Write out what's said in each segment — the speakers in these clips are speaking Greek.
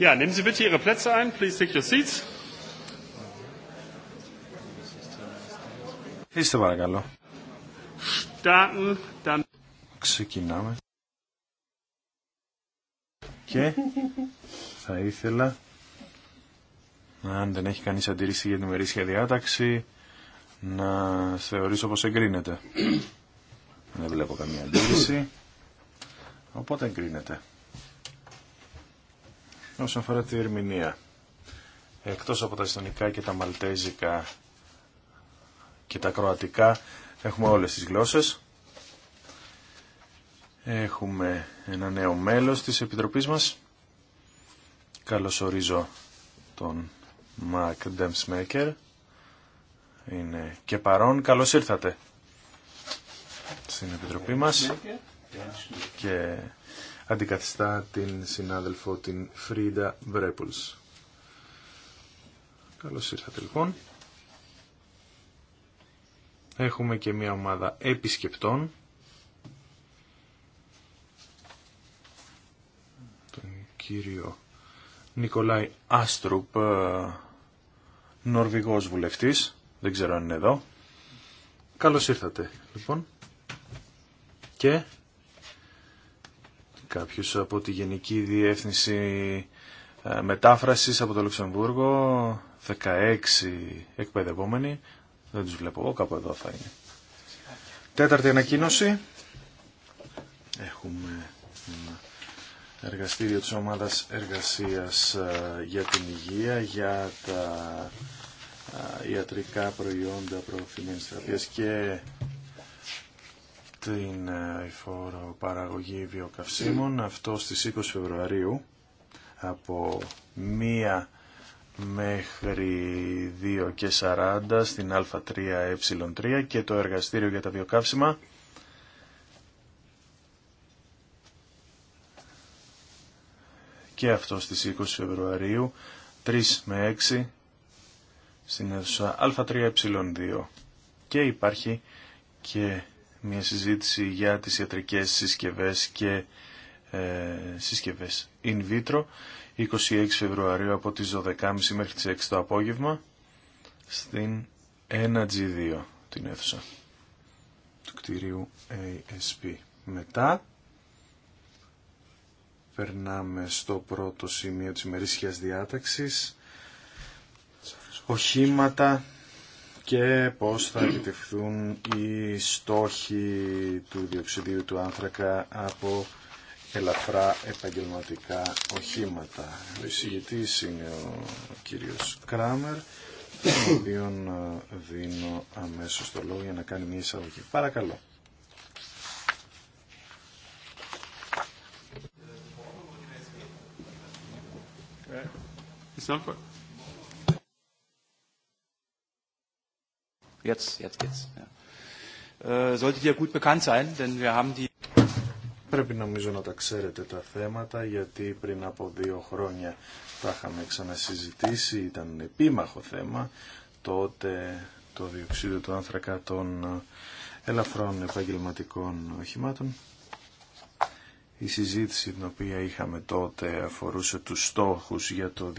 Ja, nehmen Sie bitte Ihre Plätze ein. Please take your seats. Είστε παρακαλώ. Starten, dann... Ξεκινάμε. Και θα ήθελα, αν δεν έχει κανείς αντίρρηση για την ημερήσια διάταξη, να θεωρήσω πως εγκρίνεται. δεν βλέπω καμία αντίρρηση, οπότε εγκρίνεται όσον αφορά τη ερμηνεία. Εκτός από τα ιστονικά και τα μαλτέζικα και τα κροατικά έχουμε όλες τις γλώσσες. Έχουμε ένα νέο μέλος της Επιτροπής μας. Καλωσορίζω τον Μακ Ντεμσμέκερ. Είναι και παρόν. Καλώς ήρθατε στην Επιτροπή μας. Και αντικαθιστά την συνάδελφο την Φρίντα Βρέπουλς. Καλώς ήρθατε λοιπόν. Έχουμε και μια ομάδα επισκεπτών. Τον κύριο Νικολάη Άστρουπ, ε, Νορβηγός βουλευτής. Δεν ξέρω αν είναι εδώ. Καλώς ήρθατε λοιπόν. Και κάποιος από τη Γενική Διεύθυνση ε, Μετάφρασης από το Λουξεμβούργο, 16 εκπαιδευόμενοι, δεν τους βλέπω εγώ, κάπου εδώ θα είναι. Τέταρτη ανακοίνωση, έχουμε εργαστήριο της ομάδας εργασίας ε, για την υγεία, για τα ε, ιατρικά προϊόντα προωθημένης θεραπείας και την εφόρο παραγωγή βιοκαυσίμων. Αυτό στις 20 Φεβρουαρίου από 1 μέχρι 2 και 40 στην Α3Ε3 και το εργαστήριο για τα βιοκαύσιμα και αυτό στις 20 Φεβρουαρίου 3 με 6 στην α 3 Α3Ε2 και υπάρχει και μια συζήτηση για τις ιατρικές συσκευές και ε, συσκευές in vitro 26 Φεβρουαρίου από τις 12.30 μέχρι τις 6 το απόγευμα στην 1G2 την αίθουσα του κτηρίου ASP. Μετά περνάμε στο πρώτο σημείο της ημερήσιας διάταξης οχήματα και πώς θα επιτευχθούν οι στόχοι του διοξιδίου του άνθρακα από ελαφρά επαγγελματικά οχήματα. Ο εισηγητής είναι ο κύριος Κράμερ, τον οποίο ε, δίνω αμέσως το λόγο για να κάνει μια εισαγωγή. Παρακαλώ. Ε, Jetzt, jetzt geht's. Ja. Äh, gut bekannt sein, Πρέπει νομίζω να τα ξέρετε τα θέματα, γιατί πριν από δύο χρόνια τα είχαμε ξανασυζητήσει, ήταν επίμαχο θέμα, τότε το διοξείδιο του άνθρακα των ελαφρών επαγγελματικών οχημάτων. Η συζήτηση την οποία είχαμε τότε αφορούσε τους στόχους για το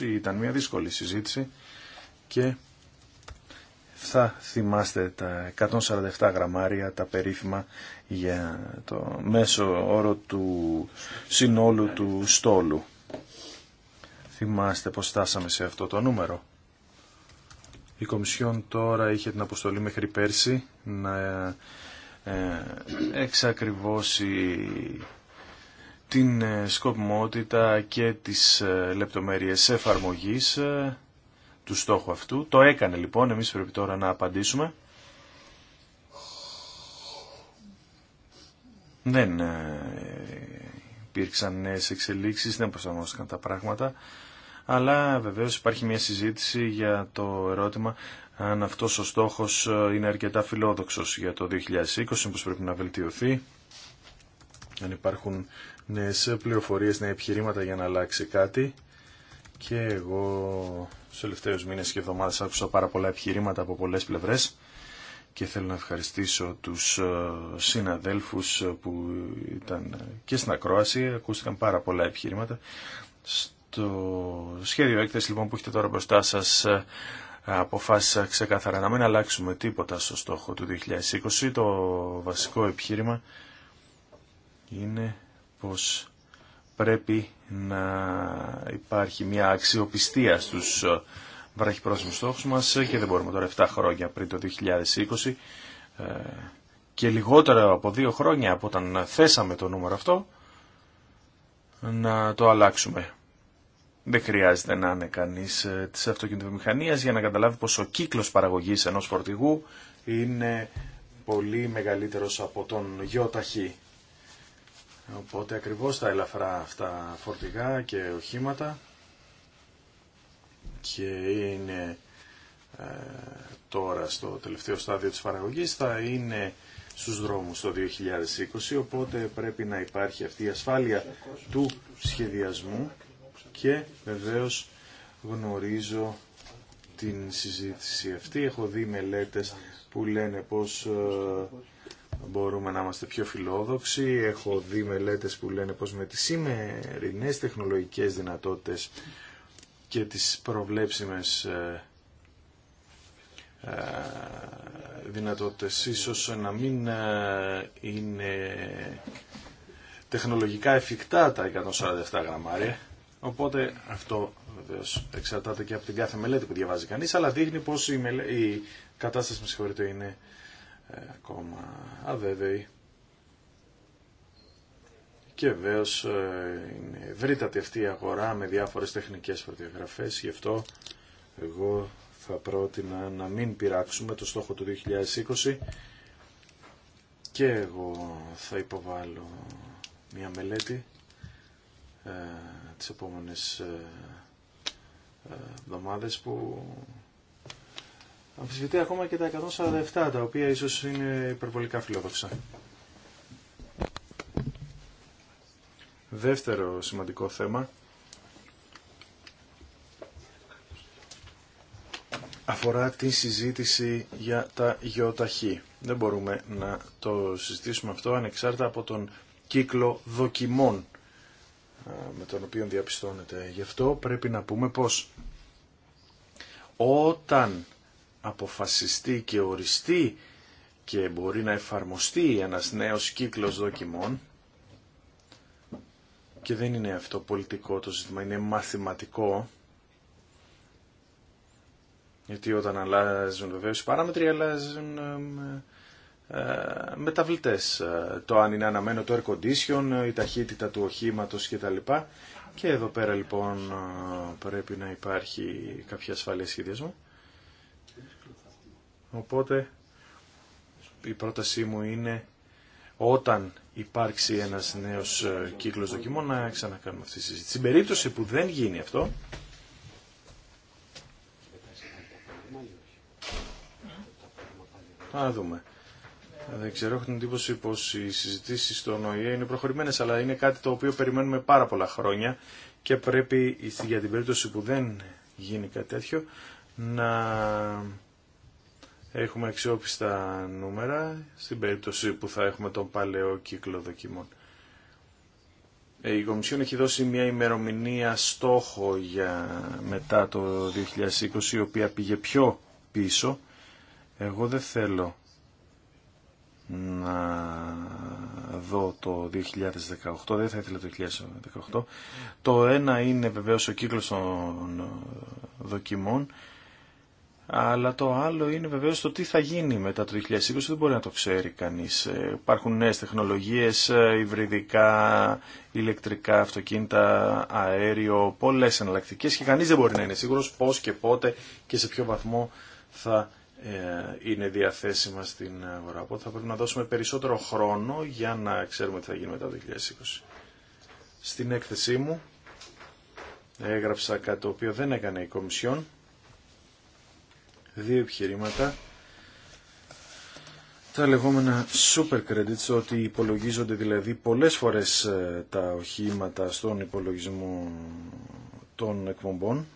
2020. Ήταν μια δύσκολη συζήτηση και θα θυμάστε τα 147 γραμμάρια, τα περίφημα για το μέσο όρο του συνόλου του στόλου. Θυμάστε πως στάσαμε σε αυτό το νούμερο. Η Κομισιόν τώρα είχε την αποστολή μέχρι πέρσι να ε, εξακριβώσει την ε, σκοπιμότητα και τις ε, λεπτομέρειες εφαρμογής του στόχου αυτού. Το έκανε λοιπόν, εμείς πρέπει τώρα να απαντήσουμε. Δεν ε, υπήρξαν νέε εξελίξεις, δεν προσαρμόστηκαν τα πράγματα, αλλά βεβαίως υπάρχει μια συζήτηση για το ερώτημα αν αυτός ο στόχος ε, είναι αρκετά φιλόδοξος για το 2020, πως πρέπει να βελτιωθεί, αν υπάρχουν νέες πληροφορίες, νέα επιχειρήματα για να αλλάξει κάτι και εγώ στους τελευταίους μήνες και εβδομάδες άκουσα πάρα πολλά επιχειρήματα από πολλές πλευρές και θέλω να ευχαριστήσω τους ε, συναδέλφους ε, που ήταν και στην ακρόαση, ακούστηκαν πάρα πολλά επιχειρήματα. Στο σχέδιο έκθεση λοιπόν που έχετε τώρα μπροστά σας ε, αποφάσισα ξεκάθαρα να μην αλλάξουμε τίποτα στο στόχο του 2020. Το βασικό επιχείρημα είναι πως πρέπει να υπάρχει μια αξιοπιστία στους ε, βραχυπρόσιμους στόχους μας ε, και δεν μπορούμε τώρα 7 χρόνια πριν το 2020 ε, και λιγότερο από 2 χρόνια από όταν θέσαμε το νούμερο αυτό να το αλλάξουμε. Δεν χρειάζεται να είναι κανείς της αυτοκινητοβιομηχανίας για να καταλάβει πως ο κύκλος παραγωγής ενός φορτηγού είναι πολύ μεγαλύτερος από τον γιοταχή. Οπότε ακριβώς τα ελαφρά αυτά φορτηγά και οχήματα και είναι ε, τώρα στο τελευταίο στάδιο της παραγωγής θα είναι στους δρόμους το 2020 οπότε πρέπει να υπάρχει αυτή η ασφάλεια του σχεδιασμού και βεβαίως γνωρίζω την συζήτηση αυτή. Έχω δει μελέτες που λένε πως ε, μπορούμε να είμαστε πιο φιλόδοξοι. Έχω δει μελέτες που λένε πως με τις σημερινές τεχνολογικές δυνατότητες και τις προβλέψιμες ε, ε, δυνατότητες ίσως να μην ε, είναι τεχνολογικά εφικτά τα 147 γραμμάρια. Οπότε αυτό βεβαίως εξαρτάται και από την κάθε μελέτη που διαβάζει κανείς, αλλά δείχνει πως η, κατάσταση μας συγχωρείτε είναι ακόμα αβέβαιοι. Και βεβαίω ε, είναι ευρύτατη αυτή η αγορά με διάφορες τεχνικές προδιαγραφές, γι' αυτό εγώ θα πρότεινα να μην πειράξουμε το στόχο του 2020 και εγώ θα υποβάλω μια μελέτη ε, τις επόμενες ε, ε, εβδομάδες που αμφισβητεί ακόμα και τα 147, τα οποία ίσως είναι υπερβολικά φιλόδοξα. Δεύτερο σημαντικό θέμα αφορά τη συζήτηση για τα γεωταχή. Δεν μπορούμε να το συζητήσουμε αυτό ανεξάρτητα από τον κύκλο δοκιμών με τον οποίο διαπιστώνεται. Γι' αυτό πρέπει να πούμε πως όταν αποφασιστεί και οριστεί και μπορεί να εφαρμοστεί ένας νέος κύκλος δοκιμών και δεν είναι αυτό πολιτικό το ζήτημα, είναι μαθηματικό γιατί όταν αλλάζουν βεβαίως οι παράμετροι αλλάζουν ε, ε μεταβλητές ε, το αν είναι αναμένο το air condition, ε, η ταχύτητα του οχήματος κτλ. Και εδώ πέρα λοιπόν πρέπει να υπάρχει κάποια ασφαλεία σχεδιασμού. Οπότε η πρότασή μου είναι όταν υπάρξει ένας νέος ε, κύκλος δοκιμών να ξανακάνουμε αυτή τη συζήτηση. Στην περίπτωση που δεν γίνει αυτό, να δούμε. Δεν ξέρω, έχω την εντύπωση πω οι συζητήσει στον ΟΗΕ είναι προχωρημένε, αλλά είναι κάτι το οποίο περιμένουμε πάρα πολλά χρόνια και πρέπει για την περίπτωση που δεν γίνει κάτι τέτοιο να έχουμε αξιόπιστα νούμερα στην περίπτωση που θα έχουμε τον παλαιό κύκλο δοκιμών. Ε, η Κομισιόν έχει δώσει μια ημερομηνία στόχο για μετά το 2020, η οποία πήγε πιο πίσω. Εγώ δεν θέλω να δω το 2018, δεν θα ήθελα το 2018. Το ένα είναι βεβαίως ο κύκλος των δοκιμών αλλά το άλλο είναι βεβαίως το τι θα γίνει μετά το 2020, δεν μπορεί να το ξέρει κανείς. Ε, υπάρχουν νέες τεχνολογίες, ε, υβριδικά, ηλεκτρικά, αυτοκίνητα, αέριο, πολλές εναλλακτικέ και κανείς δεν μπορεί να είναι σίγουρος πώς και πότε και σε ποιο βαθμό θα ε, είναι διαθέσιμα στην αγορά. Οπότε θα πρέπει να δώσουμε περισσότερο χρόνο για να ξέρουμε τι θα γίνει μετά το 2020. Στην έκθεσή μου έγραψα κάτι το οποίο δεν έκανε η Κομισιόν δύο επιχειρήματα τα λεγόμενα super credits, ότι υπολογίζονται δηλαδή πολλές φορές ε, τα οχήματα στον υπολογισμό των εκπομπών,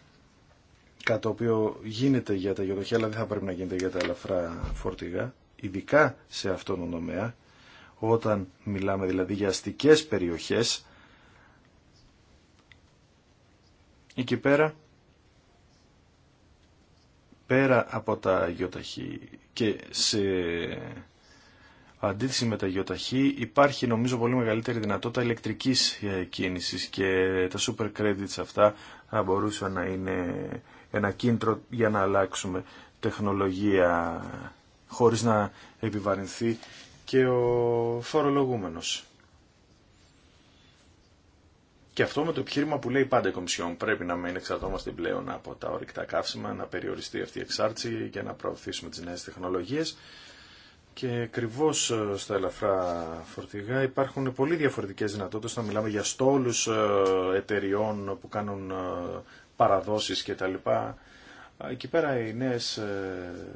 κάτι το οποίο γίνεται για τα γεωτοχεία, αλλά δεν θα πρέπει να γίνεται για τα ελαφρά φορτηγά, ειδικά σε αυτόν τον τομέα, όταν μιλάμε δηλαδή για αστικές περιοχές, εκεί πέρα πέρα από τα γιοταχή και σε αντίθεση με τα γιοταχή υπάρχει νομίζω πολύ μεγαλύτερη δυνατότητα ηλεκτρικής ε, κίνησης και τα super credits αυτά θα μπορούσαν να είναι ένα κίνητρο για να αλλάξουμε τεχνολογία χωρίς να επιβαρυνθεί και ο φορολογούμενος. Και αυτό με το επιχείρημα που λέει πάντα η Κομισιόν. Πρέπει να μην εξαρτώμαστε πλέον από τα ορυκτά καύσιμα, να περιοριστεί αυτή η εξάρτηση και να προωθήσουμε τις νέες τεχνολογίες. Και ακριβώ ε, στα ελαφρά φορτηγά υπάρχουν πολύ διαφορετικές δυνατότητες. Να μιλάμε για στόλους ε, εταιριών που κάνουν ε, παραδόσεις κτλ. Εκεί πέρα οι νέες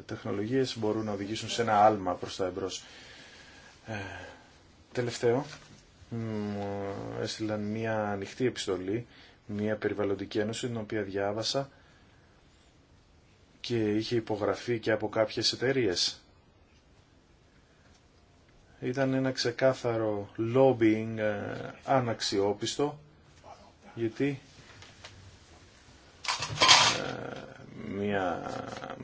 τεχνολογίες μπορούν να οδηγήσουν σε ένα άλμα προς τα εμπρός. Τελευταίο, έστειλαν μια ανοιχτή επιστολή, μια περιβαλλοντική ένωση, την οποία διάβασα και είχε υπογραφεί και από κάποιες εταιρείε. Ήταν ένα ξεκάθαρο lobbying ε, αναξιόπιστο, γιατί ε, μια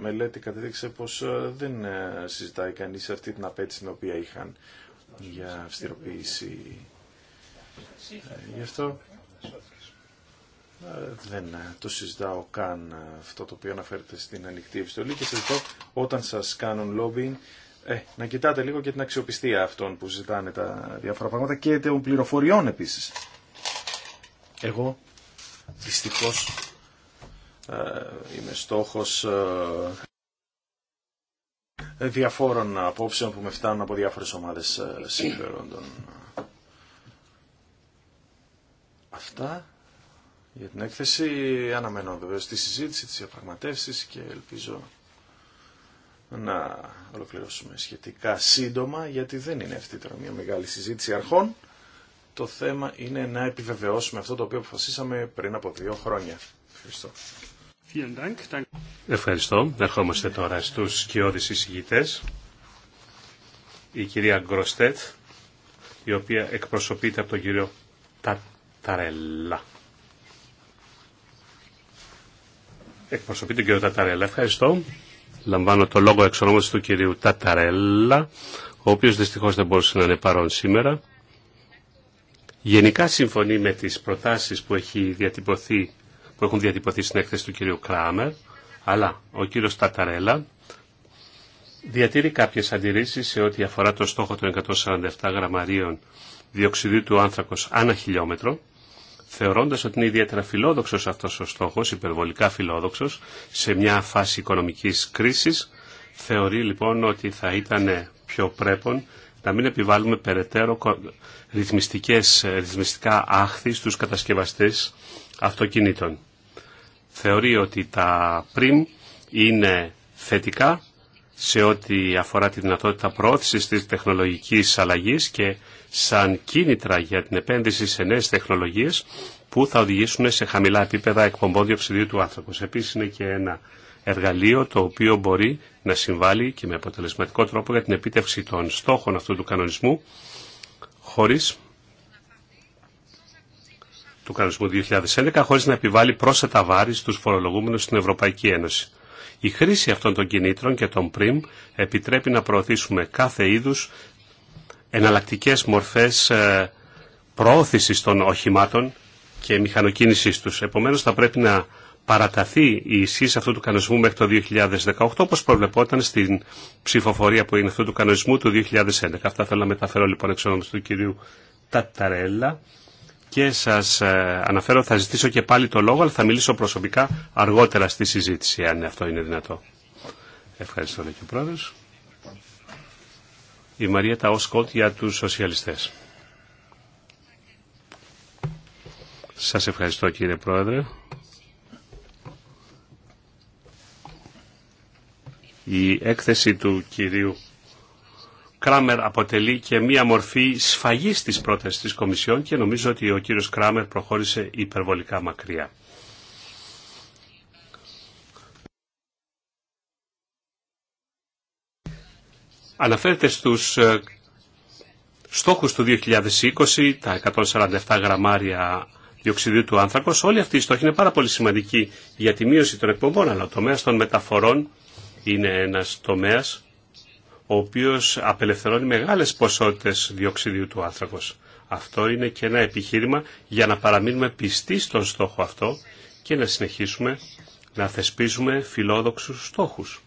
μελέτη κατέδειξε πως ε, δεν συζητάει κανείς αυτή την απέτηση την οποία είχαν για αυστηροποίηση Γι' αυτό ε, δεν ε, το συζητάω καν ε, αυτό το οποίο αναφέρεται στην ανοιχτή επιστολή και ζητώ όταν σας κάνουν lobbying ε, να κοιτάτε λίγο και την αξιοπιστία αυτών που ζητάνε τα διάφορα πράγματα και των πληροφοριών επίσης. Εγώ δυστυχώς ε, είμαι στόχος διαφόρων απόψεων που με φτάνουν από διάφορες ομάδες συμφερόντων. Αυτά για την έκθεση. Αναμένω βεβαίω τη συζήτηση, τις διαπραγματεύσει και ελπίζω να ολοκληρώσουμε σχετικά σύντομα γιατί δεν είναι αυτή τώρα μια μεγάλη συζήτηση αρχών. Το θέμα είναι να επιβεβαιώσουμε αυτό το οποίο αποφασίσαμε πριν από δύο χρόνια. Ευχαριστώ. Ευχαριστώ. Ερχόμαστε τώρα στους σκιώδεις εισηγητές. Η κυρία Γκροστέτ, η οποία εκπροσωπείται από τον κύριο Ταρέλα. Εκπροσωπεί τον κύριο Ταταρέλα. Ευχαριστώ. Λαμβάνω το λόγο εξ του κυρίου Ταταρέλα, ο οποίος δυστυχώς δεν μπορούσε να είναι παρόν σήμερα. Γενικά συμφωνεί με τις προτάσεις που, έχει διατυπωθεί, που έχουν διατυπωθεί στην έκθεση του κυρίου Κράμερ, αλλά ο κύριος Ταταρέλα διατηρεί κάποιες αντιρρήσεις σε ό,τι αφορά το στόχο των 147 γραμμαρίων διοξιδίου του άνθρακος ανά χιλιόμετρο θεωρώντας ότι είναι ιδιαίτερα φιλόδοξος αυτός ο στόχος, υπερβολικά φιλόδοξος, σε μια φάση οικονομικής κρίσης, θεωρεί λοιπόν ότι θα ήταν πιο πρέπον να μην επιβάλλουμε περαιτέρω ρυθμιστικές, ε, ρυθμιστικά άχθη στους κατασκευαστές αυτοκινήτων. Θεωρεί ότι τα πριμ είναι θετικά σε ό,τι αφορά τη δυνατότητα προώθησης της τεχνολογικής αλλαγής και σαν κίνητρα για την επένδυση σε νέες τεχνολογίες που θα οδηγήσουν σε χαμηλά επίπεδα εκπομπών διοξιδίου του άνθρωπο. Επίσης είναι και ένα εργαλείο το οποίο μπορεί να συμβάλλει και με αποτελεσματικό τρόπο για την επίτευξη των στόχων αυτού του κανονισμού χωρίς του κανονισμού 2011 χωρίς να επιβάλλει πρόσθετα βάρη στους φορολογούμενους στην Ευρωπαϊκή Ένωση. Η χρήση αυτών των κινήτρων και των πριμ επιτρέπει να προωθήσουμε κάθε είδους εναλλακτικές μορφές ε, προώθησης των οχημάτων και μηχανοκίνησής τους. Επομένως θα πρέπει να παραταθεί η ισχύ αυτού του κανονισμού μέχρι το 2018 όπως προβλεπόταν στην ψηφοφορία που είναι αυτού του κανονισμού του 2011. Αυτά θέλω να μεταφέρω λοιπόν εξ του κυρίου Ταταρέλα και σας ε, αναφέρω θα ζητήσω και πάλι το λόγο αλλά θα μιλήσω προσωπικά αργότερα στη συζήτηση αν αυτό είναι δυνατό. Ευχαριστώ λέει και η Μαρία Ταοσκότ για τους σοσιαλιστές. Σας ευχαριστώ κύριε Πρόεδρε. Η έκθεση του κυρίου Κράμερ αποτελεί και μία μορφή σφαγής της πρότασης της Κομισιόν και νομίζω ότι ο κύριος Κράμερ προχώρησε υπερβολικά μακριά. Αναφέρεται στους ε, στόχους του 2020, τα 147 γραμμάρια διοξιδίου του άνθρακος. όλη αυτή η στόχοι είναι πάρα πολύ σημαντική για τη μείωση των εκπομπών, αλλά ο τομέας των μεταφορών είναι ένας τομέας ο οποίος απελευθερώνει μεγάλες ποσότητες διοξιδίου του άνθρακος. Αυτό είναι και ένα επιχείρημα για να παραμείνουμε πιστοί στον στόχο αυτό και να συνεχίσουμε να θεσπίζουμε φιλόδοξους στόχους.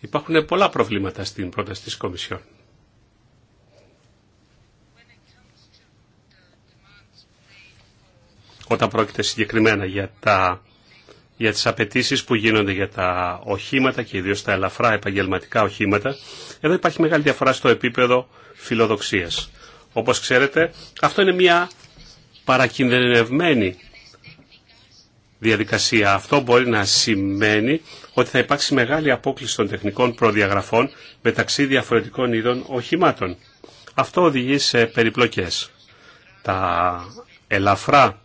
Υπάρχουν πολλά προβλήματα στην πρόταση της Κομισιόν. Όταν πρόκειται συγκεκριμένα για, τα, για τις απαιτήσει που γίνονται για τα οχήματα και ιδίως τα ελαφρά επαγγελματικά οχήματα, εδώ υπάρχει μεγάλη διαφορά στο επίπεδο φιλοδοξίας. Όπως ξέρετε, αυτό είναι μια παρακινδυνευμένη διαδικασία. Αυτό μπορεί να σημαίνει ότι θα υπάρξει μεγάλη απόκληση των τεχνικών προδιαγραφών μεταξύ διαφορετικών είδων οχημάτων. Αυτό οδηγεί σε περιπλοκές. Τα ελαφρά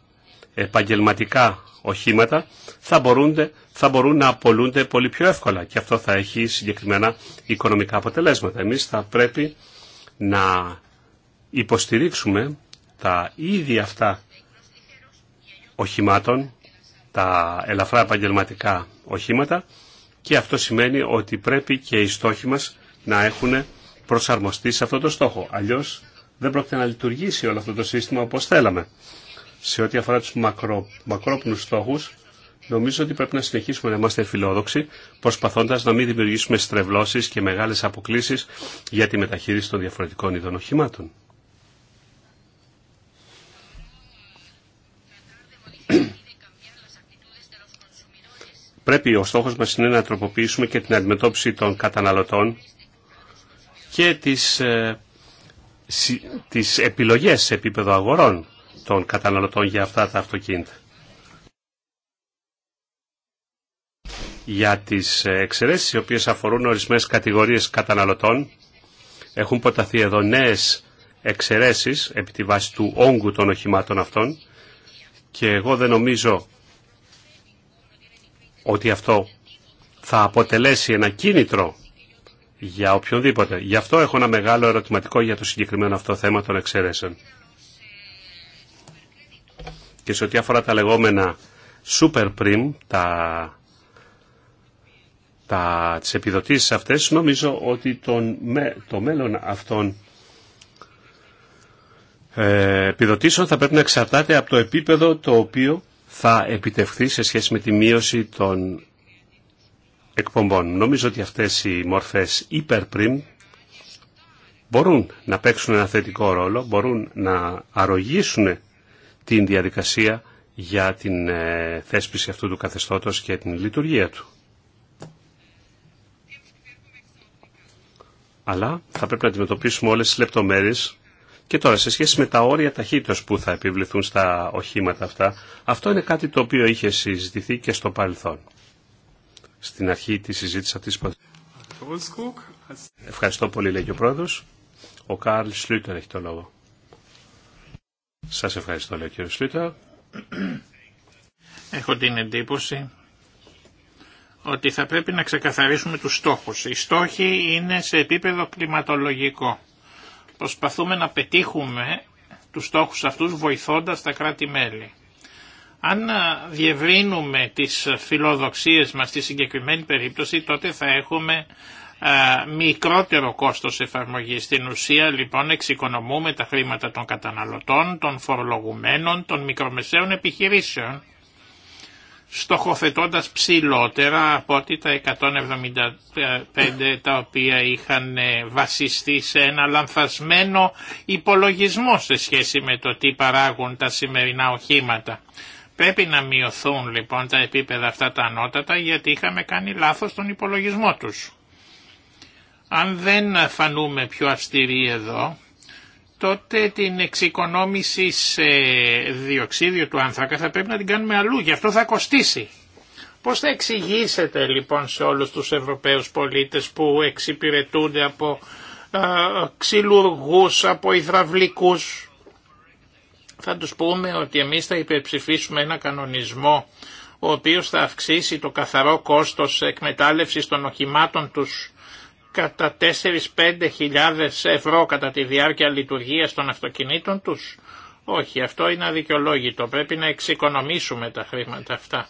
επαγγελματικά οχήματα θα μπορούν, θα μπορούν να απολούνται πολύ πιο εύκολα και αυτό θα έχει συγκεκριμένα οικονομικά αποτελέσματα. Εμείς θα πρέπει να υποστηρίξουμε τα ίδια αυτά οχημάτων τα ελαφρά επαγγελματικά οχήματα και αυτό σημαίνει ότι πρέπει και οι στόχοι μας να έχουν προσαρμοστεί σε αυτό το στόχο. Αλλιώς δεν πρόκειται να λειτουργήσει όλο αυτό το σύστημα όπως θέλαμε. Σε ό,τι αφορά τους μακρό, μακρόπνους στόχους, νομίζω ότι πρέπει να συνεχίσουμε να είμαστε φιλόδοξοι, προσπαθώντας να μην δημιουργήσουμε στρεβλώσεις και μεγάλες αποκλήσεις για τη μεταχείριση των διαφορετικών ειδών οχημάτων. Πρέπει ο στόχος μας είναι να τροποποιήσουμε και την αντιμετώπιση των καταναλωτών και τις, ε, τις επιλογές σε επίπεδο αγορών των καταναλωτών για αυτά τα αυτοκίνητα. Για τις ε, εξαιρέσεις οι οποίες αφορούν ορισμένες κατηγορίες καταναλωτών έχουν ποταθεί εδώ νέες εξαιρέσεις επί τη βάση του όγκου των οχημάτων αυτών και εγώ δεν νομίζω ότι αυτό θα αποτελέσει ένα κίνητρο για οποιονδήποτε. Γι' αυτό έχω ένα μεγάλο ερωτηματικό για το συγκεκριμένο αυτό θέμα των εξαιρέσεων. Και σε ό,τι αφορά τα λεγόμενα super prim, τα, τα, τις επιδοτήσεις αυτές, νομίζω ότι τον, το μέλλον αυτών ε, επιδοτήσεων θα πρέπει να εξαρτάται από το επίπεδο το οποίο θα επιτευχθεί σε σχέση με τη μείωση των εκπομπών. Νομίζω ότι αυτές οι μορφές υπερπριμ μπορούν να παίξουν ένα θετικό ρόλο, μπορούν να αρρωγήσουν την διαδικασία για την ε, θέσπιση αυτού του καθεστώτος και την λειτουργία του. Αλλά θα πρέπει να αντιμετωπίσουμε όλες τις λεπτομέρειες και τώρα, σε σχέση με τα όρια ταχύτητας που θα επιβληθούν στα οχήματα αυτά, αυτό είναι κάτι το οποίο είχε συζητηθεί και στο παρελθόν. Στην αρχή τη συζήτηση αυτή που. Ευχαριστώ πολύ, λέει και ο πρόεδρο. Ο Κάρλ Σλούτερ έχει το λόγο. Σας ευχαριστώ, λέει ο κύριο Σλούτερ. Έχω την εντύπωση ότι θα πρέπει να ξεκαθαρίσουμε τους στόχους. Οι στόχοι είναι σε επίπεδο κλιματολογικό. Προσπαθούμε να πετύχουμε τους στόχους αυτούς βοηθώντας τα κράτη-μέλη. Αν διευρύνουμε τις φιλοδοξίες μας στη συγκεκριμένη περίπτωση, τότε θα έχουμε μικρότερο κόστος εφαρμογής. Στην ουσία λοιπόν εξοικονομούμε τα χρήματα των καταναλωτών, των φορολογουμένων, των μικρομεσαίων επιχειρήσεων στοχοθετώντας ψηλότερα από ότι τα 175 τα οποία είχαν ε, βασιστεί σε ένα λανθασμένο υπολογισμό σε σχέση με το τι παράγουν τα σημερινά οχήματα. Πρέπει να μειωθούν λοιπόν τα επίπεδα αυτά τα ανώτατα γιατί είχαμε κάνει λάθος τον υπολογισμό τους. Αν δεν φανούμε πιο αυστηροί εδώ, τότε την εξοικονόμηση σε διοξίδιο του άνθρακα θα πρέπει να την κάνουμε αλλού. Γι' αυτό θα κοστίσει. Πώς θα εξηγήσετε λοιπόν σε όλους τους Ευρωπαίους πολίτες που εξυπηρετούνται από ξυλουργού, ε, ξυλουργούς, από υδραυλικούς. Θα τους πούμε ότι εμείς θα υπερψηφίσουμε ένα κανονισμό ο οποίος θα αυξήσει το καθαρό κόστος εκμετάλλευσης των οχημάτων τους κατά 4-5 χιλιάδες ευρώ κατά τη διάρκεια λειτουργίας των αυτοκινήτων τους. Όχι, αυτό είναι αδικαιολόγητο. Πρέπει να εξοικονομήσουμε τα χρήματα αυτά.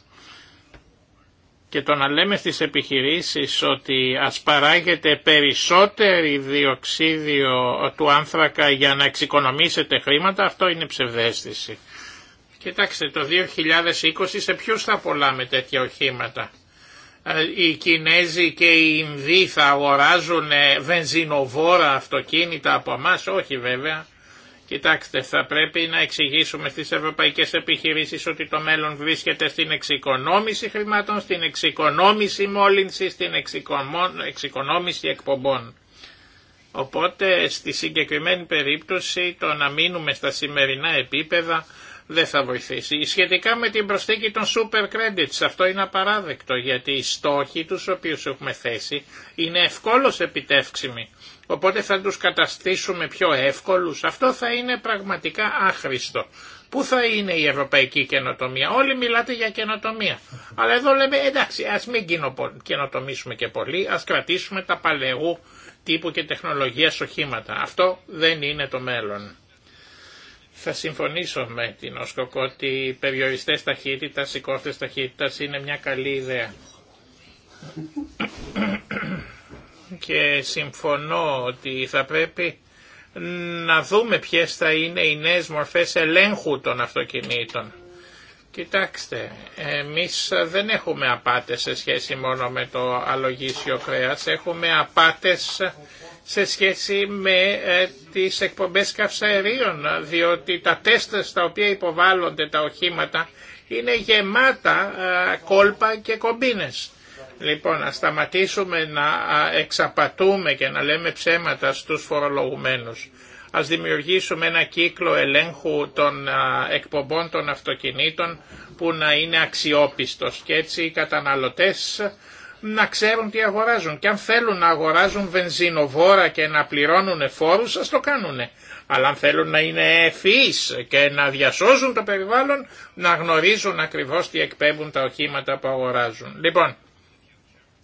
Και το να λέμε στις επιχειρήσεις ότι ας παράγεται περισσότερη διοξίδιο του άνθρακα για να εξοικονομήσετε χρήματα, αυτό είναι ψευδέστηση. Κοιτάξτε, το 2020 σε ποιους θα πολλάμε τέτοια οχήματα. Ε, οι Κινέζοι και οι Ινδοί θα αγοράζουν ε, βενζινοβόρα αυτοκίνητα από εμά, όχι βέβαια. Κοιτάξτε, θα πρέπει να εξηγήσουμε στις ευρωπαϊκές επιχειρήσεις ότι το μέλλον βρίσκεται στην εξοικονόμηση χρημάτων, στην εξοικονόμηση μόλυνσης, στην εξοικονόμηση εκπομπών. Οπότε στη συγκεκριμένη περίπτωση το να μείνουμε στα σημερινά επίπεδα δεν θα βοηθήσει. Σχετικά με την προσθήκη των super credits, αυτό είναι απαράδεκτο γιατί οι στόχοι τους οποίους έχουμε θέσει είναι ευκόλως επιτεύξιμοι. Οπότε θα τους καταστήσουμε πιο εύκολους. Αυτό θα είναι πραγματικά άχρηστο. Πού θα είναι η ευρωπαϊκή καινοτομία. Όλοι μιλάτε για καινοτομία. Αλλά εδώ λέμε εντάξει ας μην καινοτομήσουμε και πολύ, ας κρατήσουμε τα παλαιού τύπου και τεχνολογίας οχήματα. Αυτό δεν είναι το μέλλον θα συμφωνήσω με την Οσκοκό ότι οι περιοριστές ταχύτητας, οι κόφτες ταχύτητας είναι μια καλή ιδέα. Και συμφωνώ ότι θα πρέπει να δούμε ποιες θα είναι οι νέες μορφές ελέγχου των αυτοκινήτων. Κοιτάξτε, εμείς δεν έχουμε απάτες σε σχέση μόνο με το αλογίσιο κρέας, έχουμε απάτες σε σχέση με ε, τις εκπομπές καυσαερίων, διότι τα τεστ στα οποία υποβάλλονται τα οχήματα είναι γεμάτα ε, κόλπα και κομπίνες. Λοιπόν, να σταματήσουμε να εξαπατούμε και να λέμε ψέματα στους φορολογουμένους. Ας δημιουργήσουμε ένα κύκλο ελέγχου των εκπομπών των αυτοκινήτων που να είναι αξιόπιστος και έτσι οι καταναλωτές να ξέρουν τι αγοράζουν και αν θέλουν να αγοράζουν βενζινοβόρα και να πληρώνουν φόρους σας το κάνουν. Αλλά αν θέλουν να είναι ευφυείς και να διασώζουν το περιβάλλον να γνωρίζουν ακριβώς τι εκπέμπουν τα οχήματα που αγοράζουν. Λοιπόν,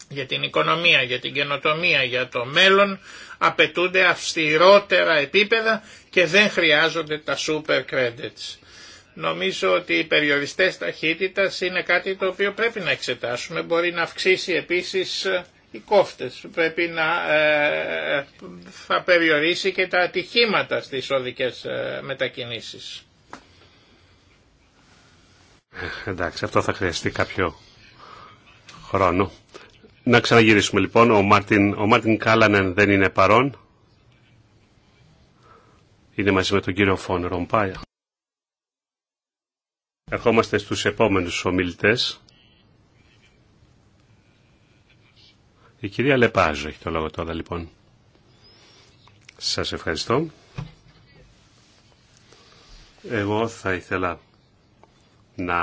για την οικονομία, για την καινοτομία, για το μέλλον απαιτούνται αυστηρότερα επίπεδα και δεν χρειάζονται τα super credits. Νομίζω ότι οι περιοριστές ταχύτητας είναι κάτι το οποίο πρέπει να εξετάσουμε. Μπορεί να αυξήσει επίσης ε, οι κόφτες. Πρέπει να ε, θα περιορίσει και τα ατυχήματα στις οδικές ε, μετακινήσεις. Εντάξει, αυτό θα χρειαστεί κάποιο χρόνο. Να ξαναγυρίσουμε λοιπόν. Ο Μάρτιν, ο Μάρτιν Κάλανεν δεν είναι παρόν. Είναι μαζί με τον κύριο Φων Ερχόμαστε στους επόμενους ομιλητές. Η κυρία Λεπάζω έχει το λόγο τώρα λοιπόν. Σας ευχαριστώ. Εγώ θα ήθελα να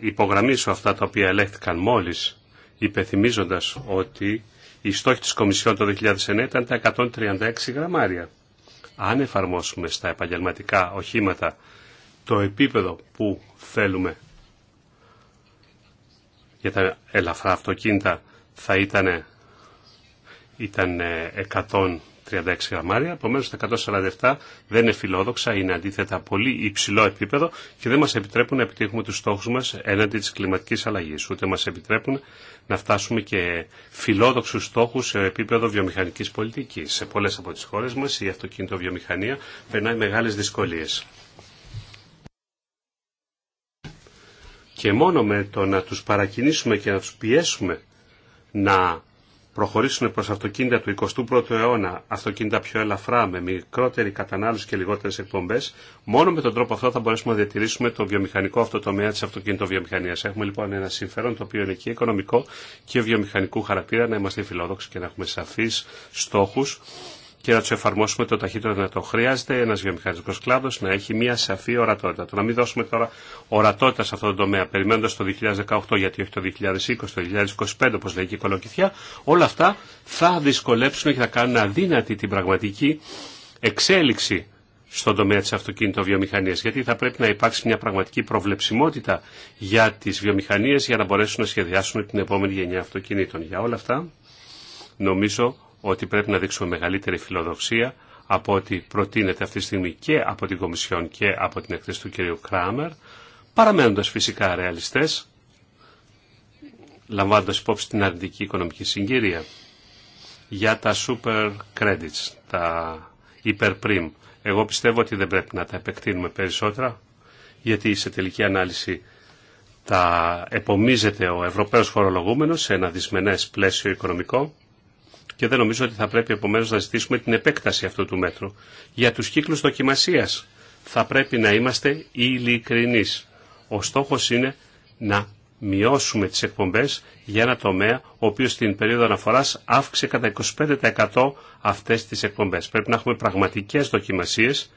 υπογραμμίσω αυτά τα οποία ελέγχθηκαν μόλις, υπεθυμίζοντας ότι η στόχη της Κομισιόν το 2009 ήταν τα 136 γραμμάρια. Αν εφαρμόσουμε στα επαγγελματικά οχήματα το επίπεδο που θέλουμε για τα ελαφρά αυτοκίνητα θα ήταν, ήταν 136 γραμμάρια, επομένω τα 147 δεν είναι φιλόδοξα, είναι αντίθετα πολύ υψηλό επίπεδο και δεν μας επιτρέπουν να επιτύχουμε τους στόχους μας έναντι της κλιματικής αλλαγής, ούτε μας επιτρέπουν να φτάσουμε και φιλόδοξους στόχους σε επίπεδο βιομηχανικής πολιτικής. Σε πολλές από τις χώρες μας η αυτοκίνητο βιομηχανία περνάει μεγάλες δυσκολίες. και μόνο με το να τους παρακινήσουμε και να τους πιέσουμε να προχωρήσουν προς αυτοκίνητα του 21ου αιώνα, αυτοκίνητα πιο ελαφρά, με μικρότερη κατανάλωση και λιγότερες εκπομπές, μόνο με τον τρόπο αυτό θα μπορέσουμε να διατηρήσουμε το βιομηχανικό αυτό τομέα της βιομηχανιας Έχουμε λοιπόν ένα συμφέρον το οποίο είναι και οικονομικό και βιομηχανικού χαρακτήρα, να είμαστε φιλόδοξοι και να έχουμε σαφείς στόχους και να του εφαρμόσουμε το ταχύτερο το Χρειάζεται ένα βιομηχανικό κλάδο να έχει μια σαφή ορατότητα. Το να μην δώσουμε τώρα ορατότητα σε αυτό το τομέα, περιμένοντα το 2018, γιατί όχι το 2020, το 2025, όπω λέει και η κολοκυθιά, όλα αυτά θα δυσκολέψουν και θα κάνουν αδύνατη την πραγματική εξέλιξη στον τομέα της βιομηχανίας γιατί θα πρέπει να υπάρξει μια πραγματική προβλεψιμότητα για τις βιομηχανίες για να μπορέσουν να σχεδιάσουν την επόμενη γενιά αυτοκινήτων. Για όλα αυτά, νομίζω ότι πρέπει να δείξουμε μεγαλύτερη φιλοδοξία από ό,τι προτείνεται αυτή τη στιγμή και από την Κομισιόν και από την εκθέση του κ. Κράμερ, παραμένοντας φυσικά ρεαλιστές, λαμβάνοντας υπόψη την αρνητική οικονομική συγκυρία για τα super credits, τα υπερπριμ. Εγώ πιστεύω ότι δεν πρέπει να τα επεκτείνουμε περισσότερα, γιατί σε τελική ανάλυση τα επομίζεται ο Ευρωπαίος φορολογούμενος σε ένα δυσμενές πλαίσιο οικονομικό και δεν νομίζω ότι θα πρέπει επομένως να ζητήσουμε την επέκταση αυτού του μέτρου. Για τους κύκλους δοκιμασίας θα πρέπει να είμαστε ειλικρινεί. Ο στόχος είναι να μειώσουμε τις εκπομπές για ένα τομέα ο οποίος στην περίοδο αναφοράς αύξησε κατά 25% αυτές τις εκπομπές. Πρέπει να έχουμε πραγματικές δοκιμασίες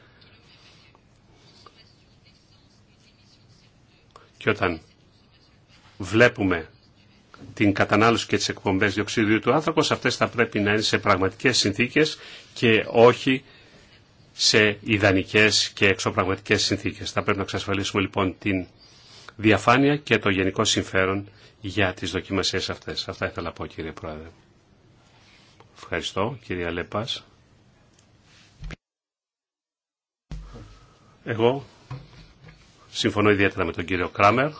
και όταν βλέπουμε την κατανάλωση και τις εκπομπές διοξίδιου του άνθρακος, αυτές θα πρέπει να είναι σε πραγματικές συνθήκες και όχι σε ιδανικές και εξωπραγματικές συνθήκες. Θα πρέπει να εξασφαλίσουμε λοιπόν την διαφάνεια και το γενικό συμφέρον για τις δοκιμασίες αυτές. Αυτά ήθελα να πω κύριε Πρόεδρε. Ευχαριστώ κυρία Αλέπας. Εγώ συμφωνώ ιδιαίτερα με τον κύριο Κράμερ.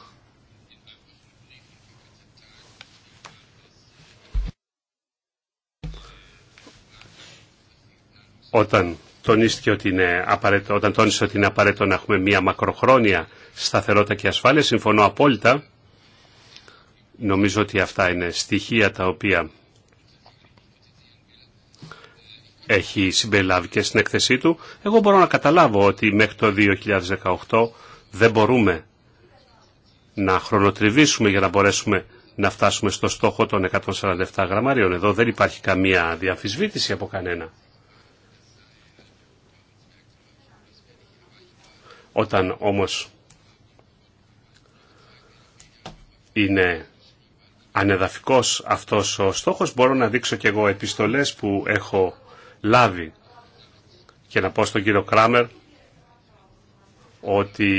όταν τονίστηκε ότι είναι όταν τόνισε ότι είναι απαραίτητο να έχουμε μια μακροχρόνια σταθερότητα και ασφάλεια, συμφωνώ απόλυτα. Νομίζω ότι αυτά είναι στοιχεία τα οποία έχει συμπεριλάβει και στην έκθεσή του. Εγώ μπορώ να καταλάβω ότι μέχρι το 2018 δεν μπορούμε να χρονοτριβήσουμε για να μπορέσουμε να φτάσουμε στο στόχο των 147 γραμμαρίων. Εδώ δεν υπάρχει καμία διαφυσβήτηση από κανένα. Όταν όμως είναι ανεδαφικός αυτός ο στόχος, μπορώ να δείξω και εγώ επιστολές που έχω λάβει και να πω στον κύριο Κράμερ ότι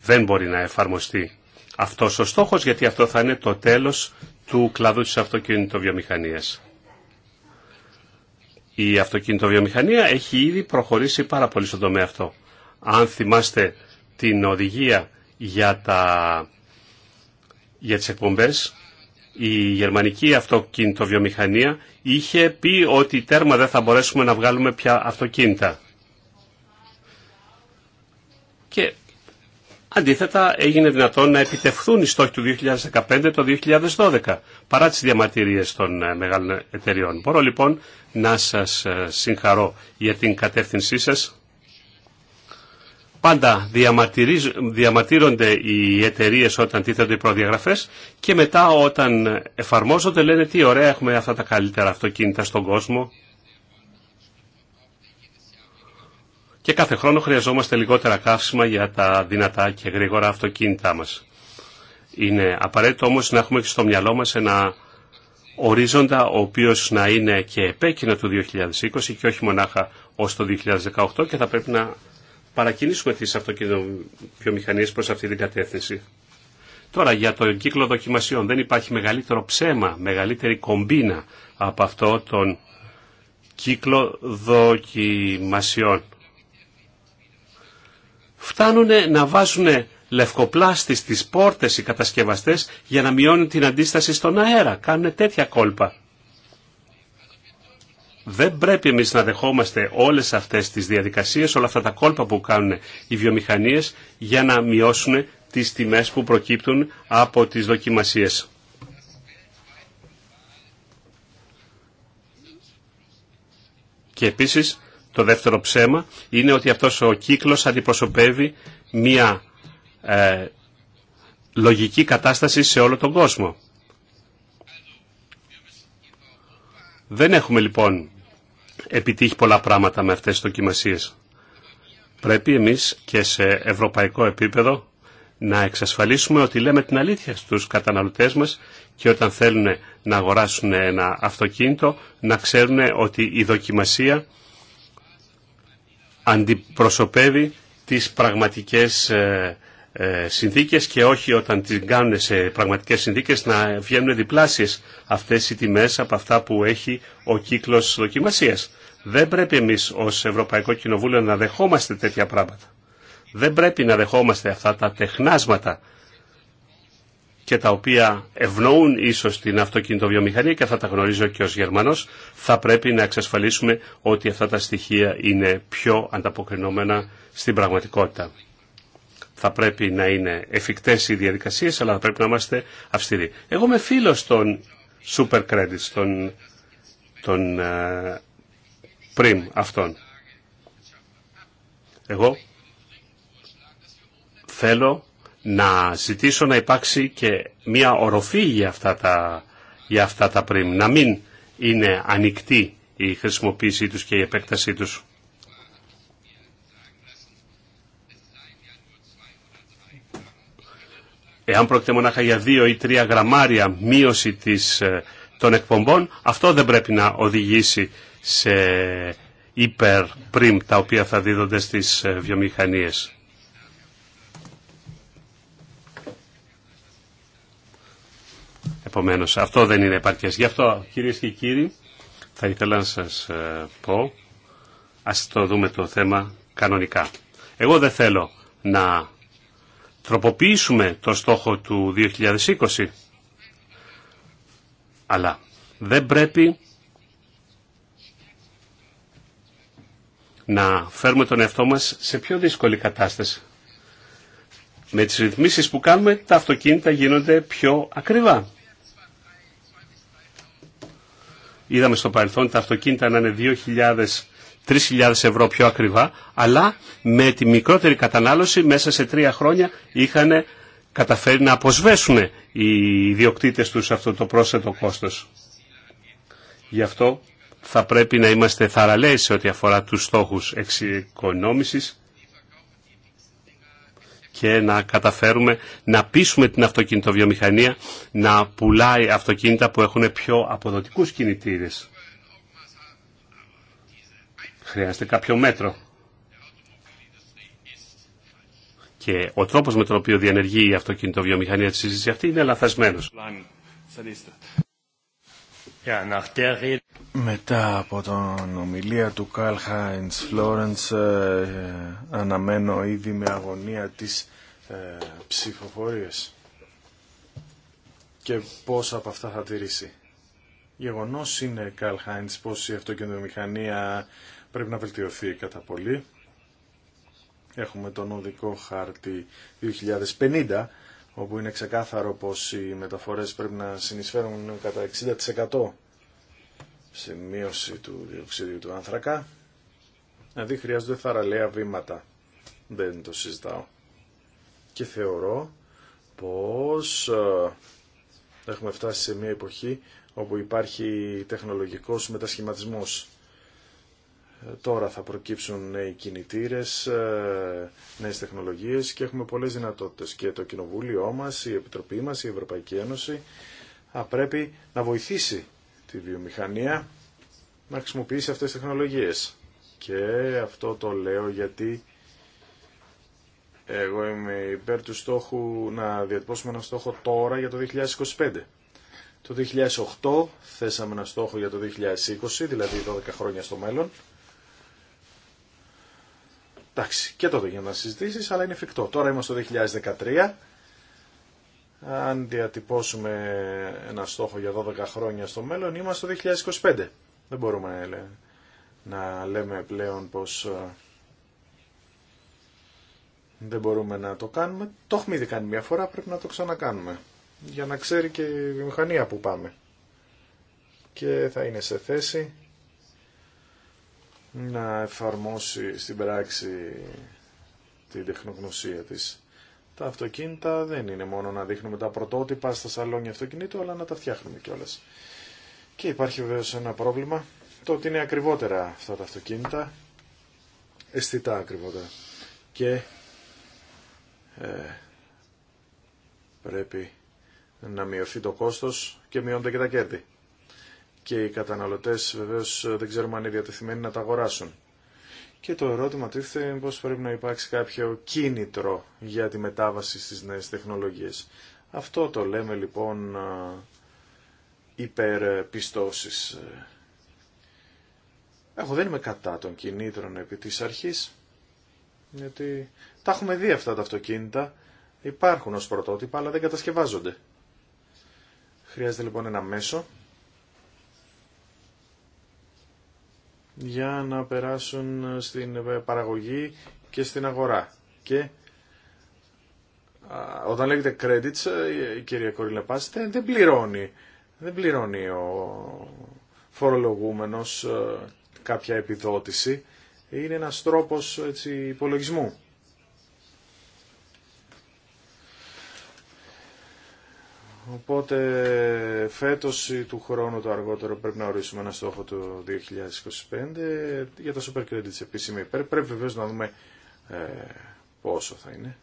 δεν μπορεί να εφαρμοστεί αυτός ο στόχος γιατί αυτό θα είναι το τέλος του κλάδου της αυτοκινητοβιομηχανίας. Η αυτοκινητοβιομηχανία έχει ήδη προχωρήσει πάρα πολύ στον τομέα αυτό. Αν θυμάστε την οδηγία για, τα, για τις εκπομπές, η γερμανική αυτοκινητοβιομηχανία είχε πει ότι τέρμα δεν θα μπορέσουμε να βγάλουμε πια αυτοκίνητα. Και αντίθετα έγινε δυνατόν να επιτευχθούν οι στόχοι του 2015 το 2012 παρά τις διαμαρτυρίες των ε, μεγάλων εταιριών. Μπορώ λοιπόν να σας ε, συγχαρώ για την κατεύθυνσή σας Πάντα διαμαρτύρονται οι εταιρείε όταν τίθενται οι προδιαγραφέ και μετά όταν εφαρμόζονται λένε τι ωραία έχουμε αυτά τα καλύτερα αυτοκίνητα στον κόσμο και κάθε χρόνο χρειαζόμαστε λιγότερα καύσιμα για τα δυνατά και γρήγορα αυτοκίνητά μας. Είναι απαραίτητο όμως να έχουμε και στο μυαλό μας ένα ορίζοντα ο οποίος να είναι και επέκεινο του 2020 και όχι μονάχα ως το 2018 και θα πρέπει να παρακινήσουμε τις αυτοκινητοβιομηχανίες προς αυτή την κατεύθυνση. Τώρα για τον κύκλο δοκιμασιών δεν υπάρχει μεγαλύτερο ψέμα, μεγαλύτερη κομπίνα από αυτό τον κύκλο δοκιμασιών. Φτάνουν να βάζουν λευκοπλάστη στις πόρτες οι κατασκευαστές για να μειώνουν την αντίσταση στον αέρα. Κάνουν τέτοια κόλπα. Δεν πρέπει εμείς να δεχόμαστε όλες αυτές τις διαδικασίες, όλα αυτά τα κόλπα που κάνουν οι βιομηχανίες για να μειώσουν τις τιμές που προκύπτουν από τις δοκιμασίες. Και επίσης το δεύτερο ψέμα είναι ότι αυτός ο κύκλος αντιπροσωπεύει μια ε, λογική κατάσταση σε όλο τον κόσμο. Δεν έχουμε λοιπόν επιτύχει πολλά πράγματα με αυτές τις δοκιμασίες. Πρέπει εμείς και σε ευρωπαϊκό επίπεδο να εξασφαλίσουμε ότι λέμε την αλήθεια στους καταναλωτές μας και όταν θέλουν να αγοράσουν ένα αυτοκίνητο να ξέρουν ότι η δοκιμασία αντιπροσωπεύει τις πραγματικές ε, ε, συνθήκες και όχι όταν τις κάνουν σε πραγματικές συνθήκες να βγαίνουν διπλάσιες αυτές οι τιμές από αυτά που έχει ο κύκλος δοκιμασίας. Δεν πρέπει εμείς ως Ευρωπαϊκό Κοινοβούλιο να δεχόμαστε τέτοια πράγματα. Δεν πρέπει να δεχόμαστε αυτά τα τεχνάσματα και τα οποία ευνοούν ίσως την αυτοκινητοβιομηχανία και θα τα γνωρίζω και ως Γερμανός, θα πρέπει να εξασφαλίσουμε ότι αυτά τα στοιχεία είναι πιο ανταποκρινόμενα στην πραγματικότητα. Θα πρέπει να είναι εφικτές οι διαδικασίες, αλλά θα πρέπει να είμαστε αυστηροί. Εγώ είμαι φίλος των super credits, των, ε, πριν αυτόν. Εγώ θέλω να ζητήσω να υπάρξει και μια οροφή για αυτά τα, για αυτά τα πριμ. Να μην είναι ανοιχτή η χρησιμοποίησή τους και η επέκτασή τους. Εάν πρόκειται μονάχα για δύο ή τρία γραμμάρια μείωση της, ε, των εκπομπών, αυτό δεν πρέπει να οδηγήσει σε υπερπριμ τα οποία θα δίδονται στις ε, βιομηχανίες. Επομένως, αυτό δεν είναι επαρκές. Γι' αυτό, κυρίες και κύριοι, θα ήθελα να σας ε, πω, ας το δούμε το θέμα κανονικά. Εγώ δεν θέλω να τροποποιήσουμε το στόχο του 2020, αλλά δεν πρέπει να φέρουμε τον εαυτό μας σε πιο δύσκολη κατάσταση. Με τις ρυθμίσεις που κάνουμε τα αυτοκίνητα γίνονται πιο ακριβά. Είδαμε στο παρελθόν τα αυτοκίνητα να είναι 2.000 3.000 ευρώ πιο ακριβά, αλλά με τη μικρότερη κατανάλωση μέσα σε τρία χρόνια είχαν καταφέρει να αποσβέσουν οι ιδιοκτήτες τους αυτό το πρόσθετο κόστος. Γι' αυτό θα πρέπει να είμαστε θαραλέοι σε ό,τι αφορά τους στόχους εξοικονόμησης και να καταφέρουμε να πείσουμε την αυτοκινητοβιομηχανία να πουλάει αυτοκίνητα που έχουν πιο αποδοτικούς κινητήρες. Χρειάζεται κάποιο μέτρο. Και ο τρόπος με τον οποίο διενεργεί η αυτοκινητοβιομηχανία της συζήτησης αυτή είναι λαθασμένος. Μετά από τον ομιλία του Καλ Χάιντς Φλόρενς ε, αναμένω ήδη με αγωνία τις ε, ψηφοφορίες και πόσα από αυτά θα τηρήσει. Γεγονός είναι Καλ Χάιντς πως η αυτοκινητομηχανία πρέπει να βελτιωθεί κατά πολύ. Έχουμε τον οδικό χάρτη 2050 όπου είναι ξεκάθαρο πως οι μεταφορές πρέπει να συνεισφέρουν κατά 60% σε μείωση του διοξιδίου του άνθρακα. Δηλαδή χρειάζονται θαραλέα βήματα. Δεν το συζητάω. Και θεωρώ πως ε, έχουμε φτάσει σε μια εποχή όπου υπάρχει τεχνολογικός μετασχηματισμός. Ε, τώρα θα προκύψουν νέοι κινητήρες, ε, νέες τεχνολογίες και έχουμε πολλές δυνατότητες. Και το Κοινοβούλιο μας, η Επιτροπή μας, η Ευρωπαϊκή Ένωση θα πρέπει να βοηθήσει τη βιομηχανία να χρησιμοποιήσει αυτές τις τεχνολογίες. Και αυτό το λέω γιατί εγώ είμαι υπέρ του στόχου να διατυπώσουμε ένα στόχο τώρα για το 2025. Το 2008 θέσαμε ένα στόχο για το 2020, δηλαδή 12 χρόνια στο μέλλον. Εντάξει, και τότε για να συζητήσει, αλλά είναι εφικτό. Τώρα είμαστε στο 2013 αν διατυπώσουμε ένα στόχο για 12 χρόνια στο μέλλον, είμαστε το 2025. Δεν μπορούμε να λέμε πλέον πως ε, δεν μπορούμε να το κάνουμε. Το έχουμε ήδη κάνει μια φορά, πρέπει να το ξανακάνουμε. Για να ξέρει και η βιομηχανία που πάμε. Και θα είναι σε θέση να εφαρμόσει στην πράξη την τεχνογνωσία της τα αυτοκίνητα δεν είναι μόνο να δείχνουμε τα πρωτότυπα στα σαλόνια αυτοκινήτου, αλλά να τα φτιάχνουμε κιόλα. Και υπάρχει βεβαίω ένα πρόβλημα, το ότι είναι ακριβότερα αυτά τα αυτοκίνητα, αισθητά ακριβότερα. Και ε, πρέπει να μειωθεί το κόστος και μειώνται και τα κέρδη. Και οι καταναλωτές βεβαίως δεν ξέρουμε αν είναι διατεθειμένοι να τα αγοράσουν. Και το ερώτημα τίθεται πώς πρέπει να υπάρξει κάποιο κίνητρο για τη μετάβαση στις νέες τεχνολογίες. Αυτό το λέμε λοιπόν υπερπιστώσεις. Εγώ δεν είμαι κατά των κινήτρων επί της αρχής, γιατί τα έχουμε δει αυτά τα αυτοκίνητα, υπάρχουν ως πρωτότυπα αλλά δεν κατασκευάζονται. Χρειάζεται λοιπόν ένα μέσο για να περάσουν στην παραγωγή και στην αγορά. Και όταν λέγεται credits, η κυρία Κορυλαπάς δεν πληρώνει. Δεν πληρώνει ο φορολογούμενος ε, κάποια επιδότηση. Είναι ένας τρόπος έτσι, υπολογισμού. Οπότε φέτος ή του χρόνου το αργότερο πρέπει να ορίσουμε ένα στόχο το 2025 για τα super credits επίσημη υπέρ. Πρέπει βεβαίως να δούμε ε, πόσο θα είναι.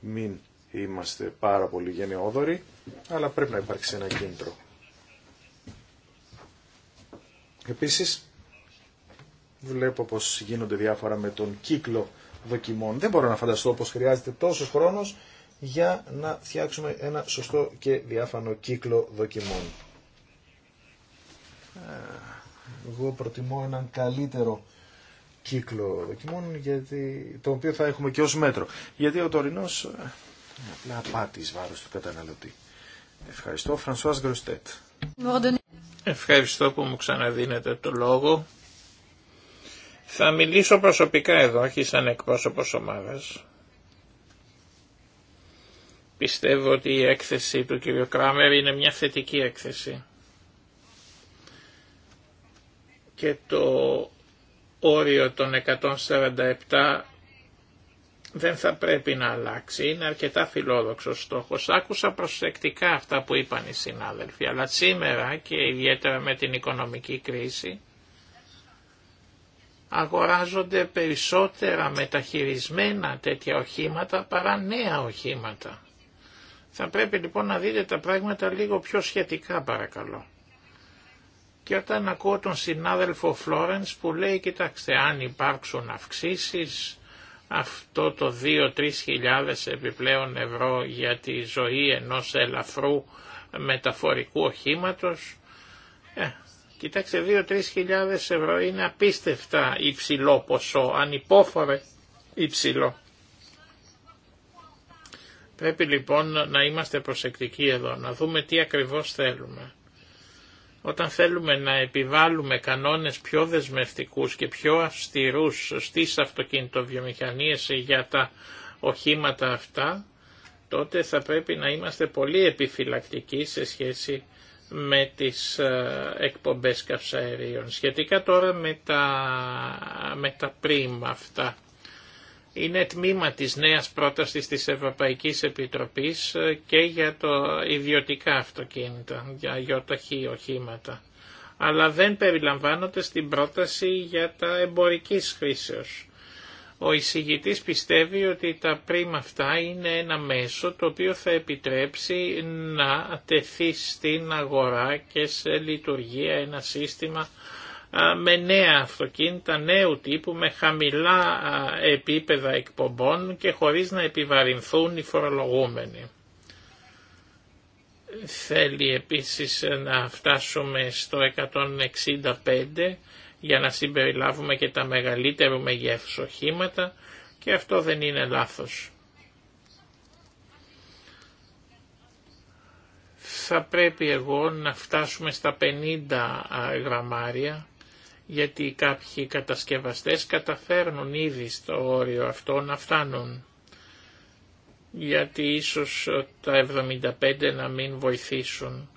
Μην είμαστε πάρα πολύ γενναιόδοροι, αλλά πρέπει να υπάρξει ένα κίνητρο. Επίσης, βλέπω πως γίνονται διάφορα με τον κύκλο δοκιμών. Δεν μπορώ να φανταστώ πως χρειάζεται τόσος χρόνος για να φτιάξουμε ένα σωστό και διάφανο κύκλο δοκιμών. Εγώ προτιμώ έναν καλύτερο κύκλο δοκιμών, γιατί, το οποίο θα έχουμε και ως μέτρο. Γιατί ο τωρινός είναι απλά απάτης βάρος του καταναλωτή. Ευχαριστώ. Φρανσουάς Γκροστέτ. Ευχαριστώ που μου ξαναδίνετε το λόγο. Θα μιλήσω προσωπικά εδώ, όχι σαν εκπρόσωπος ομάδας. Πιστεύω ότι η έκθεση του κ. Κράμερ είναι μια θετική έκθεση. Και το όριο των 147 δεν θα πρέπει να αλλάξει. Είναι αρκετά φιλόδοξο στόχος. Άκουσα προσεκτικά αυτά που είπαν οι συνάδελφοι, αλλά σήμερα και ιδιαίτερα με την οικονομική κρίση αγοράζονται περισσότερα μεταχειρισμένα τέτοια οχήματα παρά νέα οχήματα. Θα πρέπει λοιπόν να δείτε τα πράγματα λίγο πιο σχετικά παρακαλώ. Και όταν ακούω τον συνάδελφο Φλόρενς που λέει κοιτάξτε αν υπάρξουν αυξήσεις αυτό το 2-3 χιλιάδες επιπλέον ευρώ για τη ζωή ενός ελαφρού μεταφορικού οχήματος. Ε, κοιτάξτε 2-3 χιλιάδες ευρώ είναι απίστευτα υψηλό ποσό, ανυπόφορε υψηλό. Πρέπει λοιπόν να είμαστε προσεκτικοί εδώ, να δούμε τι ακριβώς θέλουμε. Όταν θέλουμε να επιβάλλουμε κανόνες πιο δεσμευτικούς και πιο αυστηρούς στις αυτοκινητοβιομηχανίες για τα οχήματα αυτά, τότε θα πρέπει να είμαστε πολύ επιφυλακτικοί σε σχέση με τις ε, εκπομπές καυσαερίων. Σχετικά τώρα με τα, με αυτά είναι τμήμα της νέας πρότασης της Ευρωπαϊκής Επιτροπής ε, και για το ιδιωτικά αυτοκίνητα, για ιοταχή οχήματα. Αλλά δεν περιλαμβάνονται στην πρόταση για τα εμπορικής χρήσεως. Ο εισηγητής πιστεύει ότι τα πρίμα αυτά είναι ένα μέσο το οποίο θα επιτρέψει να τεθεί στην αγορά και σε λειτουργία ένα σύστημα με νέα αυτοκίνητα νέου τύπου με χαμηλά επίπεδα εκπομπών και χωρίς να επιβαρυνθούν οι φορολογούμενοι. Θέλει επίσης να φτάσουμε στο 165 για να συμπεριλάβουμε και τα μεγαλύτερου μεγέθους οχήματα και αυτό δεν είναι λάθος. Θα πρέπει εγώ να φτάσουμε στα 50 γραμμάρια γιατί κάποιοι κατασκευαστές καταφέρνουν ήδη στο όριο αυτό να φτάνουν γιατί ίσως τα 75 να μην βοηθήσουν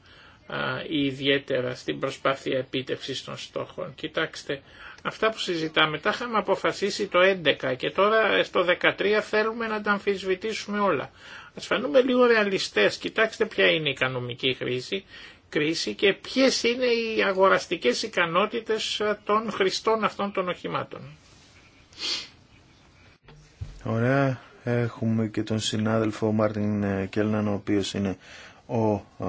α, ιδιαίτερα στην προσπάθεια επίτευξης των στόχων. Κοιτάξτε, αυτά που συζητάμε τα είχαμε αποφασίσει το 11 και τώρα στο 13 θέλουμε να τα αμφισβητήσουμε όλα. Ας φανούμε λίγο ρεαλιστές, κοιτάξτε ποια είναι η κανονική χρήση κρίση και ποιες είναι οι αγοραστικές ικανότητες των χρηστών αυτών των οχημάτων. Ωραία. Έχουμε και τον συνάδελφο Μάρτιν ε, Κέλναν, ο οποίος είναι ο ε,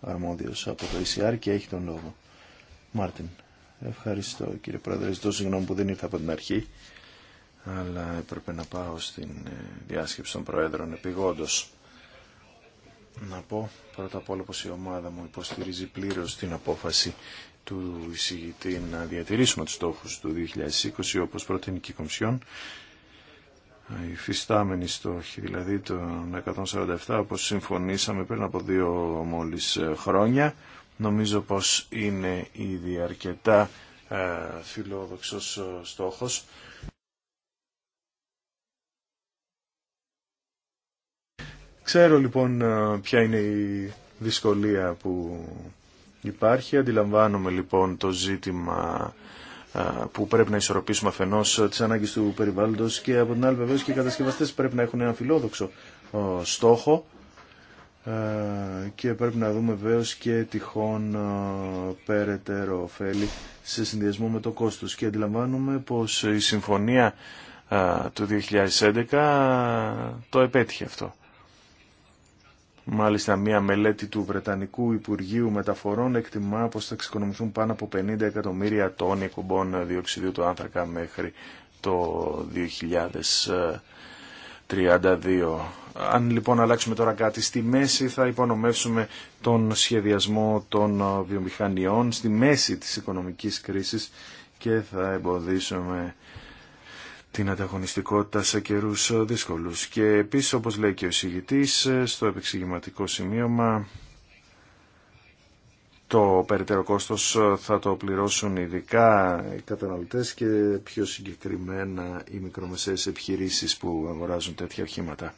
αρμόδιος από το ECR και έχει τον λόγο. Μάρτιν, ευχαριστώ κύριε Πρόεδρε. Ζητώ συγγνώμη που δεν ήρθα από την αρχή, αλλά έπρεπε να πάω στην ε, διάσκεψη των Προέδρων επιγόντως να πω πρώτα απ' όλα πως η ομάδα μου υποστηρίζει πλήρως την απόφαση του εισηγητή να διατηρήσουμε τους στόχους του 2020 όπως προτείνει και η Κομισιόν. Οι φυστάμενοι στόχοι, δηλαδή των 147, όπως συμφωνήσαμε πριν από δύο μόλις ε, χρόνια, νομίζω πως είναι ήδη αρκετά ε, φιλόδοξος ε, στόχος Ξέρω λοιπόν ε, ποια είναι η δυσκολία που υπάρχει. Αντιλαμβάνομαι λοιπόν το ζήτημα ε, που πρέπει να ισορροπήσουμε αφενός ε, της ανάγκης του περιβάλλοντος και από την άλλη βεβαίως και οι κατασκευαστές πρέπει να έχουν ένα φιλόδοξο στόχο και πρέπει να δούμε βεβαίω και τυχόν περαιτέρω ωφέλη σε συνδυασμό με το κόστος και αντιλαμβάνουμε πως η συμφωνία του 2011 το επέτυχε αυτό. Μάλιστα, μία μελέτη του Βρετανικού Υπουργείου Μεταφορών εκτιμά πως θα εξοικονομηθούν πάνω από 50 εκατομμύρια τόνοι εκπομπών διοξιδίου του άνθρακα μέχρι το 2032. Αν λοιπόν αλλάξουμε τώρα κάτι στη μέση θα υπονομεύσουμε τον σχεδιασμό των βιομηχανιών στη μέση της οικονομικής κρίσης και θα εμποδίσουμε την ανταγωνιστικότητα σε καιρού ε, δυσκολου. Και επίσης, όπως λέει και ο εισηγητή, ε, στο επεξηγηματικό σημείωμα, το περαιτέρω κόστο ε, θα το πληρώσουν ειδικά οι καταναλωτές και πιο συγκεκριμένα οι μικρομεσαίες επιχειρήσεις που αγοράζουν τέτοια οχήματα.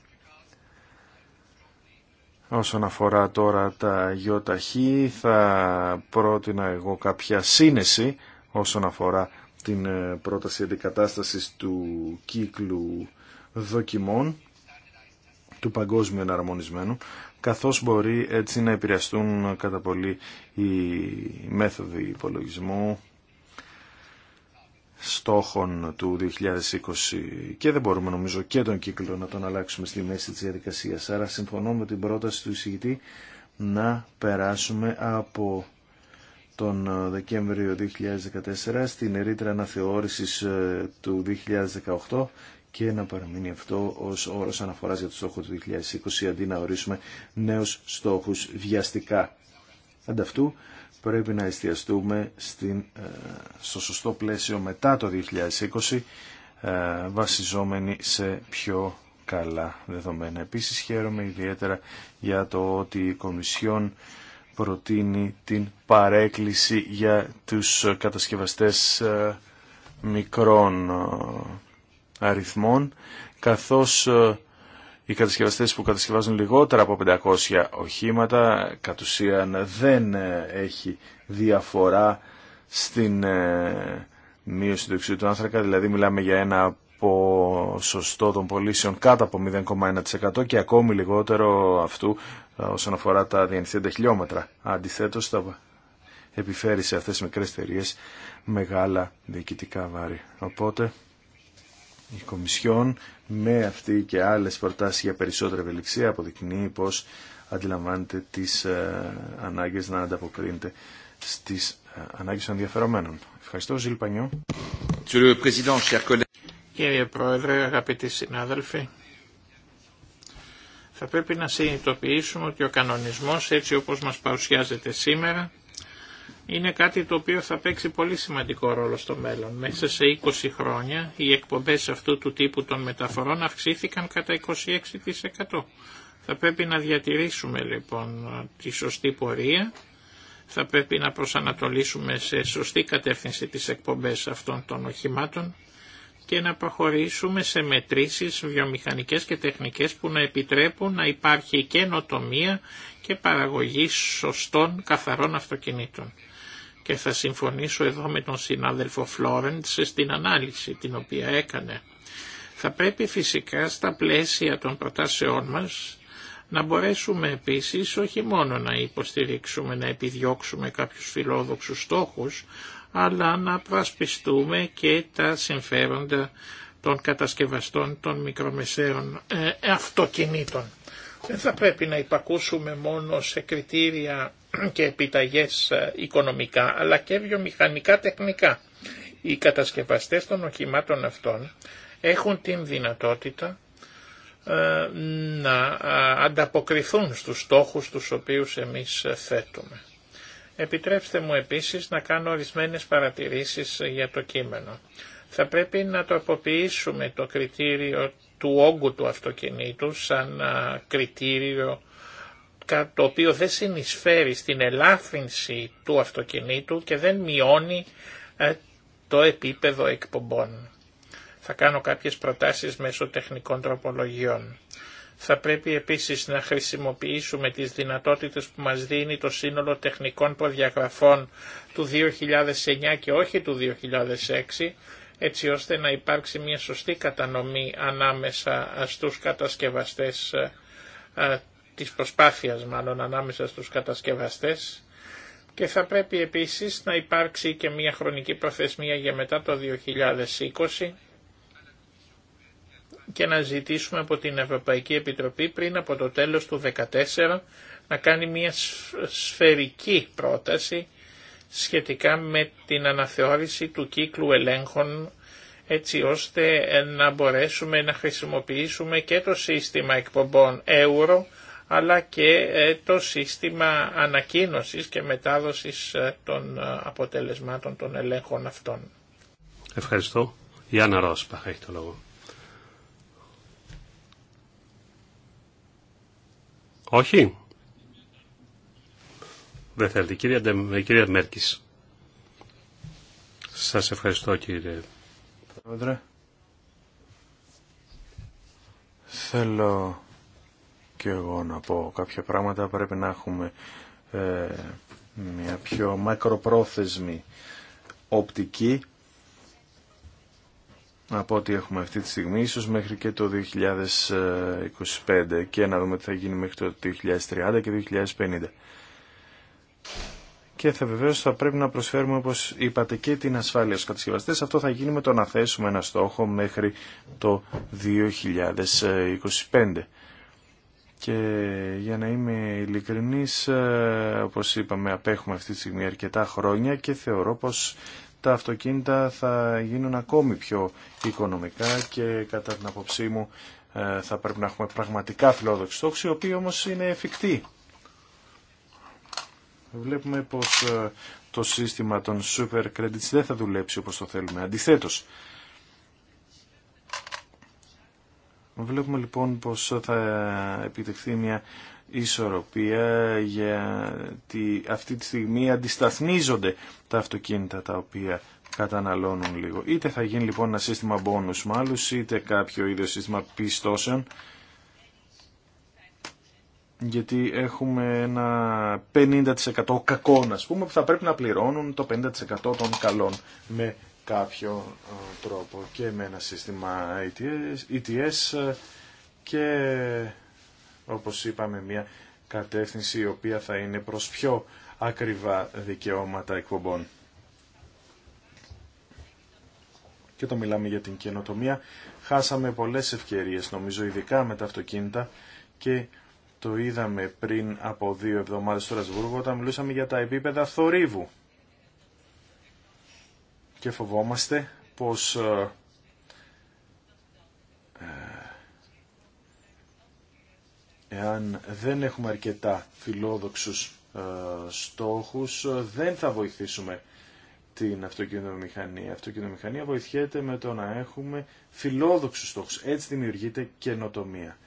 Όσον αφορά τώρα τα γιοταχή, θα πρότεινα εγώ κάποια σύνεση όσον αφορά την ε, πρόταση αντικατάστασης του κύκλου δοκιμών του παγκόσμιου εναρμονισμένου, καθώς μπορεί έτσι να επηρεαστούν κατά πολύ οι μέθοδοι υπολογισμού στόχων του 2020 και δεν μπορούμε νομίζω και τον κύκλο να τον αλλάξουμε στη μέση της διαδικασίας. Άρα συμφωνώ με την πρόταση του εισηγητή να περάσουμε από τον ε, Δεκέμβριο 2014 στην ερήτρα αναθεώρηση ε, του 2018 και να παραμείνει αυτό ως όρος αναφοράς για το στόχο του 2020 αντί να ορίσουμε νέους στόχους βιαστικά. Ανταυτού πρέπει να εστιαστούμε στην, ε, στο σωστό πλαίσιο μετά το 2020 βασιζόμενοι σε πιο καλά δεδομένα. Επίσης χαίρομαι ιδιαίτερα για το ότι η Κομισιόν προτείνει την παρέκκληση για τους κατασκευαστές ε, μικρών ε, αριθμών, καθώς ε, οι κατασκευαστές που κατασκευάζουν λιγότερα από 500 οχήματα κατ' ουσίαν δεν έχει διαφορά στην μείωση του εξουσίου του άνθρακα, δηλαδή μιλάμε για ένα ποσοστό των πωλήσεων κάτω από 0,1% και ακόμη λιγότερο αυτού όσον αφορά τα διανυθέντα χιλιόμετρα. Αντιθέτω, θα επιφέρει σε αυτέ τι μικρέ εταιρείε μεγάλα διοικητικά βάρη. Οπότε η Κομισιόν με αυτή και άλλε προτάσεις για περισσότερη ευελιξία αποδεικνύει πώ αντιλαμβάνεται τις ε, ανάγκε να ανταποκρίνεται στις ε, ανάγκε των ενδιαφερομένων. Ευχαριστώ, Ζήλ Πανιό. Κύριε Πρόεδρε, αγαπητοί συνάδελφοι, θα πρέπει να συνειδητοποιήσουμε ότι ο κανονισμός έτσι όπως μας παρουσιάζεται σήμερα είναι κάτι το οποίο θα παίξει πολύ σημαντικό ρόλο στο μέλλον. Μέσα σε 20 χρόνια οι εκπομπές αυτού του τύπου των μεταφορών αυξήθηκαν κατά 26%. Θα πρέπει να διατηρήσουμε λοιπόν τη σωστή πορεία, θα πρέπει να προσανατολίσουμε σε σωστή κατεύθυνση τις εκπομπές αυτών των οχημάτων και να προχωρήσουμε σε μετρήσεις βιομηχανικές και τεχνικές που να επιτρέπουν να υπάρχει καινοτομία και παραγωγή σωστών καθαρών αυτοκινήτων. Και θα συμφωνήσω εδώ με τον συνάδελφο Φλόρεντς στην ανάλυση την οποία έκανε. Θα πρέπει φυσικά στα πλαίσια των προτάσεών μας να μπορέσουμε επίσης όχι μόνο να υποστηρίξουμε, να επιδιώξουμε κάποιους φιλόδοξους στόχους, αλλά να προασπιστούμε και τα συμφέροντα των κατασκευαστών των μικρομεσαίων ε, αυτοκινήτων. Δεν θα πρέπει να υπακούσουμε μόνο σε κριτήρια και επιταγές ε, οικονομικά, αλλά και βιομηχανικά τεχνικά. Οι κατασκευαστές των οχημάτων αυτών έχουν την δυνατότητα ε, να ανταποκριθούν στους στόχους τους οποίους εμείς θέτουμε. Επιτρέψτε μου επίσης να κάνω ορισμένες παρατηρήσεις για το κείμενο. Θα πρέπει να τροποποιήσουμε το κριτήριο του όγκου του αυτοκινήτου σαν κριτήριο το οποίο δεν συνεισφέρει στην ελάφρυνση του αυτοκινήτου και δεν μειώνει το επίπεδο εκπομπών. Θα κάνω κάποιες προτάσεις μέσω τεχνικών τροπολογιών. Θα πρέπει επίσης να χρησιμοποιήσουμε τις δυνατότητες που μας δίνει το σύνολο τεχνικών προδιαγραφών του 2009 και όχι του 2006, έτσι ώστε να υπάρξει μια σωστή κατανομή ανάμεσα στους κατασκευαστές ε, ε, της προσπάθειας μάλλον ανάμεσα στους κατασκευαστές και θα πρέπει επίσης να υπάρξει και μια χρονική προθεσμία για μετά το 2020 και να ζητήσουμε από την Ευρωπαϊκή Επιτροπή πριν από το τέλος του 2014 να κάνει μια σφαιρική πρόταση σχετικά με την αναθεώρηση του κύκλου ελέγχων έτσι ώστε να μπορέσουμε να χρησιμοποιήσουμε και το σύστημα εκπομπών ευρώ αλλά και ε, το σύστημα ανακοίνωσης και μετάδοσης ε, των ε, αποτελεσμάτων των ελέγχων αυτών. Ευχαριστώ. Γιάννα Ρόσπαχ έχει το λόγο. Όχι. Δεν θέλετε. Κυρία, κυρία Μέρκης. Σας ευχαριστώ κύριε Πρόεδρε. Θέλω και εγώ να πω κάποια πράγματα. Πρέπει να έχουμε ε, μια πιο μακροπρόθεσμη οπτική από ό,τι έχουμε αυτή τη στιγμή, ίσως μέχρι και το 2025 και να δούμε τι θα γίνει μέχρι το 2030 και 2050. Και θα βεβαίως θα πρέπει να προσφέρουμε, όπως είπατε, και την ασφάλεια στους κατασκευαστές. Αυτό θα γίνει με το να θέσουμε ένα στόχο μέχρι το 2025. Και για να είμαι ειλικρινής, ε, όπως είπαμε, απέχουμε αυτή τη στιγμή αρκετά χρόνια και θεωρώ πως τα αυτοκίνητα θα γίνουν ακόμη πιο οικονομικά και κατά την απόψή μου ε, θα πρέπει να έχουμε πραγματικά φιλόδοξη στόξη, η οποία όμως είναι εφικτή. Βλέπουμε πως ε, το σύστημα των super credits δεν θα δουλέψει όπως το θέλουμε. Αντιθέτως, βλέπουμε λοιπόν πως θα επιτευχθεί μια ισορροπία γιατί αυτή τη στιγμή αντισταθμίζονται τα αυτοκίνητα τα οποία καταναλώνουν λίγο. Είτε θα γίνει λοιπόν ένα σύστημα bonus μάλους, είτε κάποιο ίδιο σύστημα πιστώσεων, γιατί έχουμε ένα 50% κακό να πούμε, που θα πρέπει να πληρώνουν το 50% των καλών με κάποιο ε, τρόπο και με ένα σύστημα ETS, ε ETS ε και όπως είπαμε, μια κατεύθυνση η οποία θα είναι προς πιο ακριβά δικαιώματα εκπομπών. Και το μιλάμε για την καινοτομία. Χάσαμε πολλές ευκαιρίες, νομίζω, ειδικά με τα αυτοκίνητα και το είδαμε πριν από δύο εβδομάδες στο Ρασβούργο όταν μιλούσαμε για τα επίπεδα θορύβου. Και φοβόμαστε πως ε, Εάν δεν έχουμε αρκετά φιλόδοξους ε, στόχους, ε, δεν θα βοηθήσουμε την αυτοκινητομηχανία. Η αυτοκινητομηχανία βοηθιέται με το να έχουμε φιλόδοξους στόχους. Έτσι δημιουργείται καινοτομία.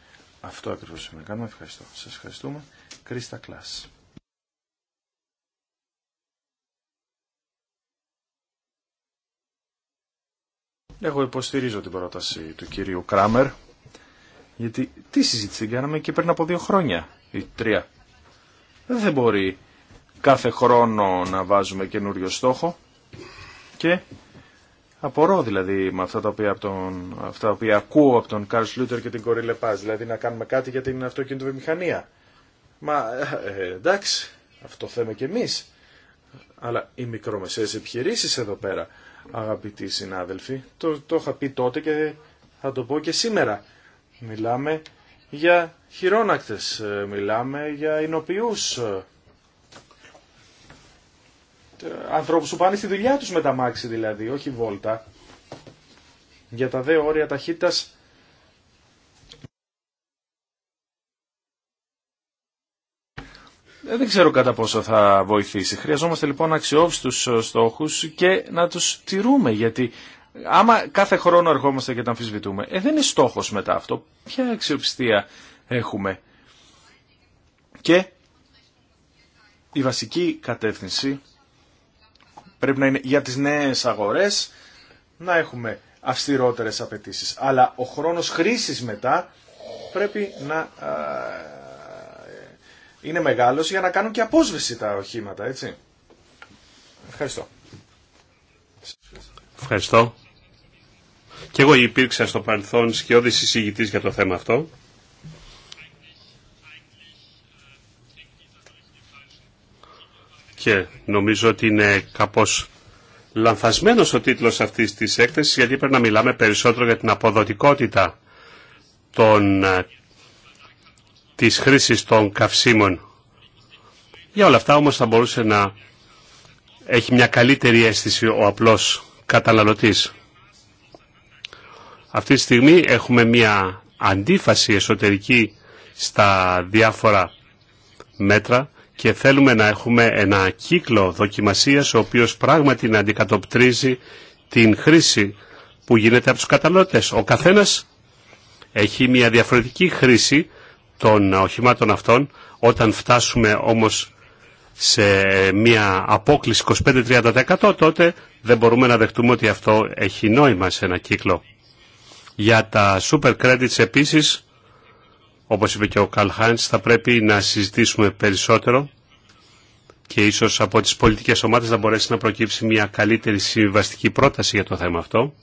Αυτό ακριβώς είμαι κάνουμε. Ευχαριστώ. Σας ευχαριστούμε. Κρίστα Κλάς. Εγώ υποστηρίζω την πρόταση του κυρίου Κράμερ. Γιατί τι συζήτηση κάναμε και πριν από δύο χρόνια ή τρία. Δεν μπορεί κάθε χρόνο να βάζουμε καινούριο στόχο και απορώ δηλαδή με αυτά τα οποία, από τα οποία ακούω από τον Καρλ Σλούτερ και την Κορή Λεπάζ, δηλαδή να κάνουμε κάτι για την αυτοκινητοβιομηχανία. Μα ε, ε εντάξει, αυτό θέμε και εμείς. Αλλά οι μικρομεσαίες επιχειρήσεις εδώ πέρα, αγαπητοί συνάδελφοι, το, το είχα πει τότε και θα το πω και σήμερα. Μιλάμε για χειρόνακτες, ε, μιλάμε για εινοποιούς ε, ανθρώπους που πάνε στη δουλειά τους με τα μάξι δηλαδή, όχι βόλτα. Για τα δε όρια ταχύτητας ε, δεν ξέρω κατά πόσο θα βοηθήσει. Χρειαζόμαστε λοιπόν τους στόχους και να τους τηρούμε γιατί άμα κάθε χρόνο ερχόμαστε και τα αμφισβητούμε, ε, δεν είναι στόχος μετά αυτό. Ποια αξιοπιστία έχουμε. Και η βασική κατεύθυνση πρέπει να είναι για τις νέες αγορές να έχουμε αυστηρότερες απαιτήσεις. Αλλά ο χρόνος χρήσης μετά πρέπει να ε, είναι μεγάλος για να κάνουν και απόσβεση τα οχήματα, έτσι. Ευχαριστώ. Ευχαριστώ. Και εγώ υπήρξα στο παρελθόν σκιώδης εισηγητής για το θέμα αυτό. Και νομίζω ότι είναι κάπως λανθασμένος ο τίτλος αυτής της έκθεσης γιατί πρέπει να μιλάμε περισσότερο για την αποδοτικότητα των, ε, της χρήσης των καυσίμων. Για όλα αυτά όμως θα μπορούσε να έχει μια καλύτερη αίσθηση ο απλός καταναλωτής. Αυτή τη στιγμή έχουμε μια αντίφαση εσωτερική στα διάφορα μέτρα και θέλουμε να έχουμε ένα κύκλο δοκιμασίας ο οποίος πράγματι να αντικατοπτρίζει την χρήση που γίνεται από τους καταναλωτές. Ο καθένας έχει μια διαφορετική χρήση των οχημάτων αυτών όταν φτάσουμε όμως σε μια απόκληση 25-30% τότε δεν μπορούμε να δεχτούμε ότι αυτό έχει νόημα σε ένα κύκλο. Για τα super credits επίσης, όπως είπε και ο Καλ θα πρέπει να συζητήσουμε περισσότερο και ίσως από τις πολιτικές ομάδες να μπορέσει να προκύψει μια καλύτερη συμβαστική πρόταση για το θέμα αυτό.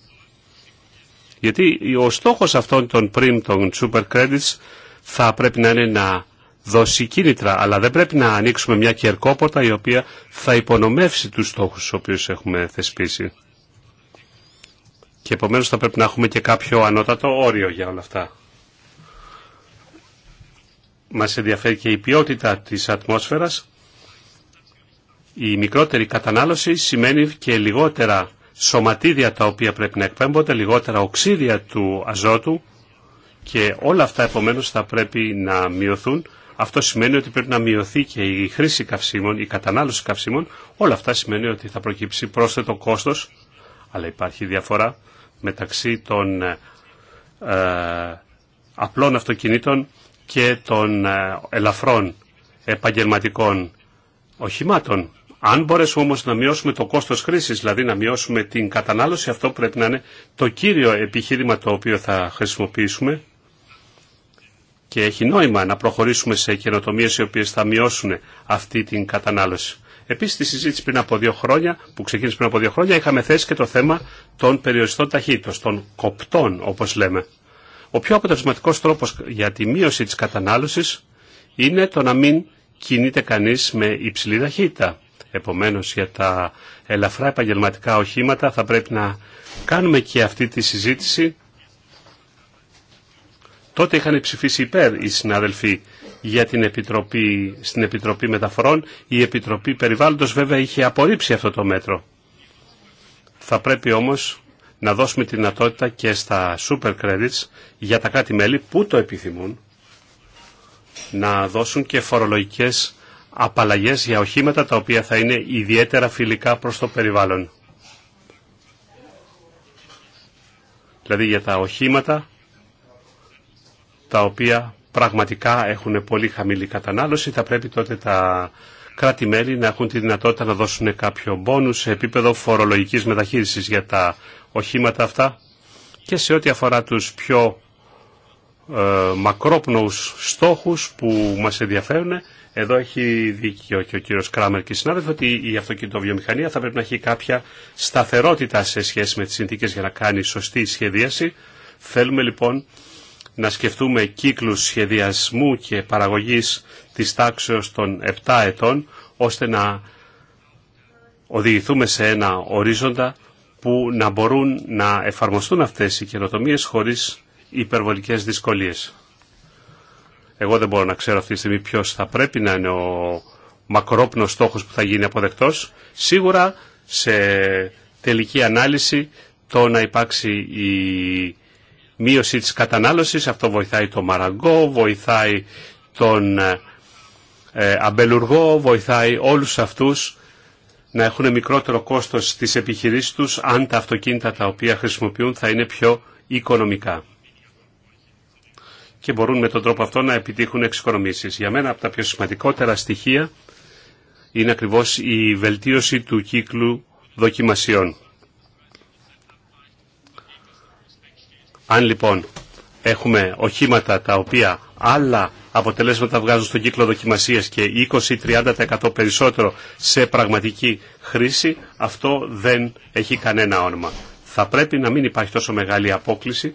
Γιατί ο στόχος αυτών των πριν των super credits, θα πρέπει να είναι να δώσει κίνητρα, αλλά δεν πρέπει να ανοίξουμε μια κερκόπορτα η οποία θα υπονομεύσει τους στόχους στους οποίους έχουμε θεσπίσει. Και επομένως θα πρέπει να έχουμε και κάποιο ανώτατο όριο για όλα αυτά. Μας ενδιαφέρει και η ποιότητα της ατμόσφαιρας. Η μικρότερη κατανάλωση σημαίνει και λιγότερα σωματίδια τα οποία πρέπει να εκπέμπονται, λιγότερα οξύδια του αζότου και όλα αυτά επομένως θα πρέπει να μειωθούν. Αυτό σημαίνει ότι πρέπει να μειωθεί και η χρήση καυσίμων, η κατανάλωση καυσίμων. Όλα αυτά σημαίνει ότι θα προκύψει πρόσθετο κόστος, αλλά υπάρχει διαφορά μεταξύ των ε, ε, απλών αυτοκινήτων και των ε, ελαφρών επαγγελματικών οχημάτων. Αν μπορέσουμε όμως να μειώσουμε το κόστος χρήσης, δηλαδή να μειώσουμε την κατανάλωση, αυτό πρέπει να είναι το κύριο επιχείρημα το οποίο θα χρησιμοποιήσουμε και έχει νόημα να προχωρήσουμε σε καινοτομίες οι οποίες θα μειώσουν αυτή την κατανάλωση. Επίση, στη συζήτηση πριν από δύο χρόνια, που ξεκίνησε πριν από δύο χρόνια, είχαμε θέσει και το θέμα των περιοριστών ταχύτητων, των κοπτών όπως λέμε. Ο πιο αποτελεσματικό τρόπο για τη μείωση της κατανάλωση είναι το να μην κινείται κανείς με υψηλή ταχύτητα. Επομένως για τα ελαφρά επαγγελματικά οχήματα θα πρέπει να κάνουμε και αυτή τη συζήτηση. Τότε είχαν ψηφίσει υπέρ οι συνάδελφοι για την Επιτροπή, στην Επιτροπή Μεταφορών. Η Επιτροπή Περιβάλλοντος βέβαια είχε απορρίψει αυτό το μέτρο. Θα πρέπει όμως να δώσουμε τη δυνατότητα και στα super credits για τα κάτι μελη που το επιθυμούν να δώσουν και φορολογικές απαλλαγές για οχήματα τα οποία θα είναι ιδιαίτερα φιλικά προς το περιβάλλον. Δηλαδή για τα οχήματα τα οποία πραγματικά έχουν πολύ χαμηλή κατανάλωση, θα πρέπει τότε τα κράτη-μέλη να έχουν τη δυνατότητα να δώσουν κάποιο μπόνους σε επίπεδο φορολογικής μεταχείρισης για τα οχήματα αυτά και σε ό,τι αφορά τους πιο ε, μακρόπνοους στόχους που μας ενδιαφέρουν. Εδώ έχει δίκιο και ο κύριος Κράμερ και η συνάδελφοι ότι η αυτοκινητοβιομηχανία θα πρέπει να έχει κάποια σταθερότητα σε σχέση με τις συνθήκες για να κάνει σωστή σχεδίαση. Θέλουμε λοιπόν να σκεφτούμε κύκλους σχεδιασμού και παραγωγής της τάξεως των 7 ετών, ώστε να οδηγηθούμε σε ένα ορίζοντα που να μπορούν να εφαρμοστούν αυτές οι καινοτομίε χωρίς υπερβολικές δυσκολίες. Εγώ δεν μπορώ να ξέρω αυτή τη στιγμή ποιο θα πρέπει να είναι ο μακρόπνος στόχος που θα γίνει αποδεκτός. Σίγουρα σε τελική ανάλυση το να υπάρξει η μείωση της κατανάλωσης. Αυτό βοηθάει το μαραγκό, βοηθάει τον ε, ε, αμπελουργό, βοηθάει όλους αυτούς να έχουν μικρότερο κόστος στις επιχειρήσεις τους αν τα αυτοκίνητα τα οποία χρησιμοποιούν θα είναι πιο οικονομικά και μπορούν με τον τρόπο αυτό να επιτύχουν εξοικονομήσεις. Για μένα από τα πιο σημαντικότερα στοιχεία είναι ακριβώς η βελτίωση του κύκλου δοκιμασιών. Αν λοιπόν έχουμε οχήματα τα οποία άλλα αποτελέσματα βγάζουν στον κύκλο δοκιμασίας και 20-30% περισσότερο σε πραγματική χρήση, αυτό δεν έχει κανένα όνομα. Θα πρέπει να μην υπάρχει τόσο μεγάλη απόκληση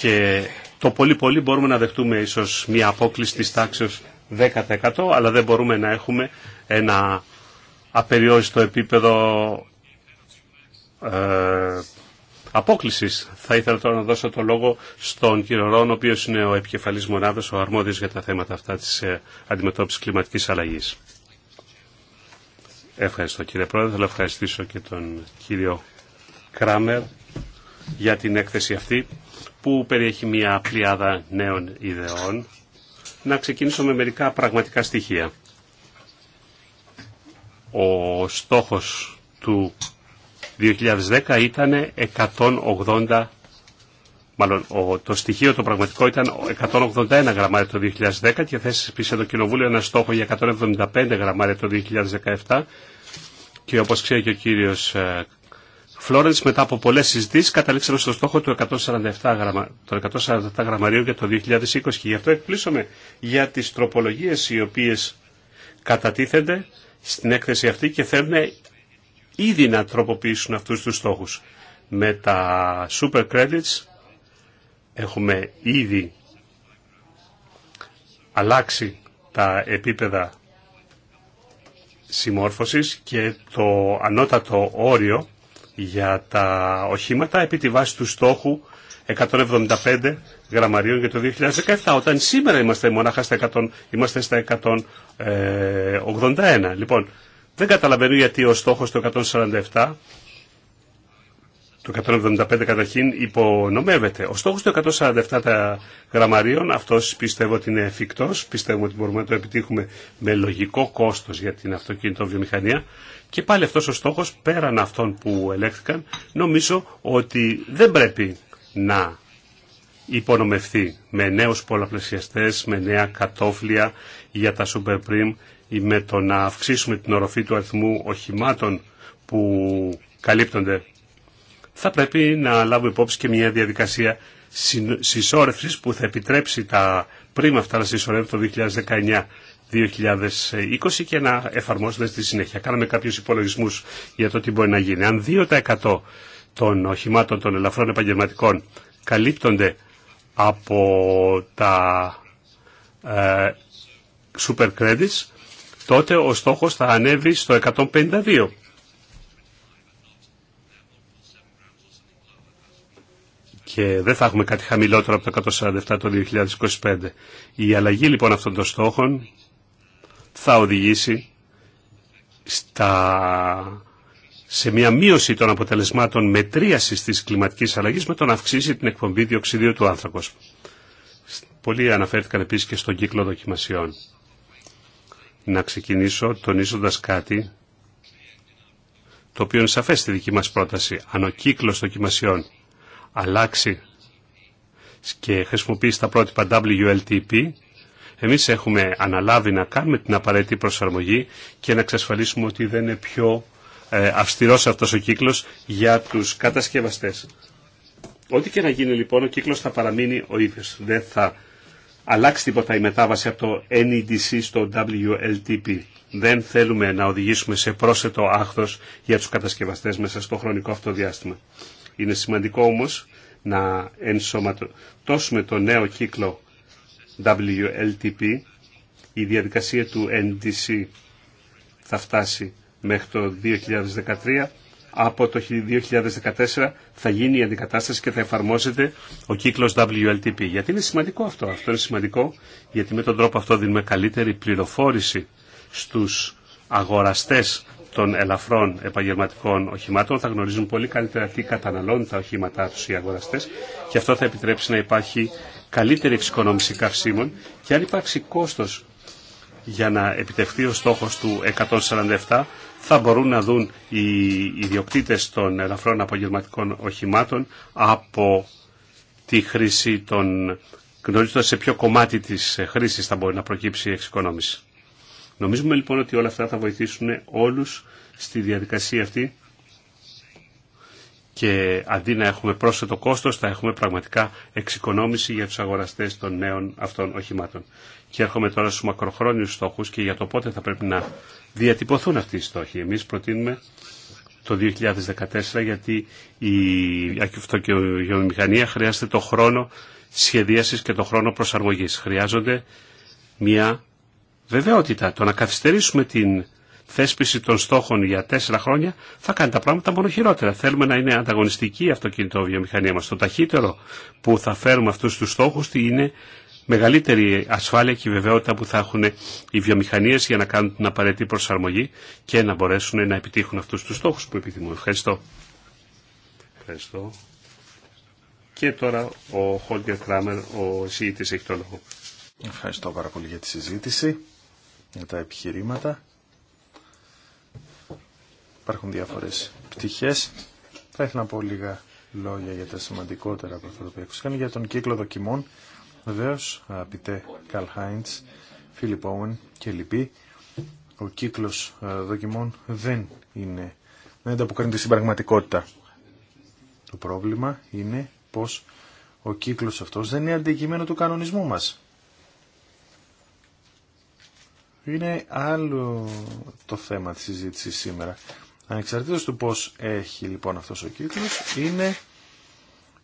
και το πολύ πολύ μπορούμε να δεχτούμε ίσως μια απόκληση της τάξης 10% αλλά δεν μπορούμε να έχουμε ένα απεριόριστο επίπεδο ε, απόκληση. Θα ήθελα τώρα να δώσω το λόγο στον κύριο Ρόν, ο οποίο είναι ο επικεφαλή μονάδα, ο αρμόδιο για τα θέματα αυτά τη ε, αντιμετώπιση κλιματική αλλαγή. Ευχαριστώ κύριε Πρόεδρε. Θα ευχαριστήσω και τον κύριο Κράμερ για την έκθεση αυτή που περιέχει μια πλειάδα νέων ιδεών. Να ξεκινήσω με μερικά πραγματικά στοιχεία. Ο στόχος του 2010 ήταν 180 Μάλλον το στοιχείο το πραγματικό ήταν 181 γραμμάρια το 2010 και θέσει πίσω το Κοινοβούλιο ένα στόχο για 175 γραμμάρια το 2017 και όπως ξέρει και ο κύριος ε, Φλόρενς μετά από πολλές συζητήσεις καταλήξαμε στο στόχο του 147, γραμμα, το 147 γραμμαρίων για το 2020 και γι' αυτό εκπλήσωμε για τις τροπολογίες οι οποίες κατατίθενται στην έκθεση αυτή και θέλουν ήδη να τροποποιήσουν αυτούς τους στόχους. Με τα super credits έχουμε ήδη αλλάξει τα επίπεδα συμμόρφωσης και το ανώτατο όριο για τα οχήματα επί τη βάση του στόχου 175 γραμμαρίων για το 2017, όταν σήμερα είμαστε μονάχα στα 100, είμαστε στα 181. Ε, λοιπόν, δεν καταλαβαίνω γιατί ο στόχος του 147, του 175 καταρχήν, υπονομεύεται. Ο στόχος του 147 τα γραμμαρίων, αυτός πιστεύω ότι είναι εφικτός, πιστεύω ότι μπορούμε να το επιτύχουμε με λογικό κόστος για την βιομηχανία. Και πάλι αυτός ο στόχος, πέραν αυτών που ελέγχθηκαν, νομίζω ότι δεν πρέπει να υπονομευθεί με νέους πολλαπλασιαστές, με νέα κατόφλια για τα Super ή με το να αυξήσουμε την οροφή του αριθμού οχημάτων που καλύπτονται. Θα πρέπει να λάβουμε υπόψη και μια διαδικασία συσσόρευσης που θα επιτρέψει τα πρίμα αυτά να συσσωρεύουν το 2019. 2020 και να εφαρμόσουμε στη συνέχεια. Κάναμε κάποιους υπολογισμούς για το τι μπορεί να γίνει. Αν 2% των οχημάτων των ελαφρών επαγγελματικών καλύπτονται από τα ε, super credits, τότε ο στόχος θα ανέβει στο 152. και δεν θα έχουμε κάτι χαμηλότερο από το 147 το 2025. Η αλλαγή λοιπόν αυτών των στόχων θα οδηγήσει στα... σε μια μείωση των αποτελεσμάτων μετρίασης της κλιματικής αλλαγής με να αυξήσει την εκπομπή διοξιδίου του άνθρακος. Πολλοί αναφέρθηκαν επίσης και στον κύκλο δοκιμασιών να ξεκινήσω τονίζοντας κάτι το οποίο είναι σαφές στη δική μας πρόταση. Αν ο κύκλος δοκιμασιών αλλάξει και χρησιμοποιήσει τα πρότυπα WLTP, εμείς έχουμε αναλάβει να κάνουμε την απαραίτητη προσαρμογή και να εξασφαλίσουμε ότι δεν είναι πιο ε, αυστηρός αυτός ο κύκλος για τους κατασκευαστές. Ό,τι και να γίνει λοιπόν, ο κύκλος θα παραμείνει ο ίδιος. Δεν θα αλλάξει τίποτα η μετάβαση από το NEDC στο WLTP. Δεν θέλουμε να οδηγήσουμε σε πρόσθετο άχθος για τους κατασκευαστές μέσα στο χρονικό αυτό διάστημα. Είναι σημαντικό όμως να ενσωματώσουμε το νέο κύκλο WLTP. Η διαδικασία του NDC e θα φτάσει μέχρι το 2013 από το 2014 θα γίνει η αντικατάσταση και θα εφαρμόζεται ο κύκλος WLTP. Γιατί είναι σημαντικό αυτό. Αυτό είναι σημαντικό γιατί με τον τρόπο αυτό δίνουμε καλύτερη πληροφόρηση στους αγοραστές των ελαφρών επαγγελματικών οχημάτων θα γνωρίζουν πολύ καλύτερα τι καταναλώνουν τα οχήματά τους οι αγοραστές και αυτό θα επιτρέψει να υπάρχει καλύτερη εξοικονόμηση καυσίμων και αν υπάρξει κόστος για να επιτευχθεί ο στόχος του 147 θα μπορούν να δουν οι ιδιοκτήτες των ελαφρών απογευματικών οχημάτων από τη χρήση των γνωρίζοντας σε ποιο κομμάτι της χρήσης θα μπορεί να προκύψει η εξοικονόμηση. Νομίζουμε λοιπόν ότι όλα αυτά θα βοηθήσουν όλους στη διαδικασία αυτή και αντί να έχουμε πρόσθετο κόστος θα έχουμε πραγματικά εξοικονόμηση για τους αγοραστές των νέων αυτών οχημάτων. Και έρχομαι τώρα στους μακροχρόνιους στόχους και για το πότε θα πρέπει να διατυπωθούν αυτοί οι στόχοι. Εμείς προτείνουμε το 2014 γιατί η αυτοκινητοβιομηχανία χρειάζεται το χρόνο σχεδίασης και το χρόνο προσαρμογής. Χρειάζονται μια βεβαιότητα. Το να καθυστερήσουμε την θέσπιση των στόχων για τέσσερα χρόνια θα κάνει τα πράγματα μόνο χειρότερα. Θέλουμε να είναι ανταγωνιστική η αυτοκινητοβιομηχανία μας. Το ταχύτερο που θα φέρουμε αυτούς τους στόχους είναι μεγαλύτερη ασφάλεια και βεβαιότητα που θα έχουν οι βιομηχανίες για να κάνουν την απαραίτητη προσαρμογή και να μπορέσουν να επιτύχουν αυτούς τους στόχους που επιθυμούν. Ευχαριστώ. Ευχαριστώ. Και τώρα ο Χόλγκερ Κράμερ, ο συζήτης, έχει το λόγο. Ευχαριστώ πάρα πολύ για τη συζήτηση, για τα επιχειρήματα. Υπάρχουν διάφορες πτυχές. Θα ήθελα να πω λίγα λόγια για τα σημαντικότερα που θα για τον κύκλο δοκιμών Βεβαίω, αγαπητέ Καλ Χάιντς, Φίλιπ Όουεν και λοιποί, ο κύκλος ε, δοκιμών δεν είναι, δεν ανταποκρίνεται στην πραγματικότητα. Το πρόβλημα είναι πως ο κύκλος αυτός δεν είναι αντικείμενο του κανονισμού μας. Είναι άλλο το θέμα της συζήτηση σήμερα. Ανεξαρτήτως του πώς έχει λοιπόν αυτός ο κύκλος, είναι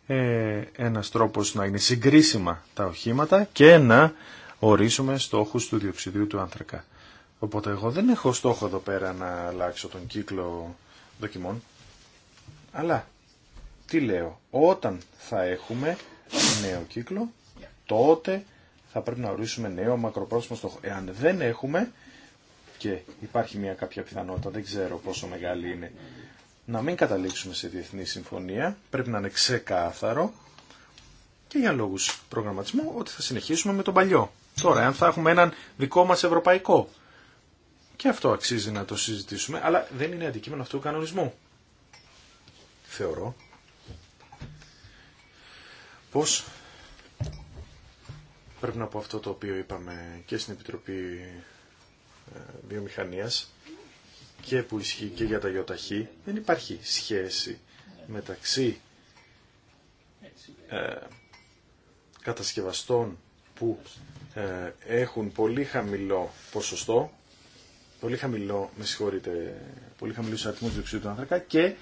ε, ένας τρόπος να είναι συγκρίσιμα τα οχήματα και να ορίσουμε στόχους του διοξιδίου του άνθρακα. Οπότε εγώ δεν έχω στόχο εδώ πέρα να αλλάξω τον κύκλο δοκιμών. Αλλά τι λέω, όταν θα έχουμε νέο κύκλο, τότε θα πρέπει να ορίσουμε νέο μακροπρόθεσμο στόχο. Εάν δεν έχουμε και υπάρχει μια κάποια πιθανότητα, δεν ξέρω πόσο μεγάλη είναι να μην καταλήξουμε σε διεθνή συμφωνία, πρέπει να είναι ξεκάθαρο και για λόγους προγραμματισμού ότι θα συνεχίσουμε με τον παλιό. Τώρα, αν θα έχουμε έναν δικό μας ευρωπαϊκό, και αυτό αξίζει να το συζητήσουμε, αλλά δεν είναι αντικείμενο αυτού του κανονισμού. Θεωρώ πως πρέπει να πω αυτό το οποίο είπαμε και στην Επιτροπή ε, Βιομηχανία και που ισχύει και για τα ΙΟΤΑΧΗ, δεν υπάρχει σχέση μεταξύ ε, κατασκευαστών που ε, έχουν πολύ χαμηλό ποσοστό, πολύ χαμηλό, με συγχωρείτε, πολύ του άνθρακα και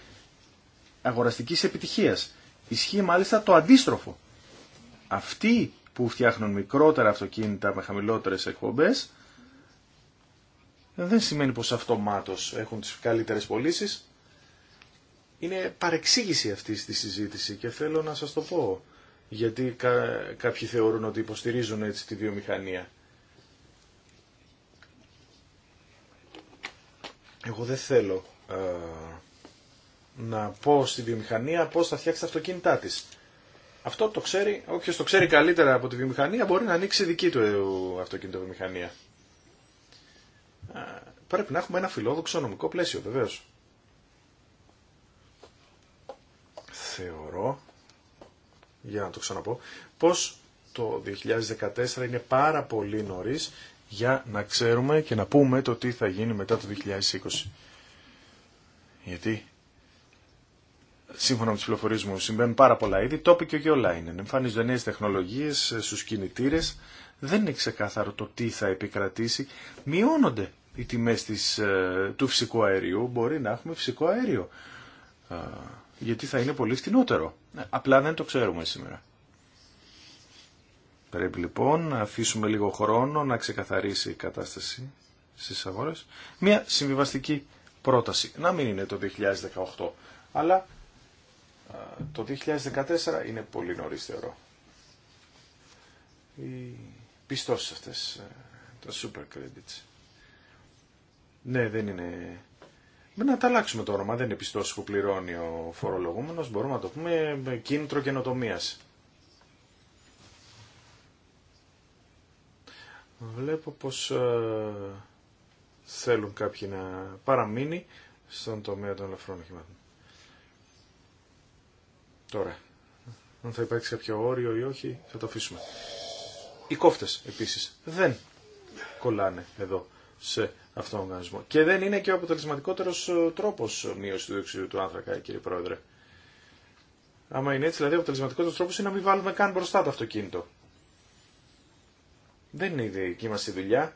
αγοραστικής επιτυχίας. Ισχύει μάλιστα το αντίστροφο. Αυτοί που φτιάχνουν μικρότερα αυτοκίνητα με χαμηλότερες εκπομπέ δεν σημαίνει πως αυτομάτως έχουν τις καλύτερες πωλήσει. Είναι παρεξήγηση αυτή τη συζήτηση και θέλω να σας το πω. Γιατί κάποιοι θεωρούν ότι υποστηρίζουν έτσι τη βιομηχανία. Εγώ δεν θέλω να πω στη βιομηχανία πώς θα φτιάξει τα αυτοκίνητά της. Αυτό το ξέρει, όποιος το ξέρει καλύτερα από τη βιομηχανία μπορεί να ανοίξει δική του αυτοκίνητο βιομηχανία πρέπει να έχουμε ένα φιλόδοξο νομικό πλαίσιο βεβαίω. Θεωρώ, για να το ξαναπώ, πως το 2014 είναι πάρα πολύ νωρίς για να ξέρουμε και να πούμε το τι θα γίνει μετά το 2020. Γιατί, σύμφωνα με τις πληροφορίες μου, συμβαίνουν πάρα πολλά είδη, τόποι και online. Εμφανίζονται νέες τεχνολογίες στους κινητήρες, δεν είναι ξεκάθαρο το τι θα επικρατήσει, μειώνονται οι τιμές της, ε, του φυσικού αερίου, μπορεί να έχουμε φυσικό αέριο. Γιατί θα είναι πολύ φτηνότερο. Ε, απλά δεν το ξέρουμε σήμερα. Πρέπει λοιπόν να αφήσουμε λίγο χρόνο να ξεκαθαρίσει η κατάσταση στις αγορές. Μια συμβιβαστική πρόταση. Να μην είναι το 2018, αλλά το 2014 είναι πολύ νωρίς θεωρώ. Οι πιστώσεις αυτές, ε, τα super credits. Ναι, δεν είναι... Να τα αλλάξουμε το όνομα, δεν είναι πιστός που πληρώνει ο φορολογούμενος, μπορούμε να το πούμε ε, κίνητρο καινοτομία. Βλέπω πως ε, θέλουν κάποιοι να παραμείνει στον τομέα των ελαφρών οχημάτων. Τώρα, αν θα υπάρξει κάποιο όριο ή όχι, θα το αφήσουμε. Οι κόφτες επίσης δεν κολλάνε εδώ σε αυτόν τον οργανισμό. Και δεν είναι και ο αποτελεσματικότερο ε, τρόπο μείωση του διοξιδίου του άνθρακα, κύριε Πρόεδρε. Άμα είναι έτσι, δηλαδή ο αποτελεσματικότερο τρόπο είναι να μην βάλουμε καν μπροστά το αυτοκίνητο. Δεν είναι η δική μα η δουλειά.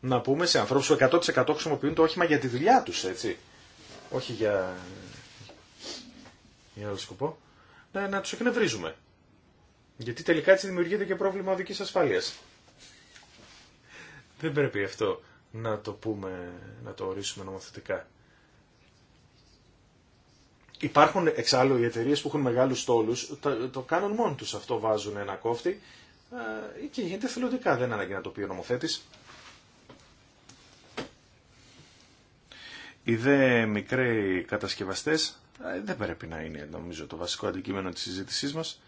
Να πούμε σε ανθρώπου που 100% χρησιμοποιούν το όχημα για τη δουλειά του, έτσι. Όχι για... για άλλο σκοπό. Να, να τους εκνευρίζουμε. Γιατί τελικά έτσι δημιουργείται και πρόβλημα οδική ασφάλεια. Δεν πρέπει αυτό να το πούμε, να το ορίσουμε νομοθετικά. Υπάρχουν εξάλλου οι εταιρείε που έχουν μεγάλους στόλου. το, κάνουν μόνοι τους αυτό, βάζουν ένα κόφτη ε, και γίνεται θελοντικά, δεν ανάγκη να το πει ο νομοθέτης. Οι δε μικροί κατασκευαστές ε, δεν πρέπει να είναι νομίζω το βασικό αντικείμενο της συζήτησή μας.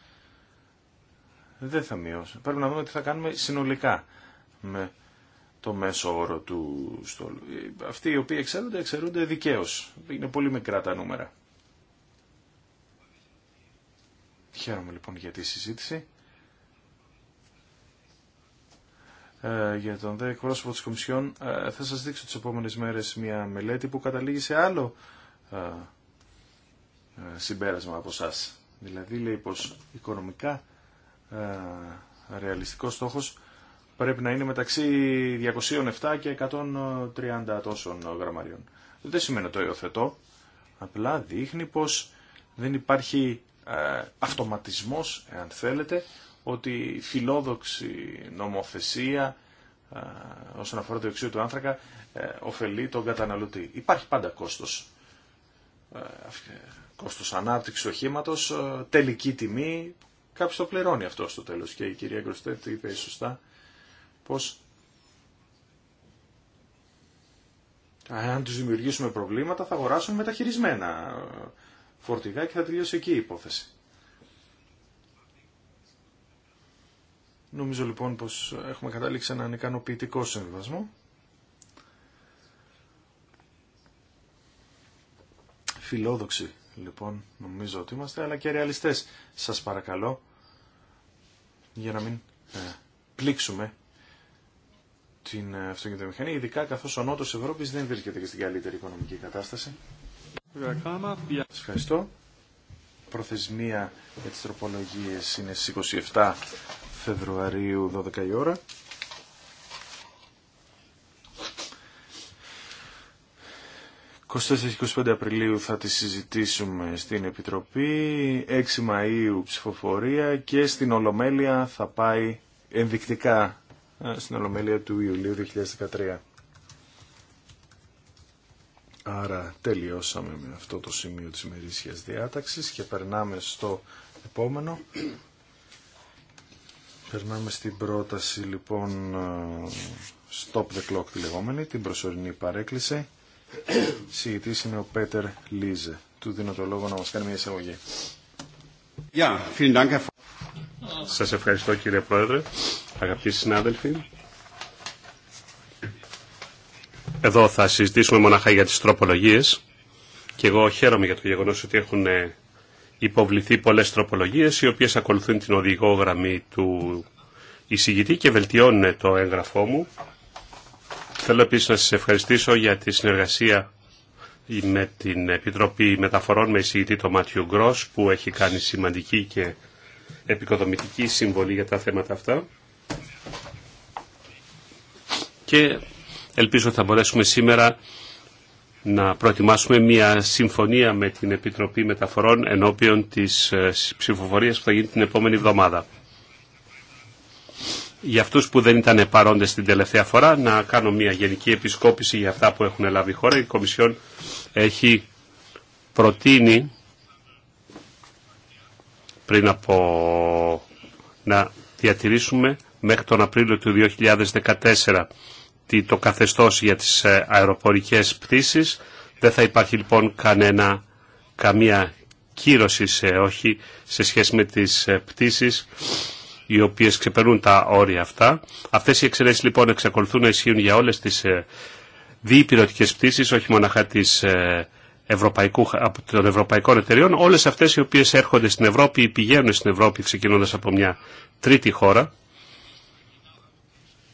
Δεν θα μειώσουν. Πρέπει να δούμε τι θα κάνουμε συνολικά με το μέσο όρο του στόλου. Αυτοί οι οποίοι εξαιρούνται, εξαιρούνται δικαίω. Είναι πολύ μικρά τα νούμερα. Χαίρομαι λοιπόν για τη συζήτηση. Ε, για τον δε εκπρόσωπο της Κομισιόν ε, θα σας δείξω τις επόμενες μέρες μια μελέτη που καταλήγει σε άλλο ε, ε, συμπέρασμα από εσά. Δηλαδή λέει πως οικονομικά ρεαλιστικός στόχος πρέπει να είναι μεταξύ 207 και 130 τόσων γραμμαρίων. Δεν σημαίνει το υιοθετώ, απλά δείχνει πως δεν υπάρχει ε, αυτοματισμός, εάν θέλετε, ότι φιλόδοξη νομοθεσία ε, όσον αφορά το εξίου του άνθρακα ε, ωφελεί τον καταναλωτή. Υπάρχει πάντα κόστος. Ε, κόστος ανάπτυξης οχήματος, ε, τελική τιμή, κάποιος το πληρώνει αυτό στο τέλος. Και η κυρία Γκροστέτ είπε σωστά πως αν τους δημιουργήσουμε προβλήματα θα αγοράσουν μεταχειρισμένα φορτηγά και θα τελειώσει εκεί η υπόθεση. Νομίζω λοιπόν πως έχουμε κατάληξει έναν ικανοποιητικό συμβασμό. Φιλόδοξοι λοιπόν νομίζω ότι είμαστε, αλλά και ρεαλιστές σας παρακαλώ για να μην ε, πλήξουμε την ε, αυτοκινητομηχανία, ειδικά καθώς ο Νότος Ευρώπης δεν βρίσκεται και στην καλύτερη οικονομική κατάσταση. Σας ευχαριστώ. Προθεσμία για τις τροπολογίες είναι στις 27 Φεβρουαρίου 12 η ώρα. στις 25 Απριλίου θα τη συζητήσουμε στην Επιτροπή, 6 Μαΐου ψηφοφορία και στην Ολομέλεια θα πάει ενδεικτικά ε, στην Ολομέλεια του Ιουλίου 2013. Άρα τελειώσαμε με αυτό το σημείο της ημερήσιας διάταξης και περνάμε στο επόμενο. Περνάμε στην πρόταση λοιπόν ε, Stop the Clock τη λεγόμενη, την προσωρινή παρέκκληση. Συγητής είναι ο Πέτερ Λίζε. Του δίνω το λόγο να μας κάνει μια εισαγωγή. Yeah, Σας ευχαριστώ κύριε Πρόεδρε. Αγαπητοί συνάδελφοι, εδώ θα συζητήσουμε μονάχα για τις τροπολογίες και εγώ χαίρομαι για το γεγονός ότι έχουν ε, υποβληθεί πολλές τροπολογίες οι οποίες ακολουθούν την οδηγόγραμμη του εισηγητή και βελτιώνουν το έγγραφό μου. Θέλω επίσης να σας ευχαριστήσω για τη συνεργασία με την Επιτροπή Μεταφορών με εισηγητή το Μάτιου Γκρός που έχει κάνει σημαντική και επικοδομητική συμβολή για τα θέματα αυτά και ελπίζω θα μπορέσουμε σήμερα να προετοιμάσουμε μια συμφωνία με την Επιτροπή Μεταφορών ενώπιον της ε, ψηφοφορίας που θα γίνει την επόμενη εβδομάδα. Για αυτούς που δεν ήταν παρόντες την τελευταία φορά, να κάνω μια γενική επισκόπηση για αυτά που έχουν λάβει η χώρα. Η Κομισιόν έχει προτείνει πριν από να διατηρήσουμε μέχρι τον Απρίλιο του 2014 το καθεστώς για τις ε, αεροπορικές πτήσεις. Δεν θα υπάρχει λοιπόν καμία κύρωση σε όχι σε σχέση με τις ε, πτήσεις οι οποίες ξεπερνούν τα όρια αυτά. Αυτές οι εξαιρέσεις λοιπόν εξακολουθούν να ισχύουν για όλες τις ε, διυπηρωτικές πτήσεις, όχι μοναχά τις Ευρωπαϊκού, από των ευρωπαϊκών εταιριών, όλες αυτές οι οποίες έρχονται στην Ευρώπη ή πηγαίνουν στην Ευρώπη ξεκινώντας από μια τρίτη χώρα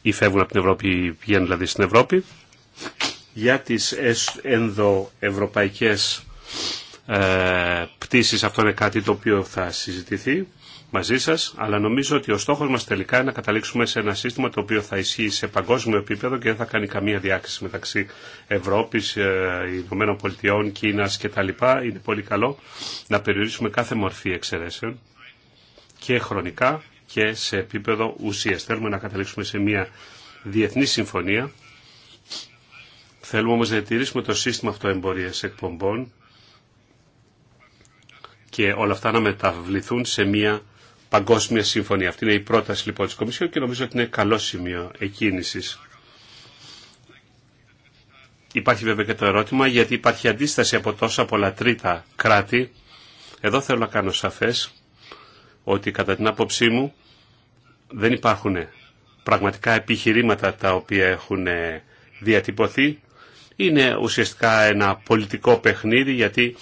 ή φεύγουν από την Ευρώπη ή πηγαίνουν δηλαδή στην Ευρώπη. Για τις ενδοευρωπαϊκές ε, πτήσεις αυτό είναι κάτι το οποίο θα συζητηθεί μαζί σας, αλλά νομίζω ότι ο στόχος μας τελικά είναι να καταλήξουμε σε ένα σύστημα το οποίο θα ισχύει σε παγκόσμιο επίπεδο και δεν θα κάνει καμία διάκριση μεταξύ Ευρώπης, ε, Ηνωμένων Πολιτειών, Κίνας κτλ. Είναι πολύ καλό να περιορίσουμε κάθε μορφή εξαιρέσεων και χρονικά και σε επίπεδο ουσίας. Θέλουμε να καταλήξουμε σε μια διεθνή συμφωνία. Θέλουμε όμως να διατηρήσουμε το σύστημα αυτοεμπορίας εκπομπών και όλα αυτά να μεταβληθούν σε μια παγκόσμια συμφωνία. Αυτή είναι η πρόταση λοιπόν της Κομισιόν και νομίζω ότι είναι καλό σημείο εκκίνησης. Υπάρχει βέβαια και το ερώτημα γιατί υπάρχει αντίσταση από τόσα πολλά τρίτα κράτη. Εδώ θέλω να κάνω σαφές ότι κατά την άποψή μου δεν υπάρχουν πραγματικά επιχειρήματα τα οποία έχουν διατυπωθεί. Είναι ουσιαστικά ένα πολιτικό παιχνίδι γιατί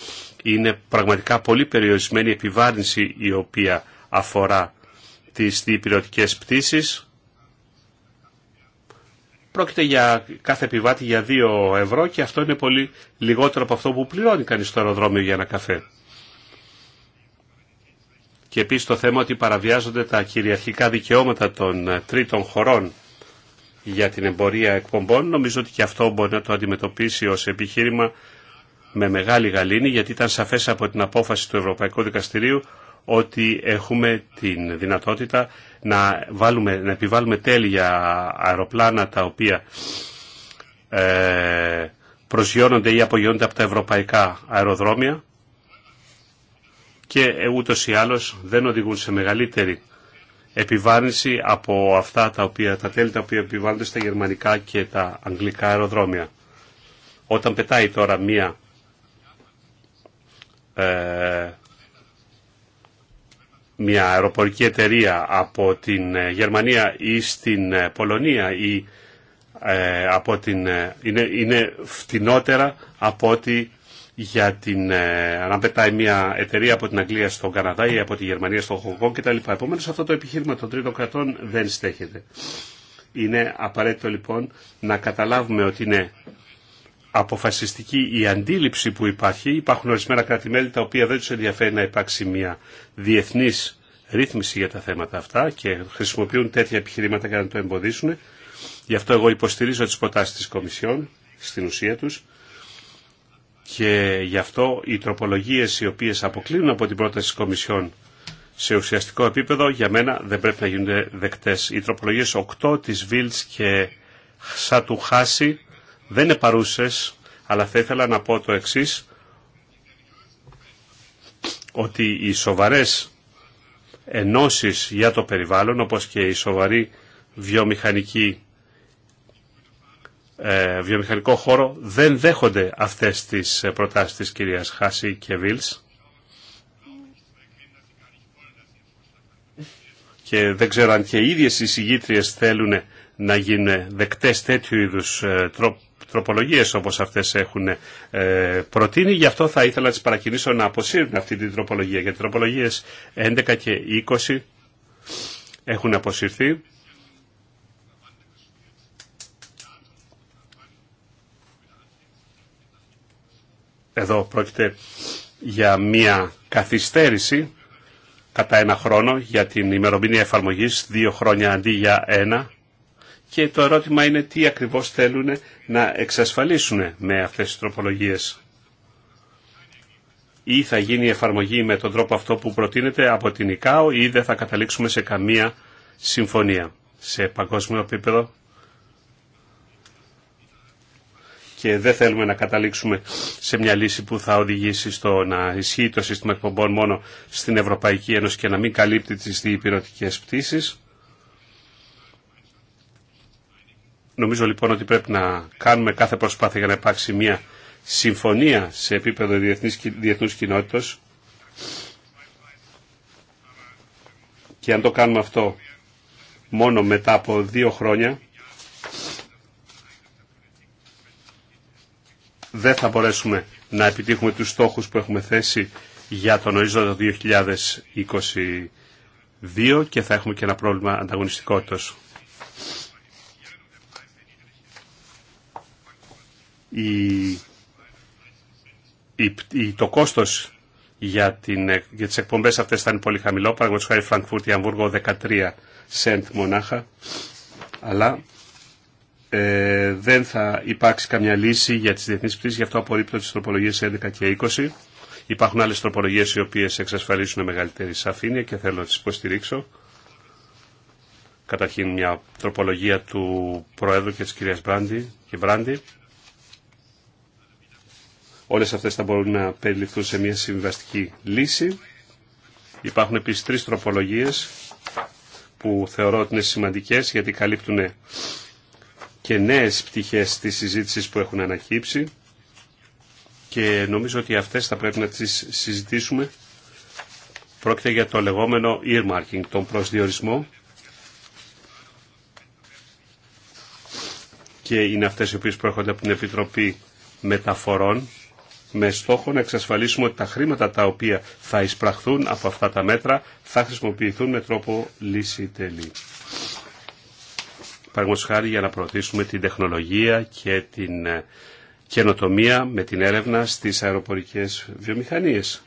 είναι πραγματικά πολύ περιορισμένη η επιβάρυνση η οποία αφορά τις διπηρεωτικές πτήσεις. Πρόκειται για κάθε επιβάτη για 2 ευρώ και αυτό είναι πολύ λιγότερο από αυτό που πληρώνει κανείς στο αεροδρόμιο για ένα καφέ και επίσης το θέμα ότι παραβιάζονται τα κυριαρχικά δικαιώματα των ε, τρίτων χωρών για την εμπορία εκπομπών. Νομίζω ότι και αυτό μπορεί να το αντιμετωπίσει ως επιχείρημα με μεγάλη γαλήνη, γιατί ήταν σαφές από την απόφαση του Ευρωπαϊκού Δικαστηρίου ότι έχουμε την δυνατότητα να, βάλουμε, να επιβάλλουμε τέλη για αεροπλάνα τα οποία ε, προσγειώνονται ή απογειώνονται από τα ευρωπαϊκά αεροδρόμια και ε, ούτω ή άλλως δεν οδηγούν σε μεγαλύτερη επιβάρυνση από αυτά τα, οποία, τα τέλη τα οποία επιβάλλονται στα γερμανικά και τα αγγλικά αεροδρόμια. Όταν πετάει τώρα μία ε, μια αεροπορική εταιρεία από την ε, Γερμανία ή στην Πολωνία ή από την, είναι, είναι φτηνότερα από ότι για την, ε, πετάει μια εταιρεία από την Αγγλία στον Καναδά ή από τη Γερμανία στον Χογκό κτλ. Επομένως αυτό το επιχείρημα των τρίτων κρατών δεν στέκεται. Είναι απαραίτητο λοιπόν να καταλάβουμε ότι είναι αποφασιστική η απο τη γερμανια στον χογκο κτλ επομενως αυτο το επιχειρημα των τριτων κρατων δεν στέχεται. ειναι απαραιτητο λοιπον να καταλαβουμε οτι ειναι αποφασιστικη η αντιληψη που υπάρχει. Υπάρχουν ορισμένα κράτη-μέλη τα οποία δεν του ενδιαφέρει να υπάρξει μια διεθνή ρύθμιση για τα θέματα αυτά και χρησιμοποιούν τέτοια επιχειρήματα για να το εμποδίσουν. Γι' αυτό εγώ υποστηρίζω τι προτάσει τη Κομισιόν στην ουσία τους και γι' αυτό οι τροπολογίες οι οποίες αποκλίνουν από την πρόταση της Κομισιόν σε ουσιαστικό επίπεδο για μένα δεν πρέπει να γίνονται δεκτές. Οι τροπολογίες 8 της Βίλτς και Σατου δεν είναι παρούσες, αλλά θα ήθελα να πω το εξής, ότι οι σοβαρές ενώσεις για το περιβάλλον, όπως και η σοβαρή βιομηχανική ε, βιομηχανικό χώρο δεν δέχονται αυτές τις ε, προτάσεις της κυρίας Χάση και Βίλς. Και δεν ξέρω αν και οι ίδιες οι συγγήτριες θέλουν να γίνουν δεκτές τέτοιου είδους ε, τροπολογίες όπως αυτές έχουν προτείνει. Γι' αυτό θα ήθελα να τις παρακινήσω να αποσύρουν αυτή την τροπολογία. Γιατί τροπολογίες 11 και 20 έχουν αποσυρθεί. Εδώ πρόκειται για μια καθυστέρηση κατά ένα χρόνο για την ημερομηνία εφαρμογής, δύο χρόνια αντί για ένα. Και το ερώτημα είναι τι ακριβώς θέλουν να εξασφαλίσουν με αυτές τις τροπολογίες. Ή θα γίνει η εφαρμογή με τον τρόπο αυτό που προτείνεται από την ΙΚΑΟ ή δεν θα καταλήξουμε σε καμία συμφωνία. Σε παγκόσμιο επίπεδο και δεν θέλουμε να καταλήξουμε σε μια λύση που θα οδηγήσει στο να ισχύει το σύστημα εκπομπών μόνο στην Ευρωπαϊκή Ένωση και να μην καλύπτει τις διυπηρωτικές πτήσεις. Νομίζω λοιπόν ότι πρέπει να κάνουμε κάθε προσπάθεια για να υπάρξει μια συμφωνία σε επίπεδο διεθνής, διεθνούς και αν το κάνουμε αυτό μόνο μετά από δύο χρόνια δεν θα μπορέσουμε να επιτύχουμε τους στόχους που έχουμε θέσει για τον ορίζοντα 2022 και θα έχουμε και ένα πρόβλημα ανταγωνιστικότητας. Η, η, το κόστος για, την, για τις εκπομπές αυτές θα είναι πολύ χαμηλό. Παραγματικά η Φραγκφούρτη, Αμβούργο 13 σεντ μονάχα. Αλλά ε, δεν θα υπάρξει καμιά λύση για τις διεθνείς πτήσεις, γι' αυτό απορρίπτω τις τροπολογίες 11 και 20. Υπάρχουν άλλες τροπολογίες οι οποίες εξασφαλίσουν μεγαλύτερη σαφήνεια και θέλω να τις υποστηρίξω. Καταρχήν μια τροπολογία του Προέδρου και της κυρίας Μπράντι, και Μπράντι. Όλες αυτές θα μπορούν να περιληφθούν σε μια συμβαστική λύση. Υπάρχουν επίσης τρεις τροπολογίες που θεωρώ ότι είναι σημαντικές γιατί καλύπτουν και νέες πτυχές της συζήτησης που έχουν ανακύψει και νομίζω ότι αυτές θα πρέπει να τις συζητήσουμε. Πρόκειται για το λεγόμενο earmarking, τον προσδιορισμό και είναι αυτές οι οποίες προέρχονται από την Επιτροπή Μεταφορών με στόχο να εξασφαλίσουμε ότι τα χρήματα τα οποία θα εισπραχθούν από αυτά τα μέτρα θα χρησιμοποιηθούν με τρόπο λύση τελή για να προωθήσουμε την τεχνολογία και την ε, καινοτομία με την έρευνα στις αεροπορικές βιομηχανίες.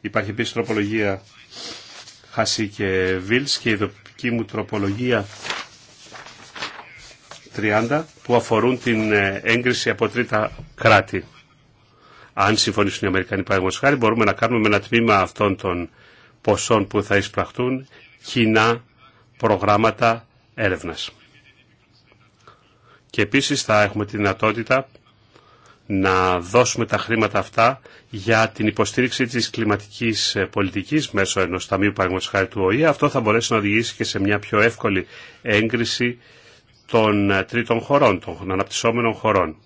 Υπάρχει επίσης τροπολογία Χασί και Βίλς και η δοπική μου τροπολογία 30 που αφορούν την ε, έγκριση από τρίτα κράτη. Αν συμφωνήσουν οι Αμερικανοί παραγωγός μπορούμε να κάνουμε με ένα τμήμα αυτών των ποσών που θα εισπραχτούν κοινά προγράμματα έρευνας. Και επίσης θα έχουμε τη δυνατότητα να δώσουμε τα χρήματα αυτά για την υποστήριξη της κλιματικής ε, πολιτικής μέσω ενός Ταμείου Παραγματος Χάρη του ΟΗΕ. Αυτό θα μπορέσει να οδηγήσει και σε μια πιο εύκολη έγκριση των ε, τρίτων χωρών, των αναπτυσσόμενων χωρών.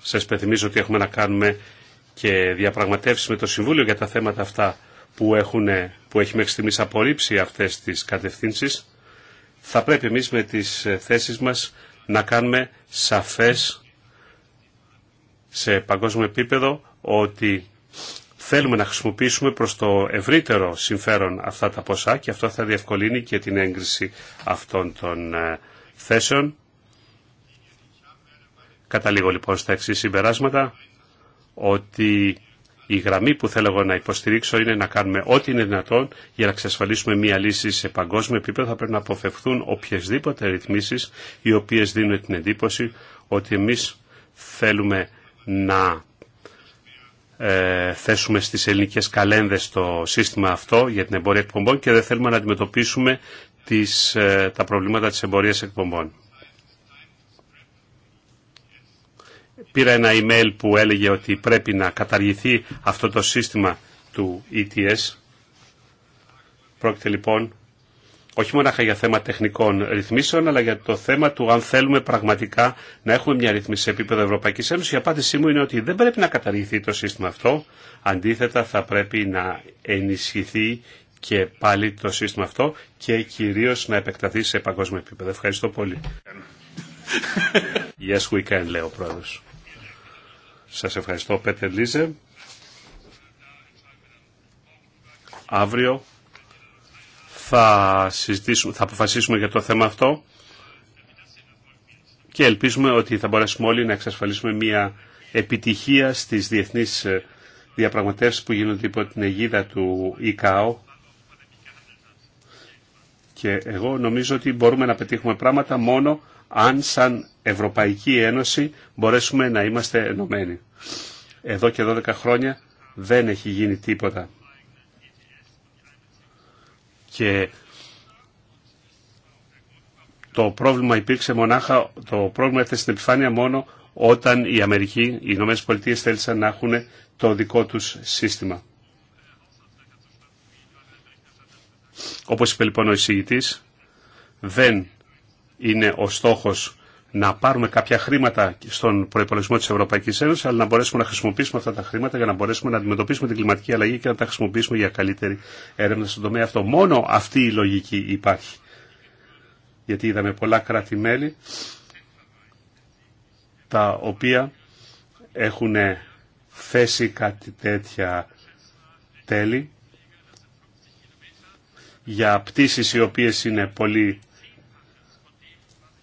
Σας πεθυμίζω ότι έχουμε να κάνουμε και διαπραγματεύσεις με το Συμβούλιο για τα θέματα αυτά που, έχουν, που έχει μέχρι στιγμής απορρίψει αυτές τις κατευθύνσεις, θα πρέπει εμείς με τις θέσεις μας να κάνουμε σαφές σε παγκόσμιο επίπεδο ότι θέλουμε να χρησιμοποιήσουμε προς το ευρύτερο συμφέρον αυτά τα ποσά και αυτό θα διευκολύνει και την έγκριση αυτών των ε, θέσεων. Καταλήγω λοιπόν στα εξή συμπεράσματα ότι η γραμμή που θέλω εγώ να υποστηρίξω είναι να κάνουμε ό,τι είναι δυνατόν για να εξασφαλίσουμε μια λύση σε παγκόσμιο επίπεδο. Θα πρέπει να αποφευθούν οποιασδήποτε ρυθμίσεις οι οποίες δίνουν την εντύπωση ότι εμείς θέλουμε να ε, θέσουμε στις ελληνικές καλένδες το σύστημα αυτό για την εμπορία εκπομπών και δεν θέλουμε να αντιμετωπίσουμε τις, ε, τα προβλήματα τη εμπορία εκπομπών. πήρα ένα email που έλεγε ότι πρέπει να καταργηθεί αυτό το σύστημα του ETS. Πρόκειται λοιπόν όχι μόνο για θέμα τεχνικών ρυθμίσεων, αλλά για το θέμα του αν θέλουμε πραγματικά να έχουμε μια ρύθμιση σε επίπεδο Ευρωπαϊκή Ένωση. Η απάντησή μου είναι ότι δεν πρέπει να καταργηθεί το σύστημα αυτό. Αντίθετα, θα πρέπει να ενισχυθεί και πάλι το σύστημα αυτό και κυρίω να επεκταθεί σε παγκόσμιο επίπεδο. Ευχαριστώ πολύ. yes, we can, λέει ο σας ευχαριστώ Πέτερ Λίζε. Αύριο θα, συζητήσουμε, θα αποφασίσουμε για το θέμα αυτό και ελπίζουμε ότι θα μπορέσουμε όλοι να εξασφαλίσουμε μια επιτυχία στις διεθνείς ε, διαπραγματεύσεις που γίνονται υπό την αιγίδα του ΙΚΑΟ και εγώ νομίζω ότι μπορούμε να πετύχουμε πράγματα μόνο αν σαν Ευρωπαϊκή Ένωση μπορέσουμε να είμαστε ενωμένοι. Εδώ και 12 χρόνια δεν έχει γίνει τίποτα. Και το πρόβλημα υπήρξε μονάχα, το πρόβλημα έφτασε στην επιφάνεια μόνο όταν οι Αμερικοί, οι Ηνωμένε Πολιτείες θέλησαν να έχουν το δικό τους σύστημα. Όπως είπε λοιπόν ο εισηγητής, δεν είναι ο στόχος να πάρουμε κάποια χρήματα στον προπολογισμό τη Ευρωπαϊκή Ένωση, αλλά να μπορέσουμε να χρησιμοποιήσουμε αυτά τα χρήματα για να μπορέσουμε να αντιμετωπίσουμε την κλιματική αλλαγή και να τα χρησιμοποιήσουμε για καλύτερη έρευνα στον τομέα αυτό. Μόνο αυτή η λογική υπάρχει. Γιατί είδαμε πολλά κράτη-μέλη τα οποία έχουν θέσει κάτι τέτοια τέλη για πτήσεις οι οποίες είναι πολύ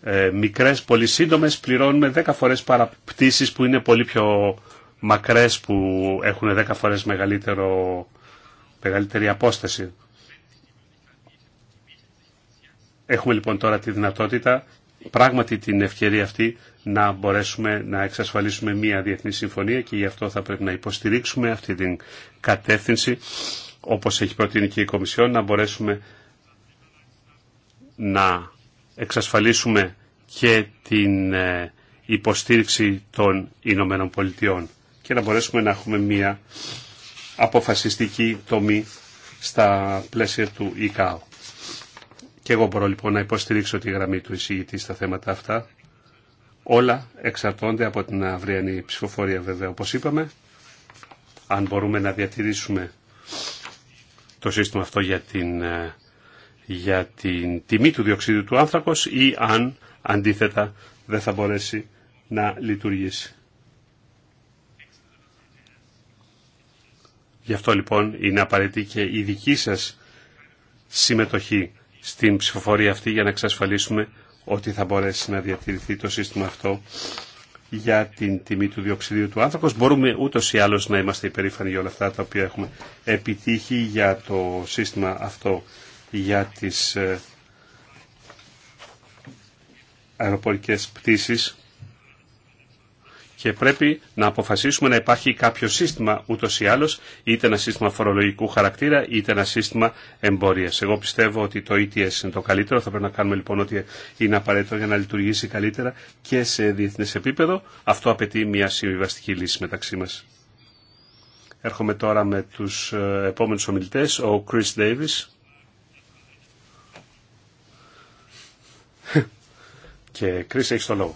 ε, μικρές, πολύ σύντομες, πληρώνουμε 10 φορές παραπτήσεις που είναι πολύ πιο μακρές, που έχουν 10 φορές μεγαλύτερο, μεγαλύτερη απόσταση. Έχουμε λοιπόν τώρα τη δυνατότητα, πράγματι την ευκαιρία αυτή, να μπορέσουμε να εξασφαλίσουμε μία διεθνή συμφωνία και γι' αυτό θα πρέπει να υποστηρίξουμε αυτή την κατεύθυνση, όπως έχει προτείνει και η Κομισιόν, να μπορέσουμε να εξασφαλίσουμε και την ε, υποστήριξη των Ηνωμένων Πολιτειών και να μπορέσουμε να έχουμε μία αποφασιστική τομή στα πλαίσια του ΙΚΑΟ. Και εγώ μπορώ λοιπόν να υποστηρίξω τη γραμμή του εισηγητή στα θέματα αυτά. Όλα εξαρτώνται από την αυριανή ψηφοφορία βέβαια όπως είπαμε. Αν μπορούμε να διατηρήσουμε το σύστημα αυτό για την ε, για την τιμή του διοξίδιου του άνθρακος ή αν αντίθετα δεν θα μπορέσει να λειτουργήσει. Γι' αυτό λοιπόν είναι απαραίτητη και η δική σας συμμετοχή στην ψηφοφορία αυτή για να εξασφαλίσουμε ότι θα μπορέσει να διατηρηθεί το σύστημα αυτό για την τιμή του διοξιδίου του άνθρακος. Μπορούμε ούτως ή άλλως να είμαστε υπερήφανοι για όλα αυτά τα οποία έχουμε επιτύχει για το σύστημα αυτό για τις ε, αεροπορικές πτήσεις και πρέπει να αποφασίσουμε να υπάρχει κάποιο σύστημα ούτω ή άλλω, είτε ένα σύστημα φορολογικού χαρακτήρα, είτε ένα σύστημα εμπορία. Εγώ πιστεύω ότι το ETS είναι το καλύτερο. Θα πρέπει να κάνουμε λοιπόν ό,τι είναι απαραίτητο για να λειτουργήσει καλύτερα και σε διεθνέ επίπεδο. Αυτό απαιτεί μια συμβιβαστική λύση μεταξύ μα. Έρχομαι τώρα με του ε, επόμενου ομιλητέ, ο Chris Davis. Και έχει το λόγο.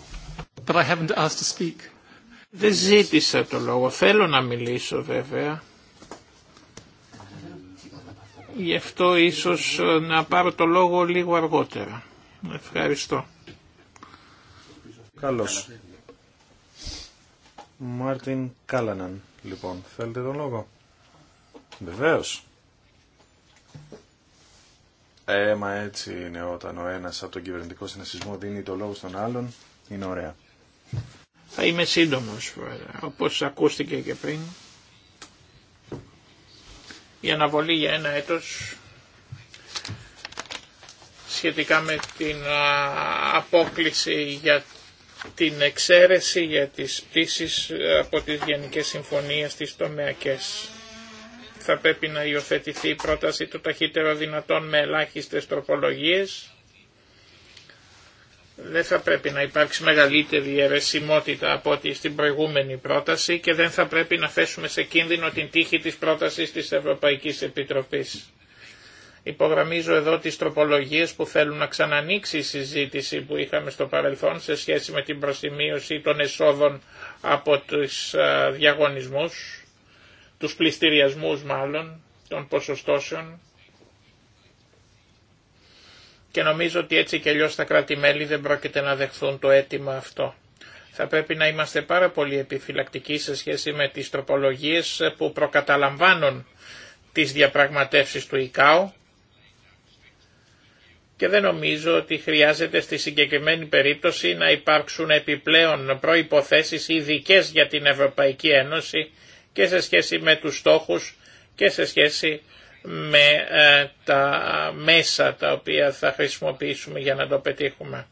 Δεν ζήτησα το λόγο. Θέλω να μιλήσω βέβαια. Γι' αυτό ίσως ε, να πάρω το λόγο λίγο αργότερα. Ευχαριστώ. Καλώς. Μάρτιν Κάλαναν, λοιπόν. Θέλετε τον λόγο. Βεβαίως. Έμα ε, έτσι είναι όταν ο ένας από τον κυβερνητικό συνασπισμό δίνει το λόγο στον άλλον. Είναι ωραία. Θα είμαι σύντομο όπω ακούστηκε και πριν. Η αναβολή για ένα έτος σχετικά με την απόκληση για την εξαίρεση για τις πτήσεις ε, από τις Γενικές Συμφωνίες τις τομεακές θα πρέπει να υιοθετηθεί η πρόταση του ταχύτερο δυνατόν με ελάχιστες τροπολογίες. Δεν θα πρέπει να υπάρξει μεγαλύτερη αιρεσιμότητα από ό,τι στην προηγούμενη πρόταση και δεν θα πρέπει να θέσουμε σε κίνδυνο την τύχη της πρότασης της Ευρωπαϊκής Επιτροπής. Υπογραμμίζω εδώ τις τροπολογίες που θέλουν να ξανανοίξει η συζήτηση που είχαμε στο παρελθόν σε σχέση με την προσημείωση των εσόδων από τους διαγωνισμούς τους πληστηριασμούς μάλλον των ποσοστώσεων και νομίζω ότι έτσι και αλλιώς τα κράτη-μέλη δεν πρόκειται να δεχθούν το αίτημα αυτό. Θα πρέπει να είμαστε πάρα πολύ επιφυλακτικοί σε σχέση με τις τροπολογίες που προκαταλαμβάνουν τις διαπραγματεύσεις του ΙΚΑΟ και δεν νομίζω ότι χρειάζεται στη συγκεκριμένη περίπτωση να υπάρξουν επιπλέον προϋποθέσεις ειδικέ για την Ευρωπαϊκή Ένωση και σε σχέση με τους στόχους και σε σχέση με ε, τα μέσα τα οποία θα χρησιμοποιήσουμε για να το πετύχουμε.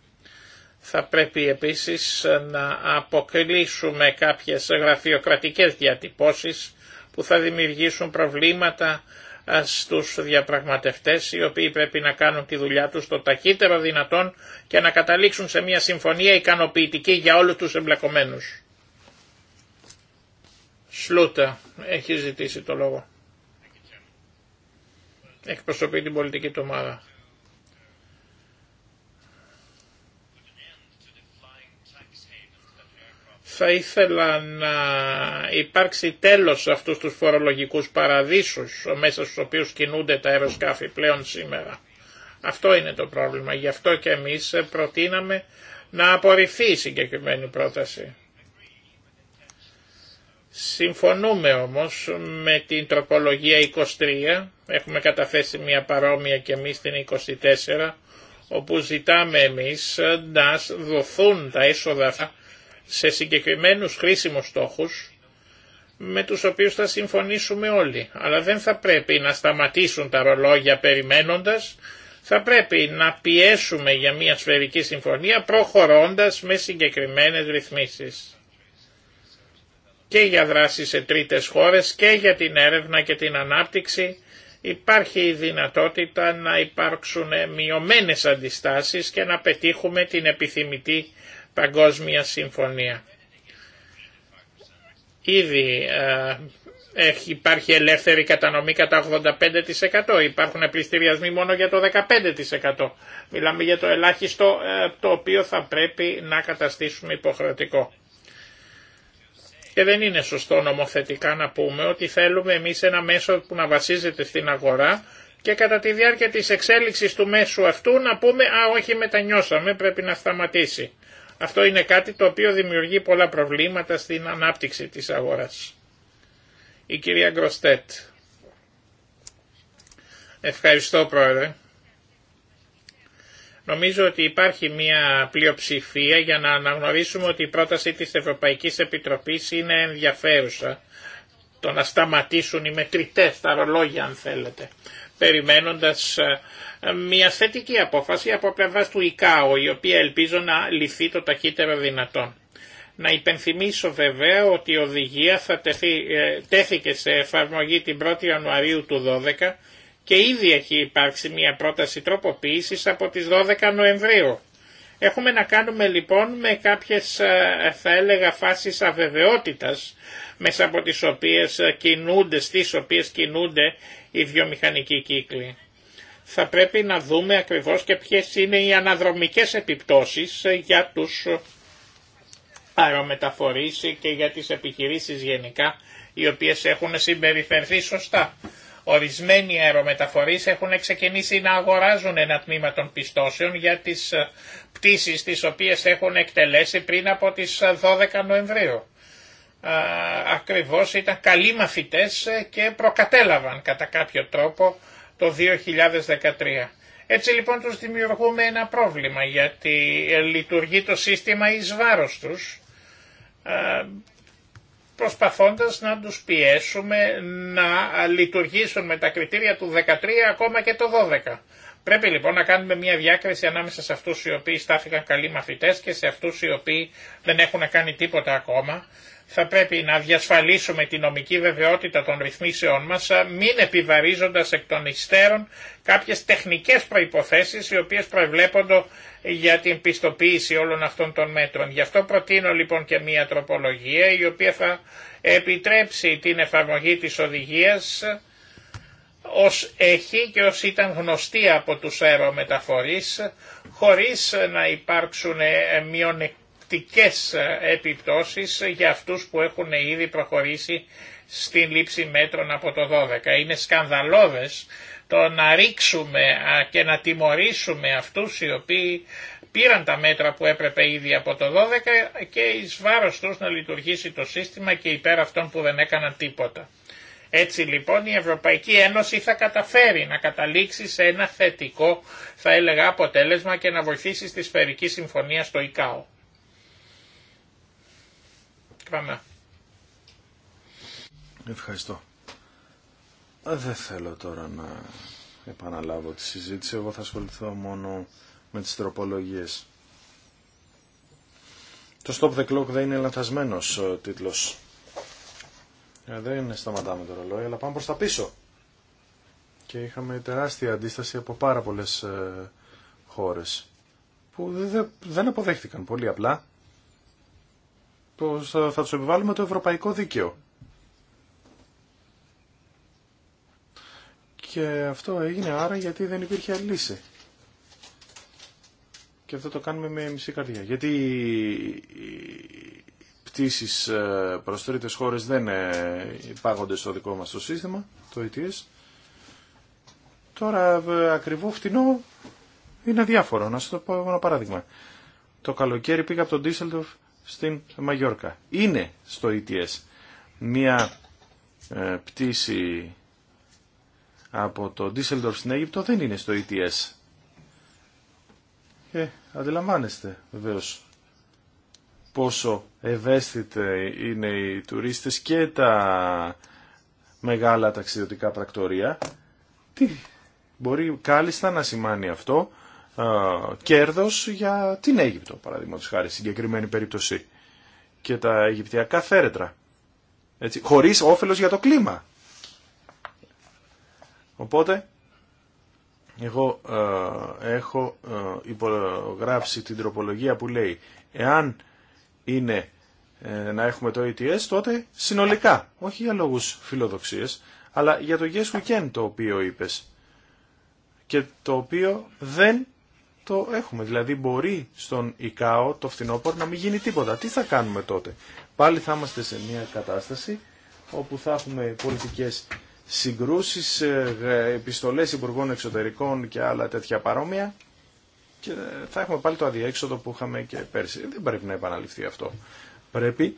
Θα πρέπει επίσης ε, να αποκλείσουμε κάποιες γραφειοκρατικές διατυπώσεις που θα δημιουργήσουν προβλήματα ε, στους διαπραγματευτές οι οποίοι πρέπει να κάνουν τη δουλειά τους το ταχύτερο δυνατόν και να καταλήξουν σε μια συμφωνία ικανοποιητική για όλους τους εμπλεκομένους. Σλούτα έχει ζητήσει το λόγο. Εκπροσωπεί την πολιτική του ομάδα. Θα ήθελα να υπάρξει τέλος αυτούς τους φορολογικούς παραδείσους μέσα στους οποίους κινούνται τα αεροσκάφη πλέον σήμερα. Αυτό είναι το πρόβλημα. Γι' αυτό και εμείς προτείναμε να απορριφθεί η συγκεκριμένη πρόταση. Συμφωνούμε όμως με την τροπολογία 23, έχουμε καταθέσει μια παρόμοια και εμείς την 24, όπου ζητάμε εμείς να δοθούν τα έσοδα σε συγκεκριμένους χρήσιμους στόχους, με τους οποίους θα συμφωνήσουμε όλοι. Αλλά δεν θα πρέπει να σταματήσουν τα ρολόγια περιμένοντας, θα πρέπει να πιέσουμε για μια σφαιρική συμφωνία προχωρώντας με συγκεκριμένες ρυθμίσεις και για δράση σε τρίτες χώρες και για την έρευνα και την ανάπτυξη υπάρχει η δυνατότητα να υπάρξουν μειωμένες αντιστάσεις και να πετύχουμε την επιθυμητή παγκόσμια συμφωνία. Ήδη ε, υπάρχει ελεύθερη κατανομή κατά 85%. Υπάρχουν πληστηριασμοί μόνο για το 15%. Μιλάμε για το ελάχιστο ε, το οποίο θα πρέπει να καταστήσουμε υποχρεωτικό. Και δεν είναι σωστό νομοθετικά να πούμε ότι θέλουμε εμείς ένα μέσο που να βασίζεται στην αγορά και κατά τη διάρκεια της εξέλιξης του μέσου αυτού να πούμε «Α, όχι, μετανιώσαμε, πρέπει να σταματήσει». Αυτό είναι κάτι το οποίο δημιουργεί πολλά προβλήματα στην ανάπτυξη της αγοράς. Η κυρία Γκροστέτ. Ευχαριστώ πρόεδρε. Νομίζω ότι υπάρχει μια πλειοψηφία για να αναγνωρίσουμε ότι η πρόταση της Ευρωπαϊκής Επιτροπής είναι ενδιαφέρουσα. Το να σταματήσουν οι μετρητές, τα ρολόγια αν θέλετε, περιμένοντας ε, μια θετική απόφαση από πλευρά του ΙΚΑΟ, η οποία ελπίζω να λυθεί το ταχύτερο δυνατόν. Να υπενθυμίσω βέβαια ότι η οδηγία θα ε, τέθηκε σε εφαρμογή την 1η Ιανουαρίου του 2012 και ήδη έχει υπάρξει μια πρόταση τροποποίησης από τις 12 Νοεμβρίου. Έχουμε να κάνουμε λοιπόν με κάποιες ε, θα έλεγα φάσεις αβεβαιότητας μέσα από τις οποίες ε, κινούνται, στις οποίες κινούνται οι βιομηχανικοί κύκλοι. Θα πρέπει να δούμε ακριβώς και ποιες είναι οι αναδρομικές επιπτώσεις ε, για τους αερομεταφορείς και για τις επιχειρήσεις γενικά οι οποίες έχουν συμπεριφερθεί σωστά. Ορισμένοι αερομεταφορείς έχουν ξεκινήσει να αγοράζουν ένα τμήμα των πιστώσεων για τις ε, πτήσεις τις οποίες έχουν εκτελέσει πριν από τις 12 ε, Νοεμβρίου. Ακριβώς ήταν καλοί μαθητές ε, και προκατέλαβαν κατά κάποιο τρόπο το 2013. Έτσι λοιπόν τους δημιουργούμε ένα πρόβλημα γιατί λειτουργεί το σύστημα εις βάρος τους προσπαθώντας να τους πιέσουμε να λειτουργήσουν με τα κριτήρια του 13 ακόμα και το 12. Πρέπει λοιπόν να κάνουμε μια διάκριση ανάμεσα σε αυτούς οι οποίοι στάθηκαν καλοί μαθητές και σε αυτούς οι οποίοι δεν έχουν κάνει τίποτα ακόμα. Θα πρέπει να διασφαλίσουμε τη νομική βεβαιότητα των ρυθμίσεών μας, μην επιβαρίζοντας εκ των υστέρων κάποιες τεχνικές προϋποθέσεις οι οποίες προβλέπονται για την πιστοποίηση όλων αυτών των μέτρων. Γι' αυτό προτείνω λοιπόν και μία τροπολογία η οποία θα επιτρέψει την εφαρμογή της οδηγίας ως έχει και ως ήταν γνωστή από τους αερομεταφορείς χωρίς να υπάρξουν ε, μειονεκτικές επιπτώσεις για αυτούς που έχουν ήδη προχωρήσει στην λήψη μέτρων από το 12. Είναι σκανδαλώδες το να ρίξουμε και να τιμωρήσουμε αυτούς οι οποίοι πήραν τα μέτρα που έπρεπε ήδη από το 12 και εις βάρος τους να λειτουργήσει το σύστημα και υπέρ αυτών που δεν έκαναν τίποτα. Έτσι λοιπόν η Ευρωπαϊκή Ένωση θα καταφέρει να καταλήξει σε ένα θετικό θα έλεγα αποτέλεσμα και να βοηθήσει στη Σφαιρική Συμφωνία στο ΙΚΑΟ. Ευχαριστώ. Δεν θέλω τώρα να επαναλάβω τη συζήτηση. Εγώ θα ασχοληθώ μόνο με τις τροπολογίες. Το Stop the Clock δεν είναι λανθασμένος τίτλος. Ε, δεν σταματάμε το ρολόι, αλλά πάμε προς τα πίσω. Και είχαμε τεράστια αντίσταση από πάρα πολλές ε, χώρες που δεν αποδέχτηκαν πολύ απλά. Το, θα τους επιβάλλουμε το ευρωπαϊκό δίκαιο. Και αυτό έγινε άρα γιατί δεν υπήρχε λύση. Και αυτό το κάνουμε με μισή καρδιά. Γιατί οι πτήσεις ε, προς τρίτες χώρες δεν ε, υπάγονται στο δικό μα το σύστημα, το ETS. Τώρα ε, ακριβό φτηνό είναι διάφορο. Να σας το πω ένα παράδειγμα. Το καλοκαίρι πήγα από τον Ντίσσελτοφ στην Μαγιόρκα. Είναι στο ETS μια πτήση από το Düsseldorf στην Αίγυπτο δεν είναι στο ETS. Και ε, αντιλαμβάνεστε βεβαίω πόσο ευαίσθητοι είναι οι τουρίστες και τα μεγάλα ταξιδιωτικά πρακτορία. Τι μπορεί κάλλιστα να σημάνει αυτό α, κέρδος για την Αίγυπτο, παραδείγματος χάρη, συγκεκριμένη περίπτωση και τα αιγυπτιακά θέρετρα Έτσι, χωρίς όφελος για το κλίμα. Οπότε, εγώ ε, έχω ε, υπογράψει την τροπολογία που λέει εάν είναι ε, να έχουμε το ETS ε τότε συνολικά, όχι για λόγους φιλοδοξίες, αλλά για το Yes το οποίο είπες και το οποίο δεν το έχουμε. Δηλαδή μπορεί στον ΙΚΑΟ το φθινόπωρο να μην γίνει τίποτα. Τι θα κάνουμε τότε. Πάλι θα είμαστε σε μια κατάσταση όπου θα έχουμε πολιτικές συγκρούσεις, ε, ε, επιστολές υπουργών εξωτερικών και άλλα τέτοια παρόμοια και θα έχουμε πάλι το αδιέξοδο που είχαμε και πέρσι. Δεν πρέπει να επαναληφθεί αυτό. Πρέπει,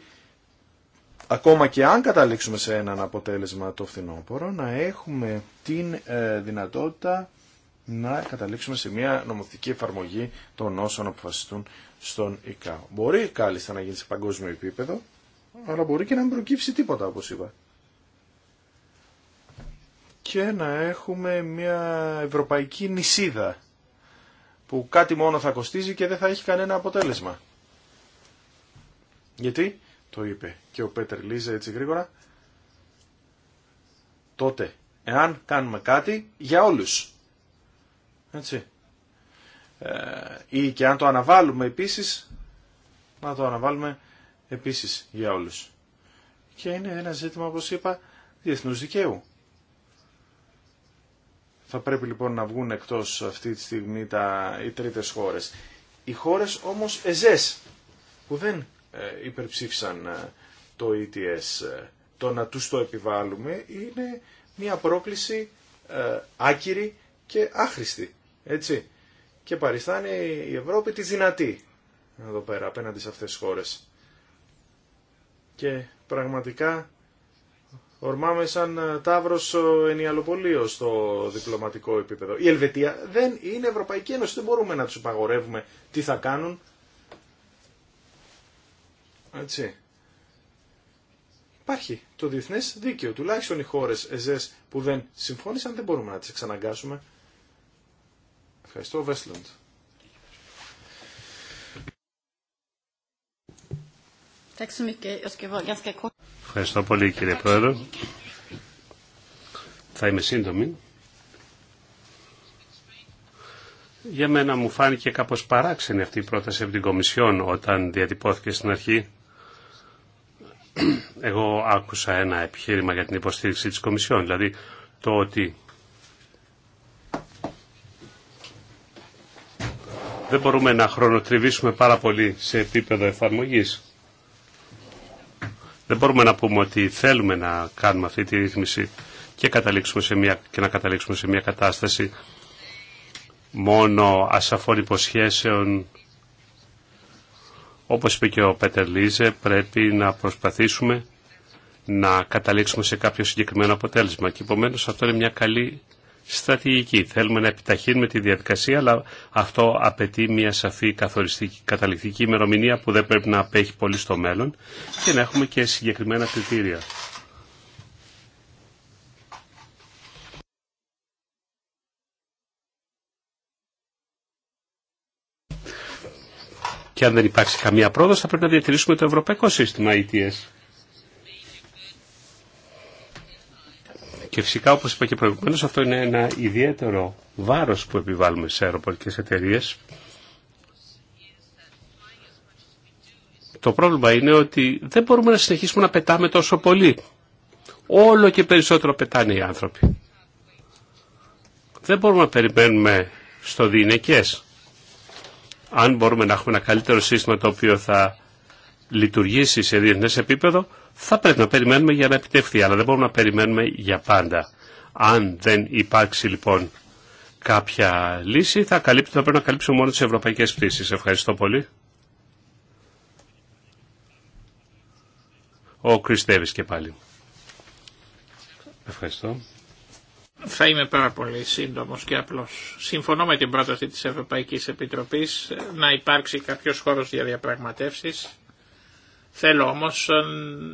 ακόμα και αν καταλήξουμε σε έναν αποτέλεσμα το φθινόπωρο, να έχουμε την ε, δυνατότητα να καταλήξουμε σε μια νομοθετική εφαρμογή των όσων αποφασιστούν στον ΙΚΑΟ. Μπορεί κάλλιστα να γίνει σε παγκόσμιο επίπεδο, αλλά μπορεί και να μην προκύψει τίποτα, όπως είπα και να έχουμε μια ευρωπαϊκή νησίδα που κάτι μόνο θα κοστίζει και δεν θα έχει κανένα αποτέλεσμα. Γιατί, το είπε και ο Πέτερ Λίζε έτσι γρήγορα, τότε εάν κάνουμε κάτι για όλους. Έτσι. Ε, ή και αν το αναβάλουμε επίσης, να το αναβάλουμε επίσης για όλους. Και είναι ένα ζήτημα, όπως είπα, διεθνούς δικαίου. Θα πρέπει λοιπόν να βγουν εκτός αυτή τη στιγμή τα, οι τρίτες χώρες. Οι χώρες όμως εζές που δεν ε, υπερψήφισαν ε, το ETS, ε, το να τους το επιβάλλουμε είναι μια πρόκληση άκυρη και άχρηστη. Έτσι. Και παριστάνει η Ευρώπη τη δυνατή εδώ πέρα απέναντι σε αυτές τις χώρες. Και πραγματικά Ορμάμε σαν ε, τάβρος ε, ενιαλοπολείο στο διπλωματικό επίπεδο. Η Ελβετία δεν είναι Ευρωπαϊκή Ένωση, δεν μπορούμε να του υπαγορεύουμε τι θα κάνουν. Έτσι. Υπάρχει το διεθνέ δίκαιο. Τουλάχιστον οι χώρε ΕΖΕΣ που δεν συμφώνησαν δεν μπορούμε να τι εξαναγκάσουμε. Ευχαριστώ, Βέσλοντ. Ευχαριστώ πολύ κύριε Πρόεδρο. Θα είμαι σύντομη. Για μένα μου φάνηκε κάπως παράξενη αυτή η πρόταση από την Κομισιόν όταν διατυπώθηκε στην αρχή. Εγώ άκουσα ένα επιχείρημα για την υποστήριξη της Κομισιόν, δηλαδή το ότι δεν μπορούμε να χρονοτριβήσουμε πάρα πολύ σε επίπεδο εφαρμογής. Δεν μπορούμε να πούμε ότι θέλουμε να κάνουμε αυτή τη ρύθμιση και, καταλήξουμε σε μια, και να καταλήξουμε σε μια κατάσταση μόνο ασαφών υποσχέσεων. Όπως είπε και ο Πέτερ Λίζε, πρέπει να προσπαθήσουμε να καταλήξουμε σε κάποιο συγκεκριμένο αποτέλεσμα. Και επομένως αυτό είναι μια καλή στρατηγική. Θέλουμε να επιταχύνουμε τη διαδικασία, αλλά αυτό απαιτεί μια σαφή καθοριστική, καταληκτική ημερομηνία που δεν πρέπει να απέχει πολύ στο μέλλον και να έχουμε και συγκεκριμένα κριτήρια. Και αν δεν υπάρξει καμία πρόοδος θα πρέπει να διατηρήσουμε το ευρωπαϊκό σύστημα ETS. Και φυσικά, όπως είπα και προηγουμένως, αυτό είναι ένα ιδιαίτερο βάρος που επιβάλλουμε σε αεροπορικές εταιρείε. Το πρόβλημα είναι ότι δεν μπορούμε να συνεχίσουμε να πετάμε τόσο πολύ. Όλο και περισσότερο πετάνε οι άνθρωποι. Δεν μπορούμε να περιμένουμε στο διηνεκές. Αν μπορούμε να έχουμε ένα καλύτερο σύστημα το οποίο θα λειτουργήσει σε διεθνές επίπεδο, θα πρέπει να περιμένουμε για να επιτευχθεί, αλλά δεν μπορούμε να περιμένουμε για πάντα. Αν δεν υπάρξει λοιπόν κάποια λύση, θα, καλύπτει θα πρέπει να καλύψουμε μόνο τις ευρωπαϊκές πτήσεις. Ευχαριστώ πολύ. Ο Κριστέβης και πάλι. Ευχαριστώ. Θα είμαι πάρα πολύ σύντομος και απλός. Συμφωνώ με την πρόταση της Ευρωπαϊκής Επιτροπής να υπάρξει κάποιος χώρος για διαπραγματεύσεις Θέλω όμως ε,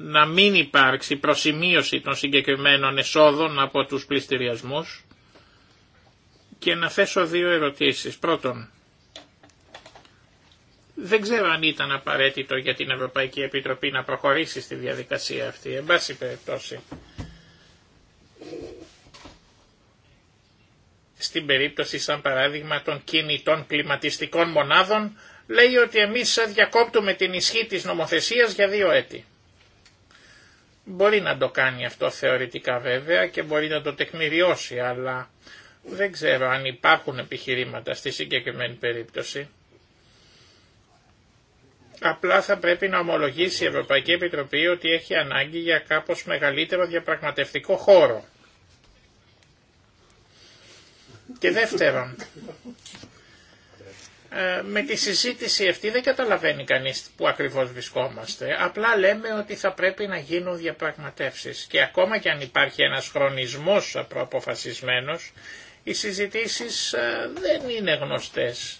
να μην υπάρξει προσημείωση των συγκεκριμένων εσόδων από τους πληστηριασμούς και να θέσω δύο ερωτήσεις. Πρώτον, δεν ξέρω αν ήταν απαραίτητο για την Ευρωπαϊκή Επιτροπή να προχωρήσει στη διαδικασία αυτή, εν πάση περιπτώσει. Στην περίπτωση σαν παράδειγμα των κινητών κλιματιστικών μονάδων λέει ότι εμείς διακόπτουμε την ισχύ της νομοθεσίας για δύο έτη. Μπορεί να το κάνει αυτό θεωρητικά βέβαια και μπορεί να το τεκμηριώσει, αλλά δεν ξέρω αν υπάρχουν επιχειρήματα στη συγκεκριμένη περίπτωση. Απλά θα πρέπει να ομολογήσει η Ευρωπαϊκή Επιτροπή ότι έχει ανάγκη για κάπως μεγαλύτερο διαπραγματευτικό χώρο. Και δεύτερον, ε, με τη συζήτηση αυτή δεν καταλαβαίνει κανείς που ακριβώς βρισκόμαστε. Απλά λέμε ότι θα πρέπει να γίνουν διαπραγματεύσεις και ακόμα και αν υπάρχει ένας χρονισμός προαποφασισμένος, οι συζητήσεις ε, δεν είναι γνωστές.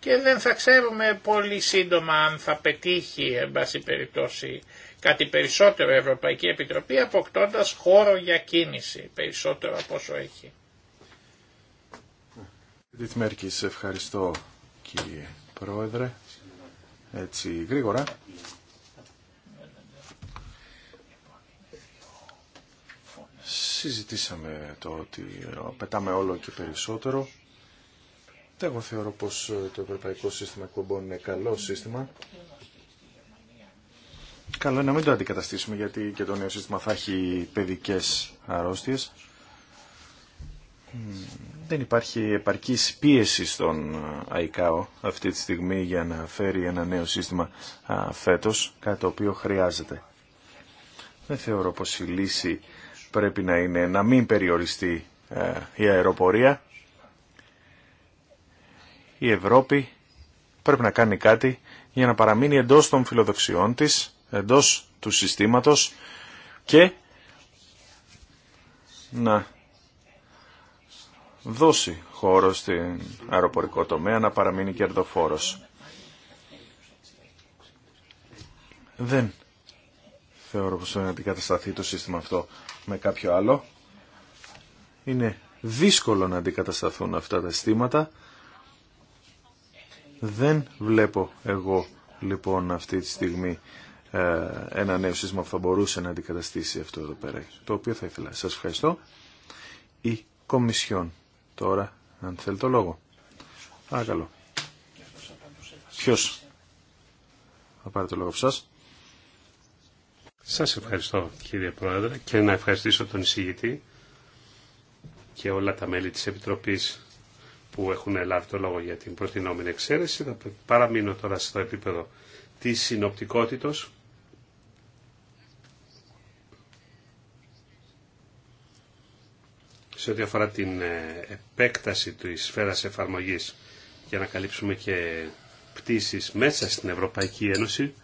Και δεν θα ξέρουμε πολύ σύντομα αν θα πετύχει, εν πάση περιπτώσει, κάτι περισσότερο η Ευρωπαϊκή Επιτροπή, αποκτώντας χώρο για κίνηση, περισσότερο από όσο έχει. Ρυθμέρκης, ευχαριστώ κύριε Πρόεδρε. Έτσι γρήγορα. Συζητήσαμε το ότι πετάμε όλο και περισσότερο. Εγώ θεωρώ πως το Ευρωπαϊκό Σύστημα Εκπομπών είναι καλό σύστημα. Καλό είναι να μην το αντικαταστήσουμε γιατί και το νέο σύστημα θα έχει παιδικές αρρώστιες δεν υπάρχει επαρκή πίεση στον ΑΙΚΑΟ αυτή τη στιγμή για να φέρει ένα νέο σύστημα φέτος, κάτι το οποίο χρειάζεται. Δεν θεωρώ πως η λύση πρέπει να είναι να μην περιοριστεί η αεροπορία. Η Ευρώπη πρέπει να κάνει κάτι για να παραμείνει εντός των φιλοδοξιών της, εντός του συστήματος και να δώσει χώρο στην αεροπορικό τομέα να παραμείνει κερδοφόρος. Δεν θεωρώ πως θα αντικατασταθεί το σύστημα αυτό με κάποιο άλλο. Είναι δύσκολο να αντικατασταθούν αυτά τα αισθήματα. Δεν βλέπω εγώ λοιπόν αυτή τη στιγμή ε, ένα νέο σύστημα που θα μπορούσε να αντικαταστήσει αυτό εδώ πέρα, το οποίο θα ήθελα. Σας ευχαριστώ. Η Κομισιόν τώρα αν θέλει το λόγο. Παρακαλώ. Ποιο, θα πάρει το λόγο από σας. ευχαριστώ κύριε Πρόεδρε και να ευχαριστήσω τον εισηγητή και όλα τα μέλη της Επιτροπής που έχουν λάβει το λόγο για την προτινόμενη εξαίρεση. Θα παραμείνω τώρα στο επίπεδο της συνοπτικότητος σε ό,τι αφορά την ε, επέκταση του σφαίρα εφαρμογής για να καλύψουμε και πτήσει μέσα στην Ευρωπαϊκή Ένωση,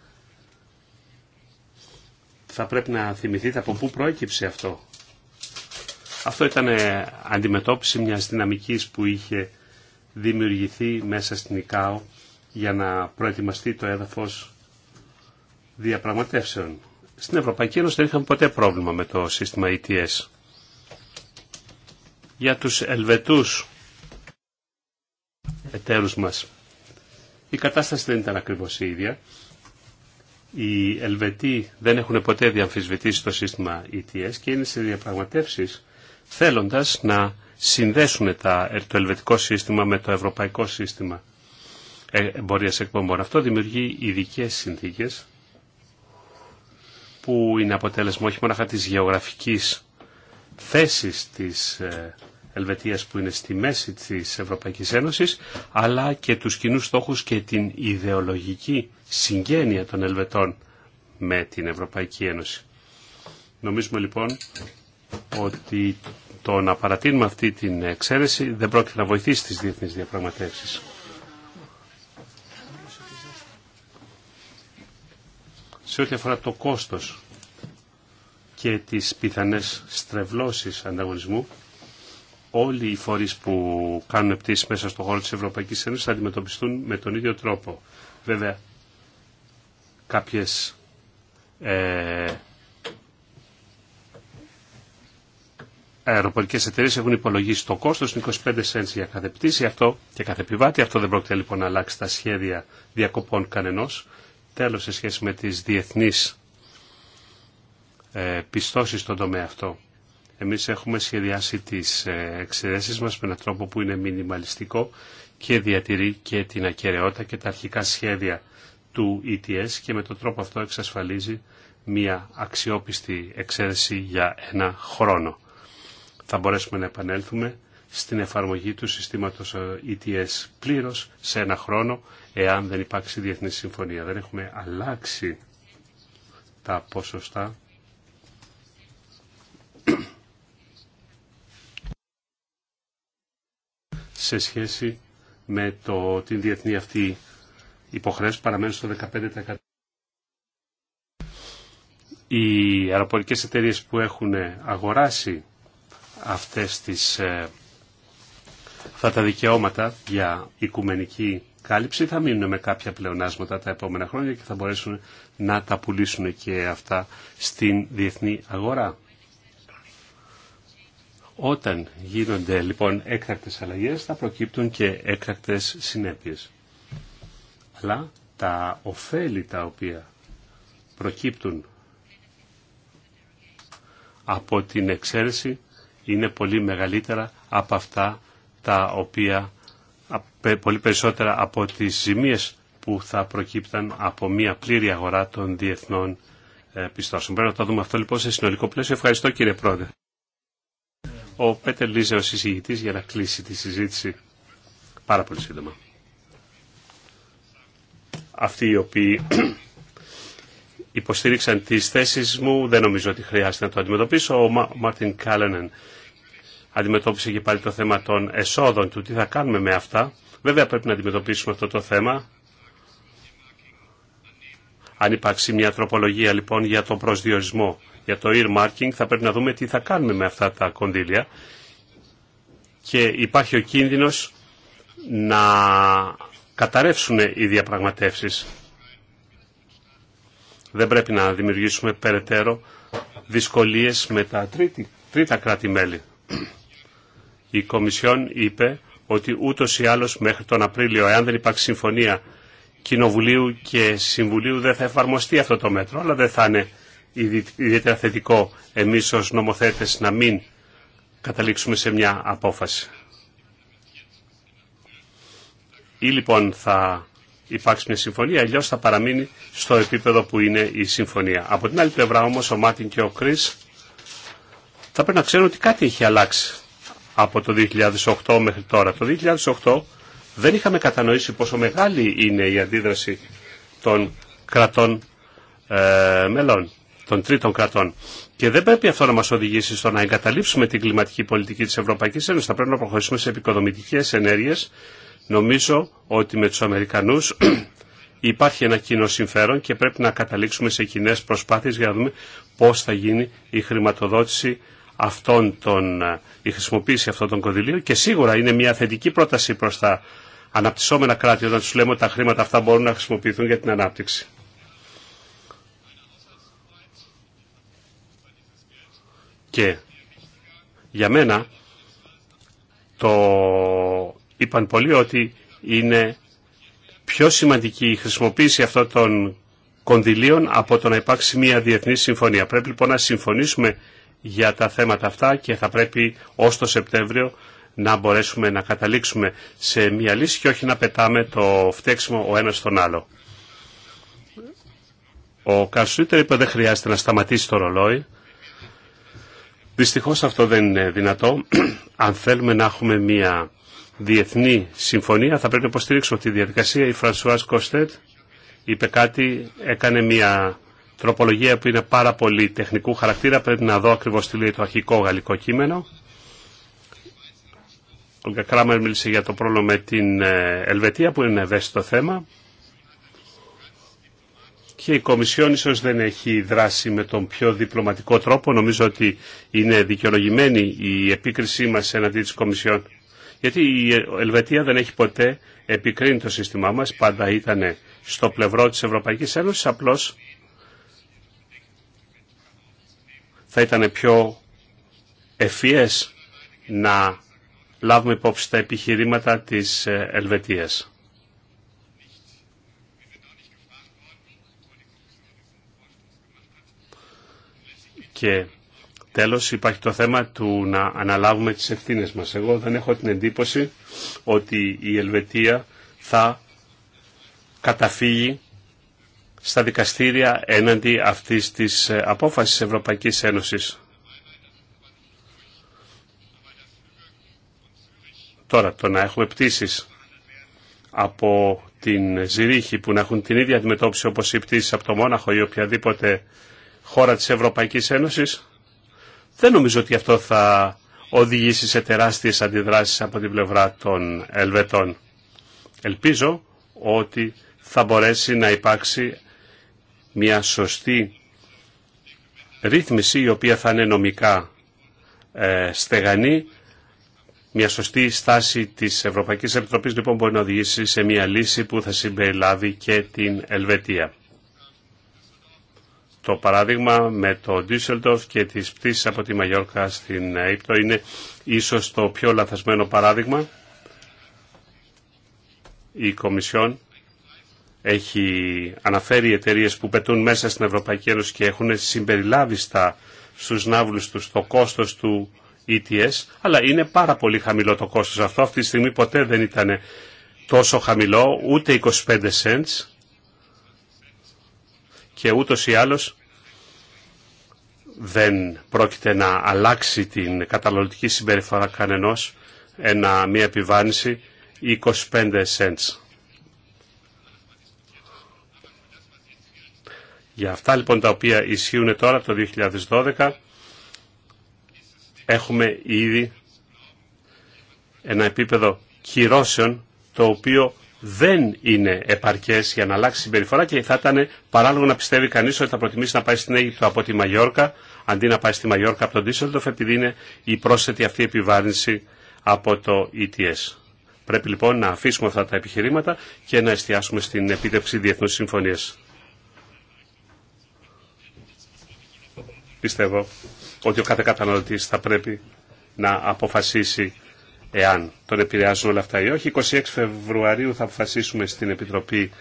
θα πρέπει να θυμηθείτε από πού προέκυψε αυτό. Αυτό ήταν ε, αντιμετώπιση μιας δυναμικής που είχε αντιμετωπιση μιας δυναμικη που μέσα στην ΙΚΑΟ για να προετοιμαστεί το έδαφος διαπραγματεύσεων. Στην Ευρωπαϊκή Ένωση δεν είχαμε ποτέ πρόβλημα με το σύστημα ETS για τους Ελβετούς εταίρους μας. Η κατάσταση δεν ήταν ακριβώς η ίδια. Οι Ελβετοί δεν έχουν ποτέ διαμφισβητήσει το σύστημα ETS και είναι σε διαπραγματεύσεις θέλοντας να συνδέσουν το ελβετικό σύστημα με το ευρωπαϊκό σύστημα ε, εμπορίας εκπομπών. Αυτό δημιουργεί ειδικέ συνθήκες που είναι αποτέλεσμα όχι μόνο της γεωγραφικής θέσεις της ε, Ελβετίας που είναι στη μέση της Ευρωπαϊκής Ένωσης, αλλά και τους κοινού στόχους και την ιδεολογική συγγένεια των Ελβετών με την Ευρωπαϊκή Ένωση. Νομίζουμε λοιπόν ότι το να παρατείνουμε αυτή την εξαίρεση δεν πρόκειται να βοηθήσει τις διεθνείς διαπραγματεύσεις. Σε ό,τι αφορά το κόστος και τις πιθανές στρεβλώσεις ανταγωνισμού, όλοι οι φορείς που κάνουν πτήσεις μέσα στον χώρο της Ευρωπαϊκής Ένωσης θα αντιμετωπιστούν με τον ίδιο τρόπο. Βέβαια, κάποιες ε, αεροπορικές εταιρείες έχουν υπολογίσει το κόστος 25 cents για κάθε πτήση αυτό, και κάθε επιβάτη. Αυτό δεν πρόκειται λοιπόν να αλλάξει τα σχέδια διακοπών κανενός. Τέλος, σε σχέση με τις διεθνείς ε, πιστώσει στον τομέα αυτό. Εμείς έχουμε σχεδιάσει τις ε, εξαιρέσεις μας με έναν τρόπο που είναι μινιμαλιστικό και διατηρεί και την ακαιρεότητα και τα αρχικά σχέδια του ETS και με τον τρόπο αυτό εξασφαλίζει μια αξιόπιστη εξαίρεση για ένα χρόνο. Θα μπορέσουμε να επανέλθουμε στην εφαρμογή του συστήματος ε, ETS πλήρως σε ένα χρόνο εάν δεν υπάρξει διεθνή συμφωνία. Δεν έχουμε αλλάξει τα ποσοστά σε σχέση με το, την διεθνή αυτή υποχρέωση παραμένει στο 15%. Οι αεροπορικές εταιρείες που έχουν αγοράσει αυτές τις, ε, αυτά τα δικαιώματα για οικουμενική κάλυψη θα μείνουν με κάποια πλεονάσματα τα επόμενα χρόνια και θα μπορέσουν να τα πουλήσουν και αυτά στην διεθνή αγορά. Όταν γίνονται λοιπόν έκτακτες αλλαγές θα προκύπτουν και έκτακτες συνέπειες. Αλλά τα ωφέλη τα οποία προκύπτουν από την εξαίρεση είναι πολύ μεγαλύτερα από αυτά τα οποία πολύ περισσότερα από τις ζημίες που θα προκύπταν από μια πλήρη αγορά των διεθνών ε, πιστώσεων. Πρέπει να το δούμε αυτό λοιπόν σε συνολικό πλαίσιο. Ευχαριστώ κύριε Πρόεδρε ο Πέτερ Λίζε ο συζητητής, για να κλείσει τη συζήτηση πάρα πολύ σύντομα. Αυτοί οι οποίοι υποστήριξαν τις θέσεις μου δεν νομίζω ότι χρειάζεται να το αντιμετωπίσω. Ο Μάρτιν Κάλενεν αντιμετώπισε και πάλι το θέμα των εσόδων του, τι θα κάνουμε με αυτά. Βέβαια πρέπει να αντιμετωπίσουμε αυτό το θέμα. Αν υπάρξει μια τροπολογία λοιπόν για τον προσδιορισμό για το earmarking θα πρέπει να δούμε τι θα κάνουμε με αυτά τα κονδύλια και υπάρχει ο κίνδυνος να καταρρεύσουν οι διαπραγματεύσεις. Δεν πρέπει να δημιουργήσουμε περαιτέρω δυσκολίες με τα τρίτη, τρίτα κράτη-μέλη. Η Κομισιόν είπε ότι ούτως ή άλλως μέχρι τον Απρίλιο, εάν δεν υπάρξει συμφωνία Κοινοβουλίου και Συμβουλίου, δεν θα εφαρμοστεί αυτό το μέτρο, αλλά δεν θα είναι ιδιαίτερα θετικό εμείς ως νομοθέτες να μην καταλήξουμε σε μια απόφαση. Ή λοιπόν θα υπάρξει μια συμφωνία, αλλιώ θα παραμείνει στο επίπεδο που είναι η συμφωνία. Από την άλλη πλευρά όμω, ο Μάτιν και ο Κρίς θα πρέπει να ξέρουν ότι κάτι έχει αλλάξει από το 2008 μέχρι τώρα. Το 2008 δεν είχαμε κατανοήσει πόσο μεγάλη είναι η αντίδραση των κρατών ε, μελών των τρίτων κρατών. Και δεν πρέπει αυτό να μα οδηγήσει στο να εγκαταλείψουμε την κλιματική πολιτική τη Ευρωπαϊκή Ένωση. Θα πρέπει να προχωρήσουμε σε επικοδομητικέ ενέργειε. Νομίζω ότι με του Αμερικανού υπάρχει ένα κοινό συμφέρον και πρέπει να καταλήξουμε σε κοινέ προσπάθειε για να δούμε πώ θα γίνει η χρηματοδότηση αυτών των, ε, η χρησιμοποίηση αυτών των κονδυλίων και σίγουρα είναι μια θετική πρόταση προς τα αναπτυσσόμενα κράτη όταν τους λέμε ότι τα χρήματα αυτά μπορούν να χρησιμοποιηθούν για την ανάπτυξη. Και για μένα το είπαν πολλοί ότι είναι πιο σημαντική η χρησιμοποίηση αυτών των κονδυλίων από το να υπάρξει μια διεθνή συμφωνία. Πρέπει λοιπόν να συμφωνήσουμε για τα θέματα αυτά και θα πρέπει ως το Σεπτέμβριο να μπορέσουμε να καταλήξουμε σε μια λύση και όχι να πετάμε το φταίξιμο ο ένας στον άλλο. Ο Καρσουίτερ είπε δεν χρειάζεται να σταματήσει το ρολόι, Δυστυχώς αυτό δεν είναι δυνατό. Αν θέλουμε να έχουμε μια διεθνή συμφωνία θα πρέπει να υποστηρίξουμε τη διαδικασία. Η Φρανσουάς Κοστέτ είπε κάτι, έκανε μια τροπολογία που είναι πάρα πολύ τεχνικού χαρακτήρα. Πρέπει να δω ακριβώς τι λέει το αρχικό γαλλικό κείμενο. Ο Γκακράμερ μίλησε για το πρόβλημα με την ε, Ελβετία που είναι ευαίσθητο θέμα και η Κομισιόν ίσως δεν έχει δράσει με τον πιο διπλωματικό τρόπο. Νομίζω ότι είναι δικαιολογημένη η επίκρισή μας εναντίον της Κομισιόν. Γιατί η Ελβετία δεν έχει ποτέ επικρίνει το σύστημά μας, πάντα ήταν στο πλευρό της Ευρωπαϊκής Ένωσης, απλώς θα ήταν πιο ευφυές να λάβουμε υπόψη τα επιχειρήματα της Ελβετίας. Και τέλος υπάρχει το θέμα του να αναλάβουμε τις ευθύνες μας. Εγώ δεν έχω την εντύπωση ότι η Ελβετία θα καταφύγει στα δικαστήρια έναντι αυτής της ε, απόφασης Ευρωπαϊκής Ένωσης. Τώρα, το να έχουμε πτήσεις από την Ζηρίχη που να έχουν την ίδια αντιμετώπιση όπως οι πτήσεις από το Μόναχο ή οποιαδήποτε χώρα της Ευρωπαϊκής Ένωσης. Δεν νομίζω ότι αυτό θα οδηγήσει σε τεράστιες αντιδράσεις από την πλευρά των Ελβετών. Ελπίζω ότι θα μπορέσει να υπάρξει μια σωστή ρύθμιση η οποία θα είναι νομικά ε, στεγανή. Μια σωστή στάση της Ευρωπαϊκής Επιτροπής λοιπόν μπορεί να οδηγήσει σε μια λύση που θα συμπεριλάβει και την Ελβετία το παράδειγμα με το Düsseldorf και τις πτήσεις από τη Μαγιόρκα στην Αίπτο είναι ίσως το πιο λαθασμένο παράδειγμα. Η Κομισιόν έχει αναφέρει εταιρείε που πετούν μέσα στην Ευρωπαϊκή Ένωση και έχουν συμπεριλάβει στα, στους ναύλους τους το κόστος του ETS, αλλά είναι πάρα πολύ χαμηλό το κόστος αυτό. Αυτή τη στιγμή ποτέ δεν ήταν τόσο χαμηλό, ούτε 25 cents και ούτως ή άλλως δεν πρόκειται να αλλάξει την καταναλωτική συμπεριφορά κανενός ένα, μια επιβάρυνση 25 cents. Για αυτά λοιπόν τα οποία ισχύουν τώρα το 2012 έχουμε ήδη ένα επίπεδο κυρώσεων το οποίο δεν είναι επαρκέ για να αλλάξει συμπεριφορά και θα ήταν παράλογο να πιστεύει κανεί ότι θα προτιμήσει να πάει στην Αίγυπτο από τη Μαγιόρκα αντί να πάει στη Μαγιόρκα από τον Ντίσσελντοφ επειδή είναι η πρόσθετη αυτή επιβάρυνση από το ETS. Πρέπει λοιπόν να αφήσουμε αυτά τα επιχειρήματα και να εστιάσουμε στην επίτευξη διεθνούς συμφωνία. Πιστεύω ότι ο κάθε καταναλωτής θα πρέπει να αποφασίσει εάν τον επηρεάζουν όλα αυτά ή όχι. 26 Φεβρουαρίου θα αποφασίσουμε στην Επιτροπή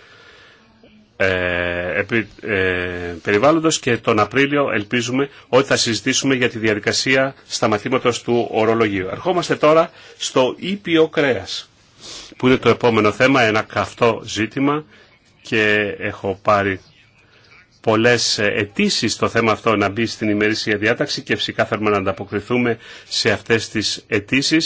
ε, επί, ε, περιβάλλοντος και τον Απρίλιο ελπίζουμε ότι θα συζητήσουμε για τη διαδικασία σταματήματος του ορολογίου. Ερχόμαστε τώρα στο ήπιο κρέας που είναι το επόμενο θέμα, ένα καυτό ζήτημα και έχω πάρει πολλές ε, αιτήσει στο θέμα αυτό να μπει στην ημερήσια διάταξη και φυσικά θέλουμε να ανταποκριθούμε σε αυτές τις αιτήσει.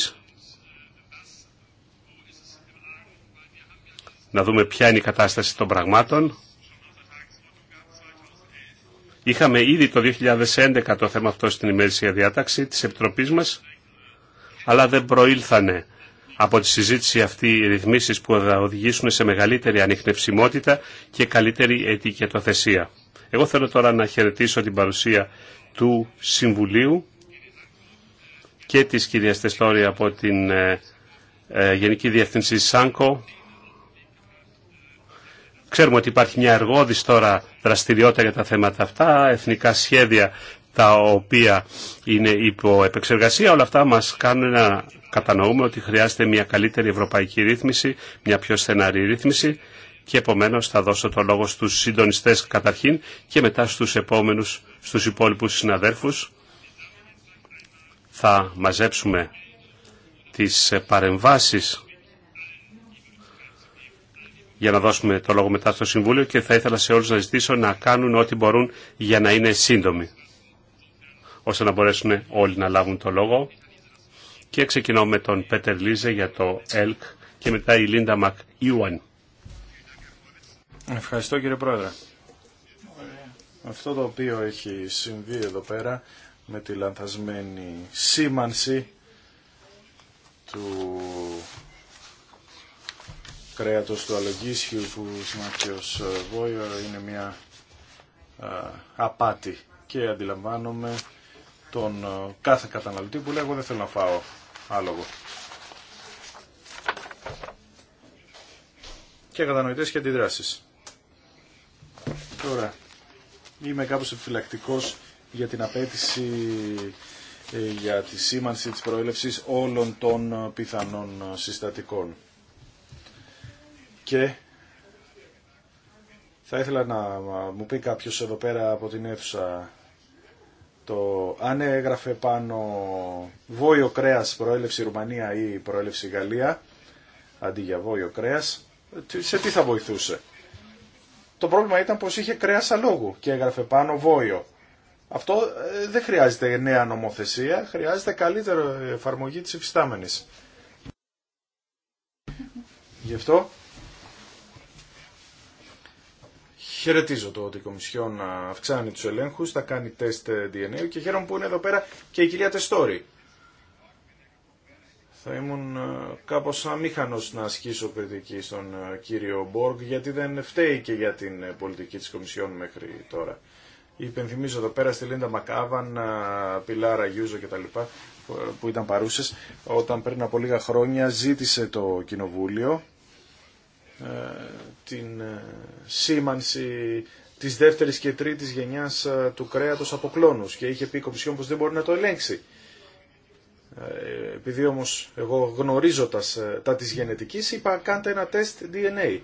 να δούμε ποια είναι η κατάσταση των πραγμάτων. Είχαμε ήδη το 2011 το θέμα αυτό στην ημέρησια διάταξη της Επιτροπής μας, αλλά δεν προήλθανε από τη συζήτηση αυτή οι ρυθμίσεις που θα οδηγήσουν σε μεγαλύτερη ανιχνευσιμότητα και καλύτερη ετικετοθεσία. Εγώ θέλω τώρα να χαιρετήσω την παρουσία του Συμβουλίου και της κυρίας Τεστόρη από την ε, ε, Γενική Διευθυνσή ΣΑΝΚΟ Ξέρουμε ότι υπάρχει μια εργόδης τώρα δραστηριότητα για τα θέματα αυτά, εθνικά σχέδια τα οποία είναι υπό επεξεργασία. Όλα αυτά μας κάνουν να κατανοούμε ότι χρειάζεται μια καλύτερη ευρωπαϊκή ρύθμιση, μια πιο στεναρή ρύθμιση και επομένως θα δώσω το λόγο στους συντονιστές καταρχήν και μετά στους επόμενους, στους υπόλοιπους συναδέρφους. Θα μαζέψουμε τις παρεμβάσεις για να δώσουμε το λόγο μετά στο Συμβούλιο και θα ήθελα σε όλους να ζητήσω να κάνουν ό,τι μπορούν για να είναι σύντομοι ώστε να μπορέσουν όλοι να λάβουν το λόγο. Και ξεκινώ με τον Πέτερ Λίζε για το ΕΛΚ και μετά η Λίντα Μακ Ιουαν. Ευχαριστώ κύριε Πρόεδρε. Αυτό το οποίο έχει συμβεί εδώ πέρα με τη λανθασμένη σήμανση του κρέατος του αλογίσιου που σημαίνει ως ε, βόηο είναι μια ε, απάτη και αντιλαμβάνομαι τον ε, κάθε καταναλωτή που λέει εγώ δεν θέλω να φάω άλογο. Και κατανοητές και αντιδράσεις. Τώρα, είμαι κάπως επιφυλακτικός για την απέτηση για τη σήμανση της προέλευσης όλων των πιθανών συστατικών. Και θα ήθελα να μου πει κάποιος εδώ πέρα από την αίθουσα το αν έγραφε πάνω βόλιο κρέας προέλευση Ρουμανία ή προέλευση Γαλλία αντί για βόλιο κρέας σε τι θα βοηθούσε. Το πρόβλημα ήταν πως είχε κρέας αλόγου και έγραφε πάνω βόλιο. Αυτό ε, δεν χρειάζεται νέα νομοθεσία, χρειάζεται καλύτερη εφαρμογή της υφιστάμενης. Γι' αυτό χαιρετίζω το ότι η Κομισιόν αυξάνει τους ελέγχους, θα κάνει τεστ ε, DNA και χαίρομαι που είναι εδώ πέρα και η κυρία Τεστόρη. Θα ήμουν ε, κάπως αμήχανος να ασκήσω κριτική στον ε, κύριο Μπόργκ γιατί δεν φταίει και για την πολιτική της Κομισιόν μέχρι τώρα. Υπενθυμίζω εδώ πέρα στη Λίντα Μακάβαν, Πιλάρα Γιούζο κτλ που ήταν παρούσες όταν πριν από λίγα χρόνια ζήτησε το Κοινοβούλιο ε, την ε, σήμανση της δεύτερης και τρίτης γενιάς ε, του κρέατος από και είχε πει η Κομισιόν πως δεν μπορεί να το ελέγξει. Επειδή όμως εγώ γνωρίζω τα, τα της γενετικής είπα κάντε ένα τεστ DNA.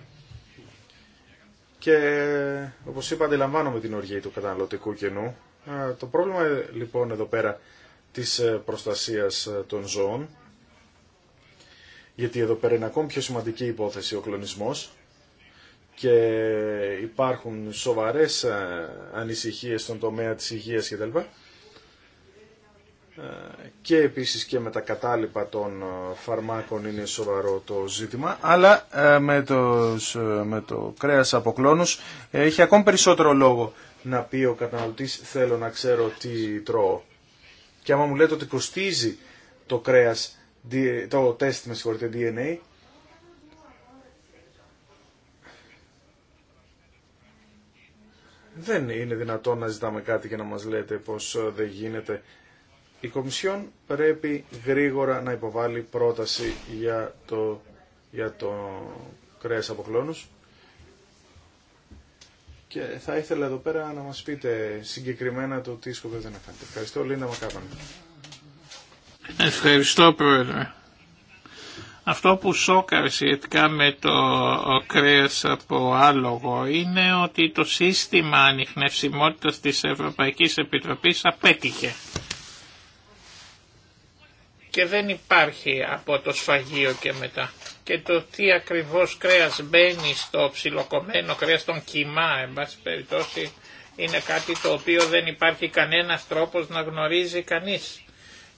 Και όπως είπα αντιλαμβάνομαι την οργή του καταναλωτικού κενού. Το πρόβλημα λοιπόν εδώ πέρα της προστασίας των ζώων γιατί εδώ πέρα είναι ακόμη πιο σημαντική υπόθεση ο κλονισμός και υπάρχουν σοβαρές ε, ανησυχίες στον τομέα της υγείας κτλ. Ε, και επίσης και με τα κατάλοιπα των ε, φαρμάκων είναι σοβαρό το ζήτημα, αλλά με το, με το κρέας από κλόνους έχει ακόμη περισσότερο λόγο να πει ο καταναλωτής θέλω να ξέρω τι τρώω. Και άμα μου λέτε ότι κοστίζει το κρέας το τεστ με συγχωρείτε DNA δεν είναι δυνατόν να ζητάμε κάτι και να μας λέτε πως ε, δεν γίνεται η Κομισιόν πρέπει γρήγορα να υποβάλει πρόταση για το, για το κρέας από Και θα ήθελα εδώ πέρα να μας πείτε συγκεκριμένα το τι σκοπεύετε να κάνετε. Ευχαριστώ, Λίντα Μακάβανη. Ευχαριστώ Πρόεδρε. Αυτό που σώκαρε σχετικά με το κρέας από άλογο είναι ότι το σύστημα ανιχνευσιμότητας της Ευρωπαϊκής Επιτροπής απέτυχε. Και δεν υπάρχει από το σφαγείο και μετά. Και το τι ακριβώς κρέας μπαίνει στο ψιλοκομμένο κρέας, τον κοιμά, εν πάση περιπτώσει, είναι κάτι το οποίο δεν υπάρχει κανένας τρόπος να γνωρίζει κανείς.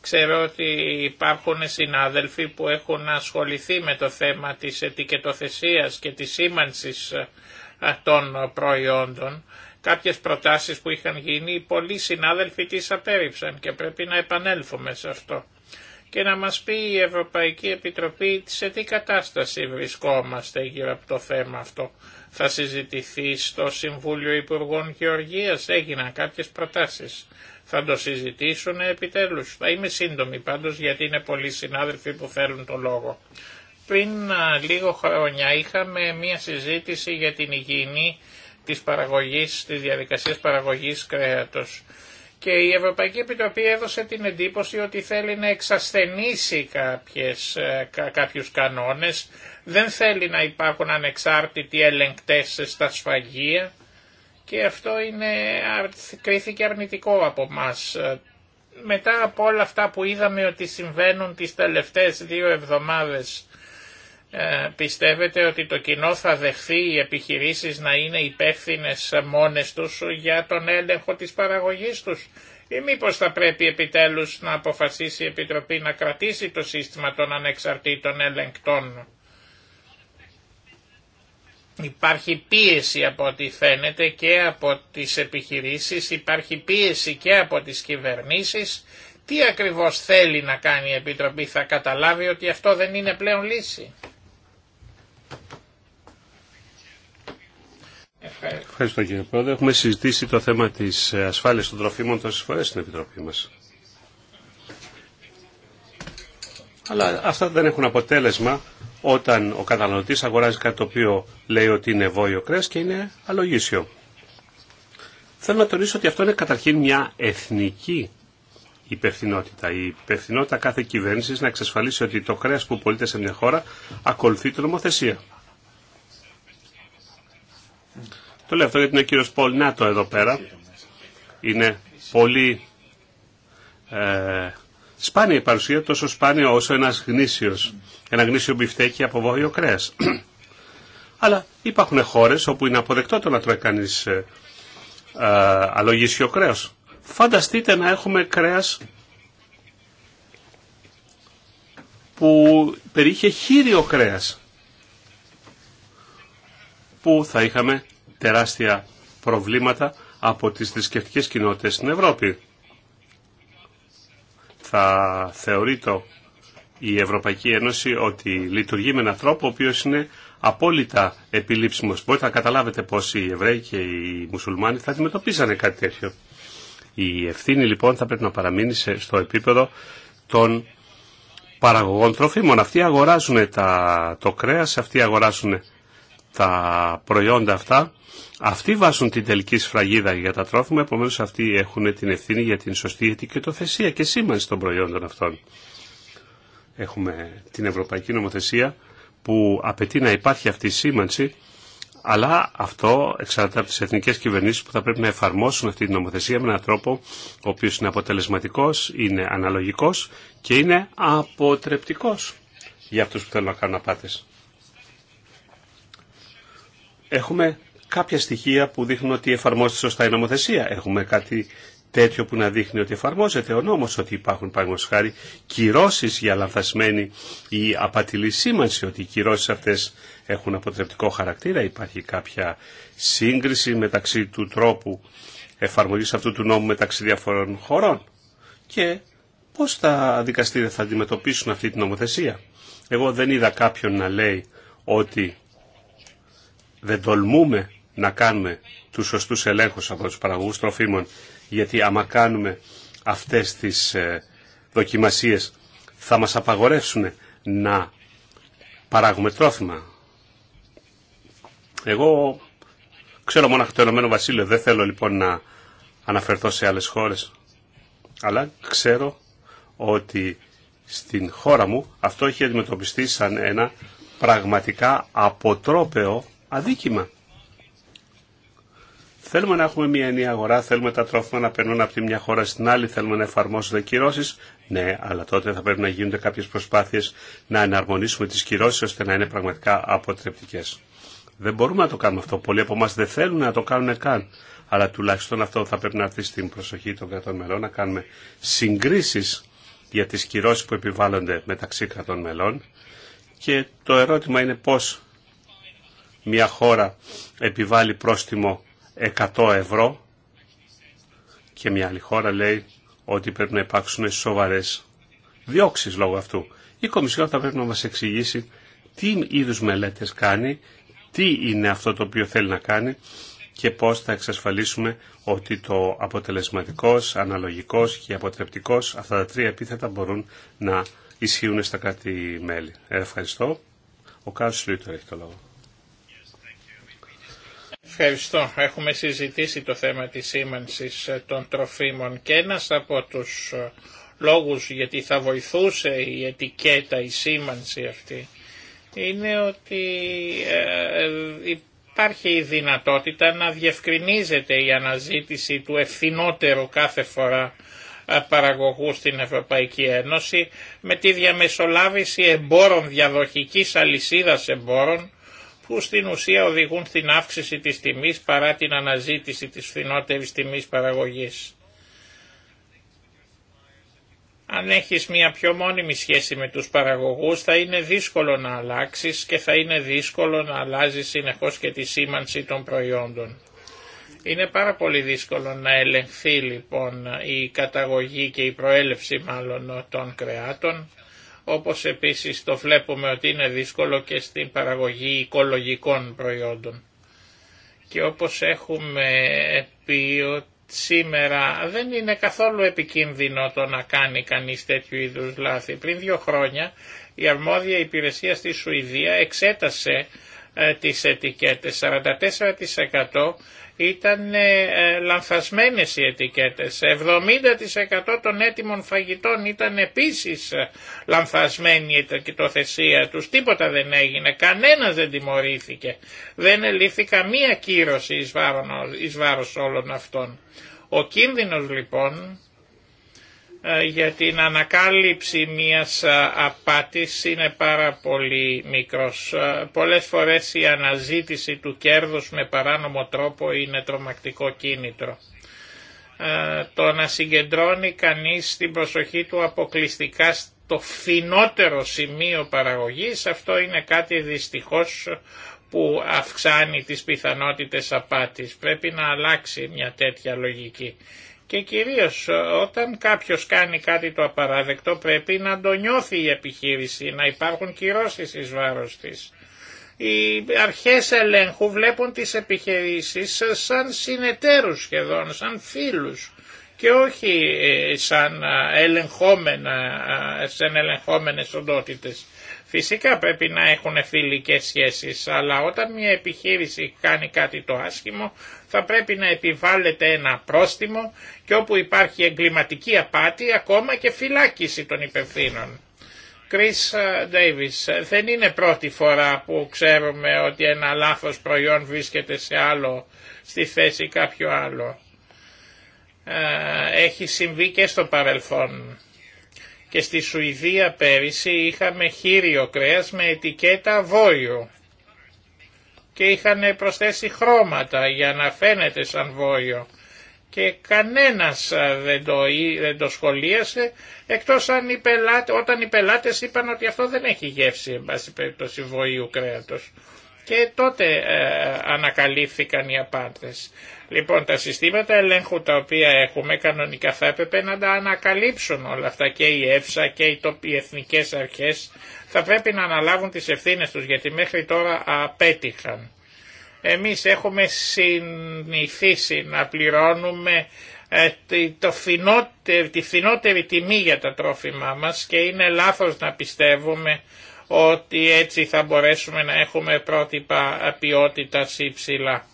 Ξέρω ότι υπάρχουν συνάδελφοι που έχουν ασχοληθεί με το θέμα της ετικετοθεσίας και της σήμανσης ε, ε, των προϊόντων. Κάποιες προτάσεις που είχαν γίνει, πολλοί συνάδελφοι τις απέρριψαν και πρέπει να επανέλθουμε σε αυτό. Και να μας πει η Ευρωπαϊκή Επιτροπή σε τι κατάσταση βρισκόμαστε γύρω από το θέμα αυτό. Θα συζητηθεί στο Συμβούλιο Υπουργών Γεωργίας, έγιναν κάποιες προτάσεις θα το συζητήσουν επιτέλους. Θα είμαι σύντομη πάντως γιατί είναι πολλοί συνάδελφοι που φέρουν το λόγο. Πριν λίγο χρόνια είχαμε μία συζήτηση για την υγιεινή της παραγωγής, της διαδικασίας παραγωγής κρέατος. Και η Ευρωπαϊκή Επιτροπή έδωσε την εντύπωση ότι θέλει να εξασθενήσει κάποιες, ε, κάποιους κανόνες, δεν θέλει να υπάρχουν ανεξάρτητοι ελεγκτές στα σφαγεία και αυτό είναι, κρίθηκε αρνητικό από μας. Μετά από όλα αυτά που είδαμε ότι συμβαίνουν τις τελευταίες δύο εβδομάδες, ε, πιστεύετε ότι το κοινό θα δεχθεί οι επιχειρήσεις να είναι υπεύθυνε μόνες τους για τον έλεγχο της παραγωγής τους ή μήπως θα πρέπει επιτέλους να αποφασίσει η Επιτροπή να κρατήσει το σύστημα των ανεξαρτήτων ελεγκτών. Υπάρχει πίεση από ό,τι φαίνεται και από τις επιχειρήσεις, υπάρχει πίεση και από τις κυβερνήσεις. Τι ακριβώς θέλει να κάνει η Επιτροπή, θα καταλάβει ότι αυτό δεν είναι πλέον λύση. Ευχαριστώ, κύριε Πρόεδρε. Έχουμε συζητήσει το θέμα της ασφάλειας των τροφίμων τόσες φορές στην Επιτροπή μας. Αλλά αυτά δεν έχουν αποτέλεσμα όταν ο καταναλωτής αγοράζει κάτι το οποίο λέει ότι είναι βόλιο κρέας και είναι αλογίσιο. Θέλω να τονίσω ότι αυτό είναι καταρχήν μια εθνική υπευθυνότητα. Η υπευθυνότητα κάθε κυβέρνηση να εξασφαλίσει ότι το κρέα που πωλείται σε μια χώρα ακολουθεί την νομοθεσία. Το λέω αυτό γιατί είναι ο κύριο Πολ εδώ πέρα. Είναι πολύ ε, Σπάνια η παρουσία, τόσο σπάνια όσο ένας γνήσιος, ένα γνήσιο μπιφτέκι από βόλιο κρέας. Αλλά υπάρχουν χώρες όπου είναι αποδεκτό το να τρώει κανείς ε, αλογίσιο κρέας. Φανταστείτε να έχουμε κρέας που περιείχε χείριο κρέας που θα είχαμε τεράστια προβλήματα από τις θρησκευτικέ κοινότητες στην Ευρώπη θα θεωρεί το η Ευρωπαϊκή Ένωση ότι λειτουργεί με έναν τρόπο ο οποίος είναι απόλυτα επιλήψιμος. Μπορείτε να καταλάβετε πώς οι Εβραίοι και οι Μουσουλμάνοι θα αντιμετωπίζανε κάτι τέτοιο. Η ευθύνη λοιπόν θα πρέπει να παραμείνει στο επίπεδο των παραγωγών τροφίμων. Αυτοί αγοράζουν τα, το κρέας, αυτοί αγοράζουν τα προϊόντα αυτά αυτοί βάζουν την τελική σφραγίδα για τα τρόφιμα, επομένω αυτοί έχουν την ευθύνη για την σωστή ετικετοθεσία και σήμανση των προϊόντων αυτών. Έχουμε την Ευρωπαϊκή Νομοθεσία που απαιτεί να υπάρχει αυτή η σήμανση, αλλά αυτό εξαρτάται από τι εθνικέ κυβερνήσει που θα πρέπει να εφαρμόσουν αυτή την νομοθεσία με έναν τρόπο ο οποίο είναι αποτελεσματικό, είναι αναλογικό και είναι αποτρεπτικό για αυτού που θέλουν να κάνουν απάτε. Έχουμε κάποια στοιχεία που δείχνουν ότι εφαρμόζεται σωστά η νομοθεσία. Έχουμε κάτι τέτοιο που να δείχνει ότι εφαρμόζεται ο νόμος, ότι υπάρχουν παραγωγός χάρη κυρώσεις για λανθασμένη ή απατηλή σήμανση, ότι οι κυρώσεις αυτές έχουν αποτρεπτικό χαρακτήρα, υπάρχει κάποια σύγκριση μεταξύ του τρόπου εφαρμογής αυτού του νόμου μεταξύ διαφορών χωρών και πώς τα δικαστήρια θα αντιμετωπίσουν αυτή την νομοθεσία. Εγώ δεν είδα κάποιον να λέει ότι δεν τολμούμε να κάνουμε τους σωστούς ελέγχους από τους παραγωγούς τροφίμων, γιατί άμα κάνουμε αυτές τις ε, δοκιμασίες θα μας απαγορεύσουν να παράγουμε τρόφιμα. Εγώ ξέρω μόνο το Ηνωμένο Βασίλειο, δεν θέλω λοιπόν να αναφερθώ σε άλλες χώρες, αλλά ξέρω ότι στην χώρα μου αυτό έχει αντιμετωπιστεί σαν ένα πραγματικά αποτρόπαιο αδίκημα. Θέλουμε να έχουμε μια ενιαία αγορά, θέλουμε τα τρόφιμα να περνούν από τη μια χώρα στην άλλη, θέλουμε να οι κυρώσει. Ναι, αλλά τότε θα πρέπει να γίνονται κάποιε προσπάθειε να εναρμονίσουμε τι κυρώσει ώστε να είναι πραγματικά αποτρεπτικέ. Δεν μπορούμε να το κάνουμε αυτό. Πολλοί από εμά δεν θέλουν να το κάνουν καν. Αλλά τουλάχιστον αυτό θα πρέπει να έρθει στην προσοχή των κρατών μελών, να κάνουμε συγκρίσει για τι κυρώσει που επιβάλλονται μεταξύ κρατών μελών. Και το ερώτημα είναι πώ μια χώρα επιβάλλει πρόστιμο 100 ευρώ και μια άλλη χώρα λέει ότι πρέπει να υπάρξουν σοβαρές διώξεις λόγω αυτού. Η Κομισιόν θα πρέπει να μας εξηγήσει τι είδους μελέτες κάνει, τι είναι αυτό το οποίο θέλει να κάνει και πώς θα εξασφαλίσουμε ότι το αποτελεσματικός, αναλογικός και αποτρεπτικός, αυτά τα τρία επίθετα μπορούν να ισχύουν στα κάτι μέλη. Ε, ευχαριστώ. Ο Κάρλος έχει το λόγο. Ευχαριστώ. Έχουμε συζητήσει το θέμα της σήμανσης ε, των τροφίμων και ένας από τους ε, λόγους γιατί θα βοηθούσε η ετικέτα, η σήμανση αυτή, είναι ότι ε, υπάρχει η δυνατότητα να διευκρινίζεται η αναζήτηση του ευθυνότερου κάθε φορά παραγωγού στην Ευρωπαϊκή Ένωση με τη διαμεσολάβηση εμπόρων, διαδοχικής αλυσίδας εμπόρων που στην ουσία οδηγούν στην αύξηση της τιμής παρά την αναζήτηση της φθηνότερης τιμής παραγωγής. Αν έχεις μια πιο μόνιμη σχέση με τους παραγωγούς θα είναι δύσκολο να αλλάξεις και θα είναι δύσκολο να αλλάζεις συνεχώς και τη σήμανση των προϊόντων. Είναι πάρα πολύ δύσκολο να ελεγχθεί λοιπόν η καταγωγή και η προέλευση μάλλον των κρεάτων όπως επίσης το βλέπουμε ότι είναι δύσκολο και στην παραγωγή οικολογικών προϊόντων. Και όπως έχουμε πει σήμερα δεν είναι καθόλου επικίνδυνο το να κάνει κανείς τέτοιου είδους λάθη. Πριν δύο χρόνια η αρμόδια υπηρεσία στη Σουηδία εξέτασε ε, τις ετικέτες. 44% ήταν ε, λανθασμένες οι ετικέτες. 70% των έτοιμων φαγητών ήταν επίσης ε, λανθασμένη η ετικετοθεσία τους. Τίποτα δεν έγινε, κανένας δεν τιμωρήθηκε. Δεν ελήφθη καμία κύρωση εις βάρος όλων αυτών. Ο κίνδυνος λοιπόν ε, για την ανακάλυψη μιας ε, απάτης είναι πάρα πολύ μικρός. Ε, πολλές φορές η αναζήτηση του κέρδους με παράνομο τρόπο είναι τρομακτικό κίνητρο. Το να συγκεντρώνει κανείς την προσοχή του αποκλειστικά στο φινότερο σημείο παραγωγής, αυτό είναι κάτι δυστυχώς που αυξάνει τις πιθανότητες απάτης. Πρέπει να αλλάξει μια τέτοια λογική. Και κυρίως ε, όταν κάποιος κάνει κάτι το απαράδεκτο πρέπει να το νιώθει η επιχείρηση, να υπάρχουν κυρώσεις εις βάρος της. Οι αρχές ελέγχου βλέπουν τις επιχειρήσεις σαν συνεταίρους σχεδόν, σαν φίλους και όχι ε, σαν ε, ελεγχόμενα, σαν ελεγχόμενες οντότητες. Φυσικά πρέπει να έχουν φιλικές σχέσεις, αλλά όταν μια επιχείρηση κάνει κάτι το άσχημο, θα πρέπει να επιβάλλεται ένα πρόστιμο και όπου υπάρχει εγκληματική απάτη, ακόμα και φυλάκιση των υπευθύνων. Chris ε, Davis, ε, δεν είναι πρώτη φορά που ξέρουμε ότι ένα λάθος προϊόν βρίσκεται σε άλλο, στη θέση κάποιο άλλο. Ε, έχει συμβεί και στο παρελθόν και στη Σουηδία πέρυσι είχαμε χείριο κρέας με ετικέτα βόλιο και είχαν προσθέσει χρώματα για να φαίνεται σαν βόλιο και κανένας ε, δεν το, δεν σχολίασε εκτός αν οι πελάτε, όταν οι πελάτες είπαν ότι αυτό δεν έχει γεύση εν πάση περιπτώσει βοήου κρέατος και τότε ε, ανακαλύφθηκαν οι απάντες. Λοιπόν, τα συστήματα ελέγχου τα οποία έχουμε κανονικά θα έπρεπε να τα ανακαλύψουν όλα αυτά και η ΕΦΣΑ και οι, τοπι, οι εθνικές αρχές θα πρέπει να αναλάβουν τις ευθύνες τους γιατί μέχρι τώρα απέτυχαν. Εμείς έχουμε συνηθίσει να πληρώνουμε ε, το φινότε, τη φινότερη τιμή για τα τρόφιμά μας και είναι λάθος να πιστεύουμε ότι έτσι θα μπορέσουμε να έχουμε πρότυπα ποιότητας υψηλά.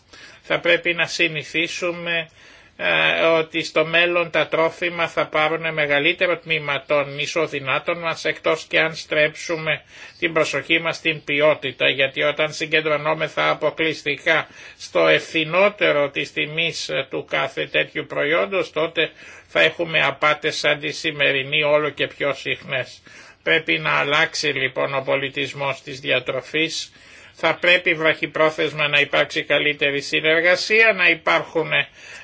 Θα πρέπει να συνηθίσουμε ε, ότι στο μέλλον τα τρόφιμα θα πάρουν μεγαλύτερο τμήμα των ισοδυνάτων μας εκτός και αν στρέψουμε την προσοχή μας στην ποιότητα γιατί όταν συγκεντρωνόμεθα αποκλειστικά στο ευθυνότερο της τιμής ε, του κάθε τέτοιου προϊόντος τότε θα έχουμε απάτες σαν τη σημερινή όλο και πιο συχνές. Πρέπει να αλλάξει λοιπόν ο πολιτισμός της διατροφής. Θα πρέπει βραχυπρόθεσμα να υπάρξει καλύτερη συνεργασία, να υπάρχουν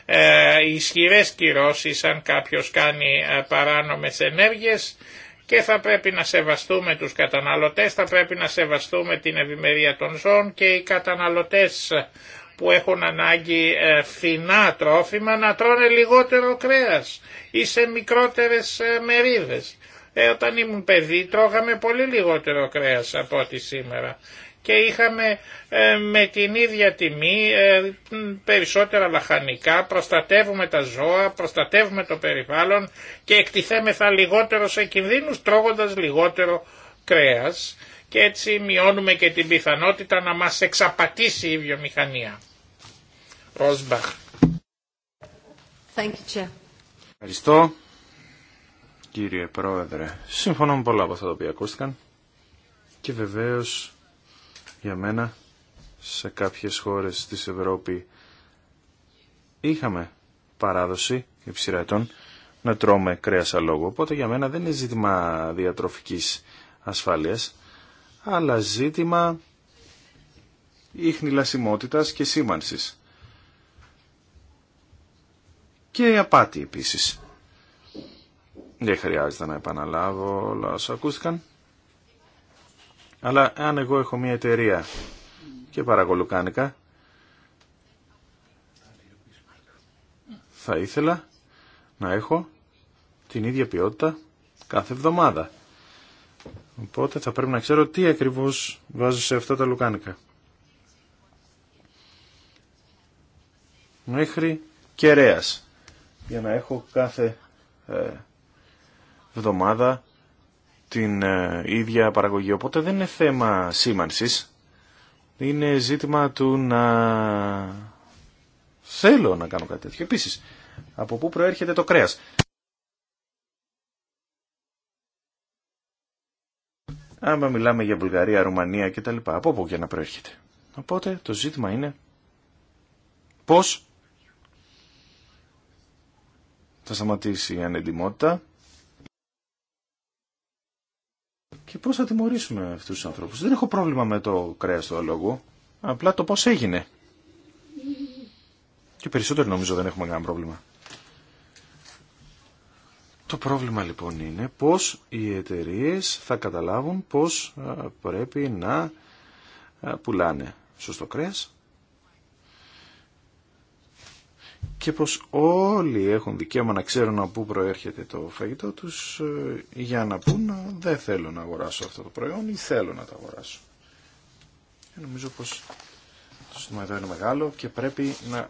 ε, ισχυρές κυρώσεις αν κάποιος κάνει ε, παράνομες ενέργειες και θα πρέπει να σεβαστούμε τους καταναλωτές, θα πρέπει να σεβαστούμε την ευημερία των ζώων και οι καταναλωτές που έχουν ανάγκη ε, φθηνά τρόφιμα να τρώνε λιγότερο κρέας ή σε μικρότερες ε, μερίδες. Ε, όταν ήμουν παιδί τρώγαμε πολύ λιγότερο κρέας από ό,τι σήμερα και είχαμε ε, με την ίδια τιμή ε, περισσότερα λαχανικά, προστατεύουμε τα ζώα, προστατεύουμε το περιβάλλον και εκτιθέμεθα λιγότερο σε κινδύνους τρώγοντας λιγότερο κρέας και έτσι μειώνουμε και την πιθανότητα να μας εξαπατήσει η βιομηχανία. Ροσμπαχ. Ευχαριστώ κύριε Πρόεδρε. Συμφωνώ με πολλά από αυτά τα οποία ακούστηκαν και βεβαίως για μένα σε κάποιες χώρες της Ευρώπη είχαμε παράδοση υψηρά να τρώμε κρέας αλόγου. Οπότε για μένα δεν είναι ζήτημα διατροφικής ασφάλειας, αλλά ζήτημα ίχνη λασιμότητας και σήμανσης. Και απάτη επίσης. Δεν χρειάζεται να επαναλάβω όλα όσα ακούστηκαν. Αλλά αν εγώ έχω μια εταιρεία και παρακολουκάνικα, θα ήθελα να έχω την ίδια ποιότητα κάθε εβδομάδα. Οπότε θα πρέπει να ξέρω τι ακριβώς βάζω σε αυτά τα λουκάνικα. Μέχρι κεραίας. Για να έχω κάθε ε, εβδομάδα την ε, ίδια παραγωγή. Οπότε δεν είναι θέμα σήμανσης. Είναι ζήτημα του να θέλω να κάνω κάτι τέτοιο. Επίσης, από πού προέρχεται το κρέας. Άμα μιλάμε για Βουλγαρία, Ρουμανία κτλ. Από πού και να προέρχεται. Οπότε το ζήτημα είναι πώς θα σταματήσει η ανεντιμότητα και πώς θα τιμωρήσουμε αυτούς τους ανθρώπους. Δεν έχω πρόβλημα με το κρέας του αλόγου, απλά το πώς έγινε. Και περισσότερο νομίζω δεν έχουμε κανένα πρόβλημα. Το πρόβλημα λοιπόν είναι πώς οι εταιρείε θα καταλάβουν πώς πρέπει να πουλάνε σωστό κρέας και πως όλοι έχουν δικαίωμα να ξέρουν από πού προέρχεται το φαγητό τους ε, για να πούν δεν θέλω να αγοράσω αυτό το προϊόν ή θέλω να το αγοράσω. Και ε, νομίζω πως το σύστημα εδώ είναι μεγάλο και πρέπει να ε,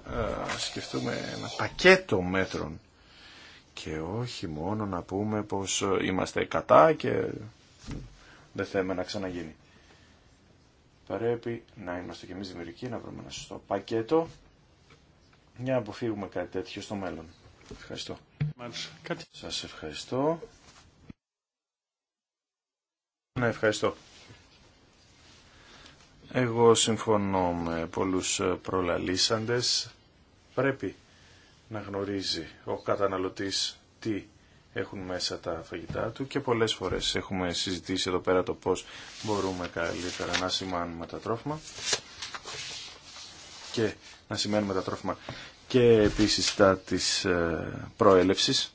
σκεφτούμε ένα πακέτο μέτρων και όχι μόνο να πούμε πως είμαστε κατά και δεν θέλουμε να ξαναγίνει. Πρέπει να είμαστε και εμείς δημιουργικοί, να βρούμε ένα σωστό πακέτο για να αποφύγουμε κάτι τέτοιο στο μέλλον. Ευχαριστώ. Σας ευχαριστώ. Ναι, ευχαριστώ. Εγώ συμφωνώ με πολλούς προλαλήσαντες. Πρέπει να γνωρίζει ο καταναλωτής τι έχουν μέσα τα φαγητά του και πολλές φορές έχουμε συζητήσει εδώ πέρα το πώς μπορούμε καλύτερα να σημάνουμε τα τρόφιμα και να σημαίνουμε τα τρόφιμα και επίσης τα της ε, προέλευσης.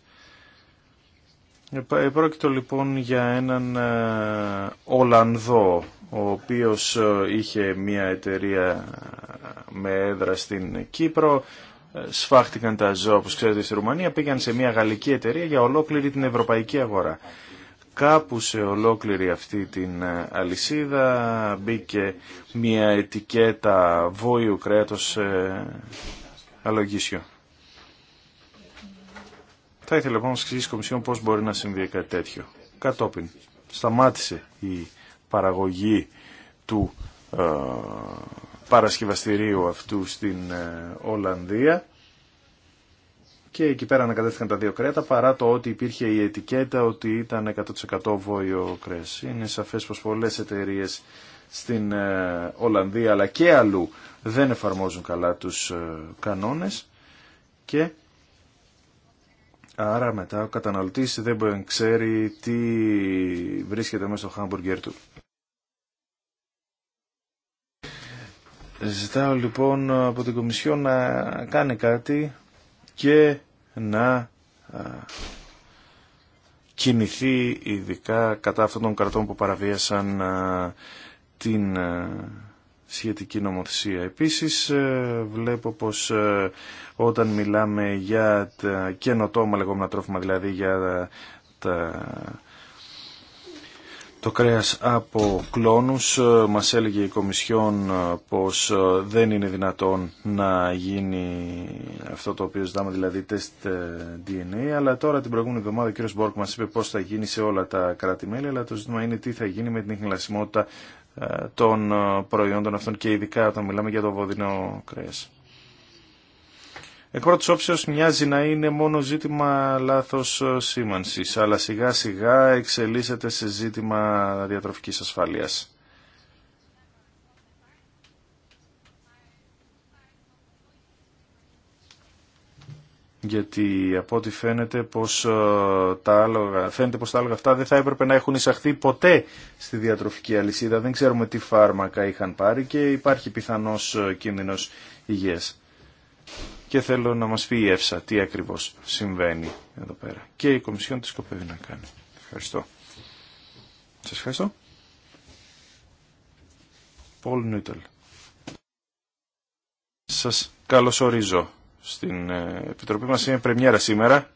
Επρόκειτο λοιπόν για έναν ε, Ολλανδό, ο οποίος ε, είχε μια εταιρεία με έδρα στην Κύπρο, σφάχτηκαν τα ζώα, όπως ξέρετε, στη Ρουμανία, πήγαν σε μια γαλλική εταιρεία για ολόκληρη την ευρωπαϊκή αγορά κάπου σε ολόκληρη αυτή την ε, αλυσίδα μπήκε μια ετικέτα βόηου κρέατος ε, αλογίσιο. Θα ήθελα λοιπόν να σας εξηγήσει πώς μπορεί να συμβεί κάτι τέτοιο. Κατόπιν σταμάτησε η παραγωγή του ε, παρασκευαστηρίου αυτού στην ε, Ολλανδία και εκεί πέρα ανακατεύθηκαν τα δύο κρέατα παρά το ότι υπήρχε η ετικέτα ότι ήταν 100% βόλιο κρέας. Είναι σαφές πως πολλές εταιρείε στην ε, Ολλανδία αλλά και αλλού δεν εφαρμόζουν καλά τους ε, κανόνες και άρα μετά ο καταναλωτής δεν μπορεί να ξέρει τι βρίσκεται μέσα στο χάμπουργκερ του. Ζητάω λοιπόν από την Κομισιό να κάνει κάτι και να κινηθεί ειδικά κατά αυτών των κρατών που παραβίασαν την σχετική νομοθεσία. Επίσης ε, βλέπω πως ε, όταν μιλάμε για τα καινοτόμα λεγόμενα τρόφιμα, δηλαδή για τα το κρέας από κλόνους. Ε, μας έλεγε η Κομισιόν ε, πως ε, δεν είναι δυνατόν να γίνει αυτό το οποίο ζητάμε, δηλαδή τεστ DNA, αλλά τώρα την προηγούμενη εβδομάδα ο κ. Μπόρκ μας είπε πως θα γίνει σε όλα τα κράτη-μέλη, αλλά το ζήτημα είναι τι θα γίνει με την εχνηλασιμότητα των προϊόντων αυτών και ειδικά όταν μιλάμε για το βοδινό κρέας. Εκ πρώτη όψεω μοιάζει να είναι μόνο ζήτημα λάθος ε, σήμανση. αλλά σιγά σιγά εξελίσσεται σε ζήτημα διατροφικής ασφαλείας. γιατί από ό,τι φαίνεται πως ε, τα άλογα, φαίνεται πως τα άλογα αυτά δεν θα έπρεπε να έχουν εισαχθεί ποτέ στη διατροφική αλυσίδα. Δεν ξέρουμε τι φάρμακα είχαν πάρει και υπάρχει πιθανός ε, κίνδυνος υγείας και θέλω να μας πει η ΕΦΣΑ τι ακριβώς συμβαίνει εδώ πέρα. Και η Κομισιόν τη σκοπεύει να κάνει. Ευχαριστώ. Σας ευχαριστώ. Πολ Νούτελ. Σας καλωσορίζω στην ε, Επιτροπή μας. Είναι πρεμιέρα σήμερα.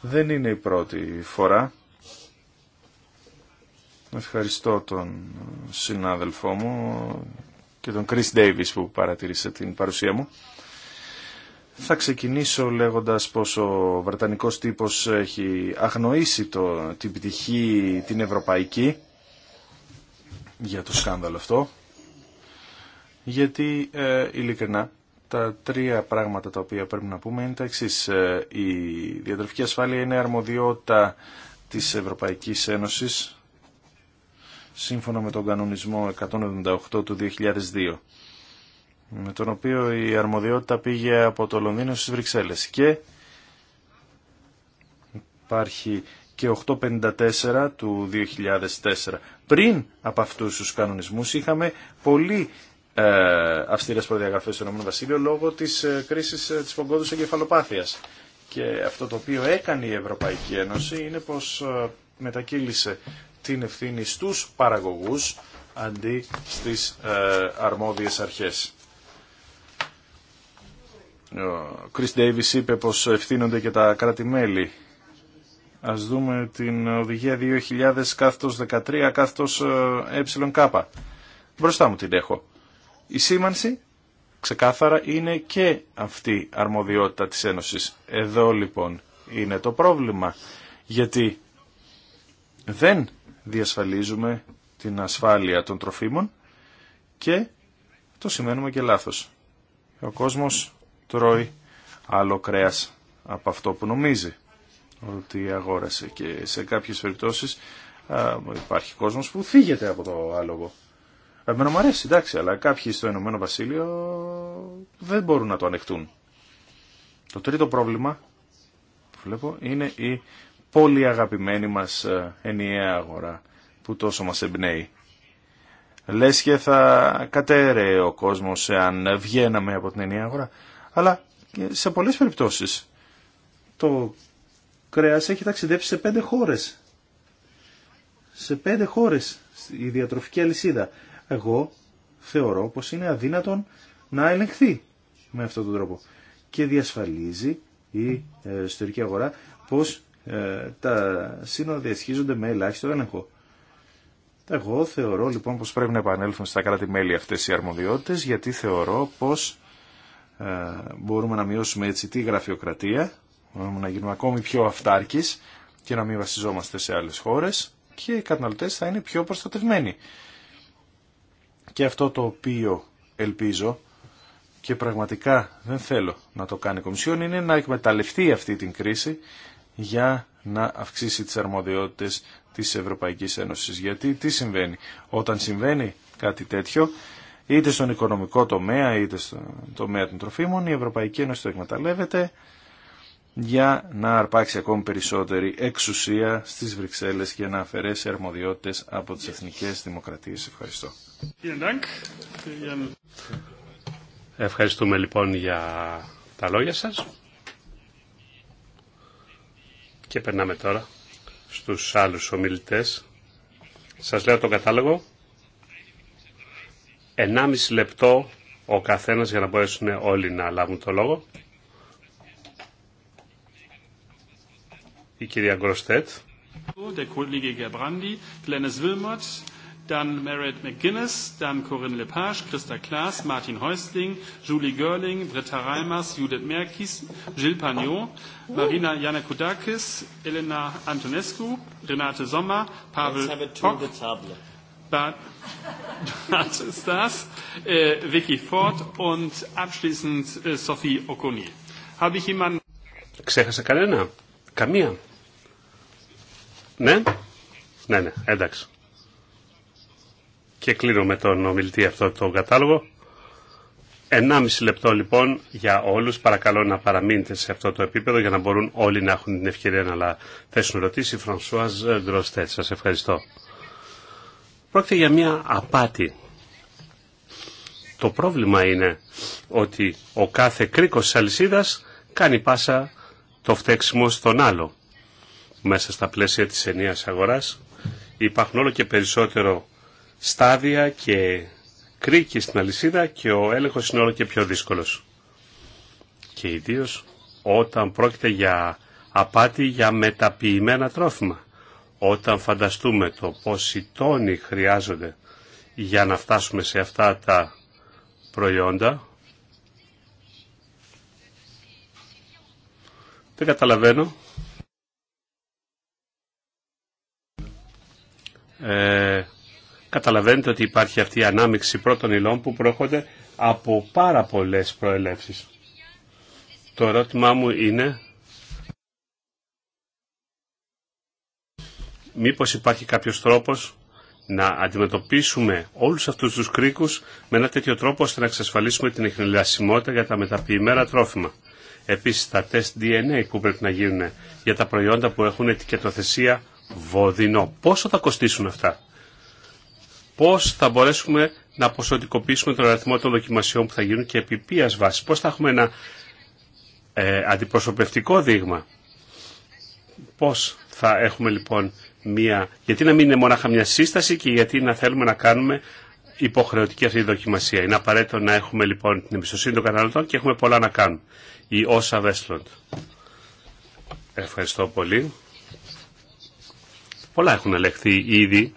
Δεν είναι η πρώτη φορά. Ευχαριστώ τον συνάδελφό μου και τον Chris Davis που παρατηρήσε την παρουσία μου. Θα ξεκινήσω λέγοντας πως ο Βρετανικός τύπος έχει αγνοήσει το, την πτυχή την ευρωπαϊκή για το σκάνδαλο αυτό γιατί ε, ειλικρινά τα τρία πράγματα τα οποία πρέπει να πούμε είναι τα εξή: ε, Η διατροφική ασφάλεια είναι αρμοδιότητα της Ευρωπαϊκής Ένωσης σύμφωνα με τον κανονισμό 178 του 2002 με τον οποίο η αρμοδιότητα πήγε από το Λονδίνο στις Βρυξέλλες και υπάρχει και 854 του 2004. Πριν από αυτούς τους κανονισμούς είχαμε πολύ ε, αυστηρές προδιαγραφές στον Ηνωμένο Βασίλειο λόγω της ε, κρίσης ε, της φογκόδους εγκεφαλοπάθειας. Και αυτό το οποίο έκανε η Ευρωπαϊκή Ένωση είναι πως ε, μετακύλησε την ευθύνη στους παραγωγούς αντί στις ε, αρμόδιες αρχές. Ο Chris Davis είπε πως ευθύνονται και τα κράτη-μέλη. Ας δούμε την οδηγία 2000 κάθτος 13 κάθτος ΕΚ. Μπροστά μου την έχω. Η σήμανση ξεκάθαρα είναι και αυτή αρμοδιότητα της Ένωσης. Εδώ λοιπόν είναι το πρόβλημα. Γιατί δεν διασφαλίζουμε την ασφάλεια των τροφίμων και το σημαίνουμε και λάθος. Ο κόσμος τρώει άλλο κρέας από αυτό που νομίζει ότι αγόρασε και σε κάποιες περιπτώσεις α, υπάρχει κόσμος που φύγεται από το άλογο. Εμένα μου αρέσει, εντάξει, αλλά κάποιοι στο Ηνωμένο Βασίλειο δεν μπορούν να το ανεχτούν. Το τρίτο πρόβλημα που βλέπω είναι η πολύ αγαπημένη μας ε, ενιαία αγορά που τόσο μας εμπνέει. Λες και θα κατέρεε ο κόσμος εάν βγαίναμε από την ενιαία αγορά. Αλλά σε πολλές περιπτώσεις το κρέας έχει ταξιδέψει σε πέντε χώρες. Σε πέντε χώρες η διατροφική αλυσίδα. Εγώ θεωρώ πως είναι αδύνατον να ελεγχθεί με αυτόν τον τρόπο. Και διασφαλίζει η ιστορική ε, αγορά πως ε, τα σύνορα διασχίζονται με ελάχιστο έλεγχο. Εγώ θεωρώ λοιπόν πως πρέπει να επανέλθουν στα κράτη-μέλη αυτές οι αρμοδιότητες γιατί θεωρώ πως ε, μπορούμε να μειώσουμε έτσι τη γραφειοκρατία, μπορούμε να γίνουμε ακόμη πιο αυτάρκης και να μην βασιζόμαστε σε άλλες χώρες και οι καταναλωτές θα είναι πιο προστατευμένοι. Και αυτό το οποίο ελπίζω και πραγματικά δεν θέλω να το κάνει η Κομισιόν είναι να εκμεταλλευτεί αυτή την κρίση για να αυξήσει τις αρμοδιότητες της Ευρωπαϊκής Ένωσης. Γιατί τι συμβαίνει. Όταν συμβαίνει κάτι τέτοιο, είτε στον οικονομικό τομέα, είτε στον τομέα των τροφίμων, η Ευρωπαϊκή Ένωση το εκμεταλλεύεται για να αρπάξει ακόμη περισσότερη εξουσία στις Βρυξέλλες και να αφαιρέσει αρμοδιότητες από τις εθνικές δημοκρατίες. Ευχαριστώ. Ευχαριστούμε λοιπόν για τα λόγια σας. Και περνάμε τώρα στους άλλους ομιλητές. Σας λέω τον κατάλογο. 1,5 λεπτό ο καθένας για να μπορέσουν όλοι να λάβουν το λόγο. Η κυρία Γκροστέτ. Der Kollege Gerbrandi, dann Meredith McGuinness, dann Corinne Lepage, Christa Klaas, Martin Häusling, Julie Görling, Britta Reimers, Judith Merkis, Gilles Pagnot, Marina Janakudakis, Elena Antonescu, Renate Sommer, Pavel Pock, Bart ist das, Vicky Ford und abschließend Sophie Okoni. Habe ich jemanden... Ξέχασα κανένα. Καμία. Ναι. Ναι, ναι, εντάξει. Και κλείνω με τον ομιλητή αυτό το κατάλογο. 1,5 λεπτό λοιπόν για όλους. Παρακαλώ να παραμείνετε σε αυτό το επίπεδο για να μπορούν όλοι να έχουν την ευκαιρία να θέσουν ερωτήσει. Φρανσουάζ Ντροστέτ, σας ευχαριστώ. Πρόκειται για μια απάτη. Το πρόβλημα είναι ότι ο κάθε κρίκος της αλυσίδας κάνει πάσα το φταίξιμο στον άλλο. Μέσα στα πλαίσια της ενίας αγοράς υπάρχουν όλο και περισσότερο στάδια και κρίκη στην αλυσίδα και ο έλεγχος είναι όλο και πιο δύσκολος. Και ιδίω όταν πρόκειται για απάτη για μεταποιημένα τρόφιμα. Όταν φανταστούμε το πόσοι τόνοι χρειάζονται για να φτάσουμε σε αυτά τα προϊόντα, δεν καταλαβαίνω. Ε, καταλαβαίνετε ότι υπάρχει αυτή η ανάμειξη πρώτων υλών που προέρχονται από πάρα πολλές προελεύσεις. Το ερώτημά μου είναι μήπως υπάρχει κάποιος τρόπος να αντιμετωπίσουμε όλους αυτούς τους κρίκους με ένα τέτοιο τρόπο ώστε να εξασφαλίσουμε την εχνηλασιμότητα για τα μεταποιημένα τρόφιμα. Επίσης τα τεστ DNA που πρέπει να γίνουν για τα προϊόντα που έχουν ετικετοθεσία βοδινό. Πόσο θα κοστίσουν αυτά πώς θα μπορέσουμε να ποσοτικοποιήσουμε τον αριθμό των δοκιμασιών που θα γίνουν και επί ποιας βάση. Πώς θα έχουμε ένα ε, αντιπροσωπευτικό δείγμα. Πώς θα έχουμε λοιπόν μία... Γιατί να μην είναι μονάχα μια σύσταση και γιατί να θέλουμε να κάνουμε υποχρεωτική αυτή η δοκιμασία. Είναι απαραίτητο να έχουμε λοιπόν την εμπιστοσύνη των καταναλωτών και έχουμε πολλά να κάνουμε. Η Όσα Βέσλοντ. Ευχαριστώ πολύ. Πολλά έχουν ελεγχθεί ήδη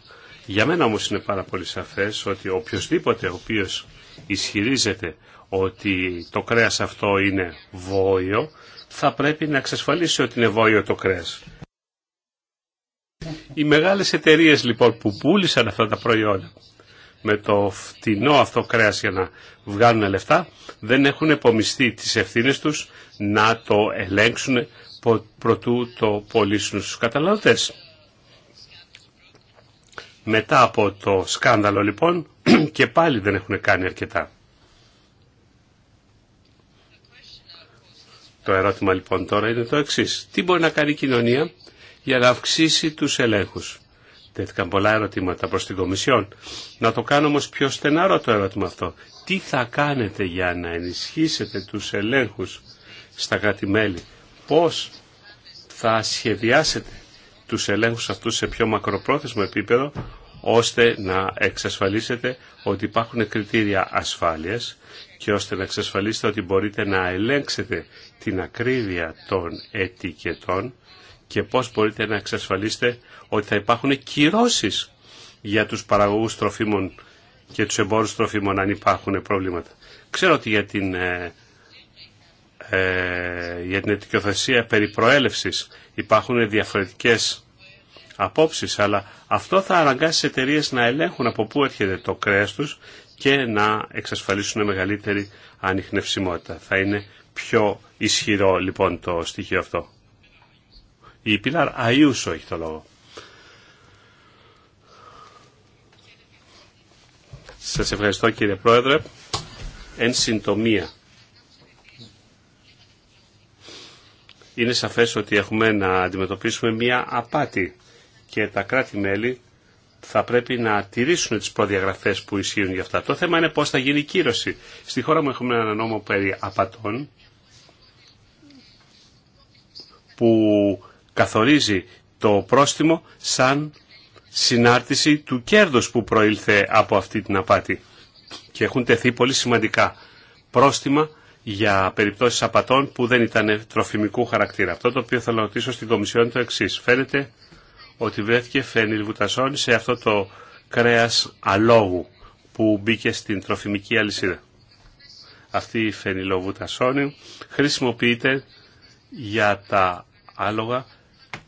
για μένα όμως είναι πάρα πολύ σαφές ότι οποιοδήποτε ο οποίος ισχυρίζεται ότι το κρέας αυτό είναι βόηο, θα πρέπει να εξασφαλίσει ότι είναι βόηο το κρέας. Οι μεγάλες εταιρείες λοιπόν που πούλησαν αυτά τα προϊόντα με το φτηνό αυτό κρέας για να βγάλουν λεφτά, δεν έχουν επομιστεί τις ευθύνες τους να το ελέγξουν προτού το πωλήσουν στους καταναλωτές. Μετά από το σκάνδαλο λοιπόν και πάλι δεν έχουν κάνει αρκετά. Το ερώτημα λοιπόν τώρα είναι το εξής. Τι μπορεί να κάνει η κοινωνία για να αυξήσει τους ελέγχους. Τέθηκαν πολλά ερωτήματα προς την Κομισιόν. Να το κάνω όμως πιο στενάρο το ερώτημα αυτό. Τι θα κάνετε για να ενισχύσετε τους ελέγχους στα κράτη-μέλη. Πώς θα σχεδιάσετε τους ελέγχους αυτούς σε πιο μακροπρόθεσμο επίπεδο ώστε να εξασφαλίσετε ότι υπάρχουν κριτήρια ασφάλειας και ώστε να εξασφαλίσετε ότι μπορείτε να ελέγξετε την ακρίβεια των ετικετών και πώς μπορείτε να εξασφαλίσετε ότι θα υπάρχουν κυρώσεις για τους παραγωγούς τροφίμων και τους εμπόρους τροφίμων αν υπάρχουν προβλήματα. Ξέρω ότι για την, ε, ε, για την περί προέλευσης υπάρχουν διαφορετικές απόψεις, αλλά αυτό θα αναγκάσει τις εταιρείε να ελέγχουν από πού έρχεται το κρέας τους και να εξασφαλίσουν μεγαλύτερη ανιχνευσιμότητα. Θα είναι πιο ισχυρό λοιπόν το στοιχείο αυτό. Η Πίλαρ Αϊούσο έχει το λόγο. Σας ευχαριστώ κύριε Πρόεδρε. Εν συντομία. Είναι σαφές ότι έχουμε να αντιμετωπίσουμε μία απάτη και τα κράτη-μέλη θα πρέπει να τηρήσουν τις προδιαγραφές που ισχύουν για αυτά. Το θέμα είναι πώς θα γίνει η κύρωση. Στη χώρα μου έχουμε ένα νόμο περί απατών που καθορίζει το πρόστιμο σαν συνάρτηση του κέρδους που προήλθε από αυτή την απάτη. Και έχουν τεθεί πολύ σημαντικά πρόστιμα για περιπτώσεις απατών που δεν ήταν τροφιμικού χαρακτήρα. Αυτό το οποίο θέλω να ρωτήσω στην Κομισιόν είναι το εξής. Φαίνεται ότι βρέθηκε φενιλβουτασόνη σε αυτό το κρέας αλόγου που μπήκε στην τροφιμική αλυσίδα. Αυτή η φενιλοβουτασόνη χρησιμοποιείται για τα άλογα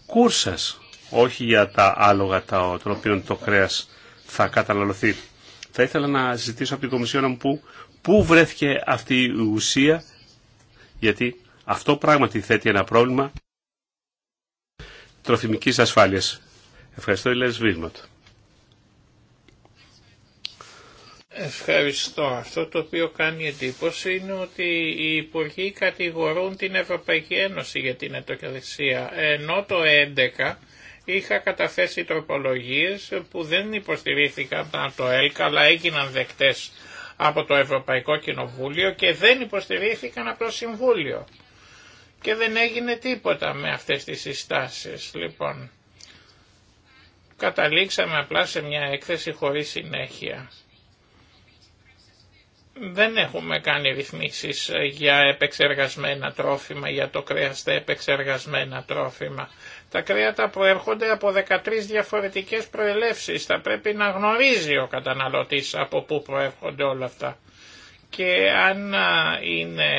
κούρσας, όχι για τα άλογα τα οποία το κρέας θα καταναλωθεί. Θα ήθελα να ζητήσω από την Κομισιόνα μου που, πού βρέθηκε αυτή η ουσία, γιατί αυτό πράγματι θέτει ένα πρόβλημα τροφιμικής ασφάλειας. Ευχαριστώ, Ελένη Σβίγματ. Ευχαριστώ. Αυτό το οποίο κάνει εντύπωση είναι ότι οι υπουργοί κατηγορούν την Ευρωπαϊκή Ένωση για την ετοκρισία, ενώ το 2011 είχα καταθέσει τροπολογίες που δεν υποστηρίχθηκαν από το έλκα, αλλά έγιναν δεκτές από το Ευρωπαϊκό Κοινοβούλιο και δεν υποστηρίχθηκαν από το Συμβούλιο και δεν έγινε τίποτα με αυτές τις συστάσεις. Λοιπόν, καταλήξαμε απλά σε μια έκθεση χωρίς συνέχεια. Δεν έχουμε κάνει ρυθμίσεις για επεξεργασμένα τρόφιμα, για το κρέα στα επεξεργασμένα τρόφιμα. Τα κρέατα προέρχονται από 13 διαφορετικές προελεύσεις. Θα πρέπει να γνωρίζει ο καταναλωτής από πού προέρχονται όλα αυτά και αν είναι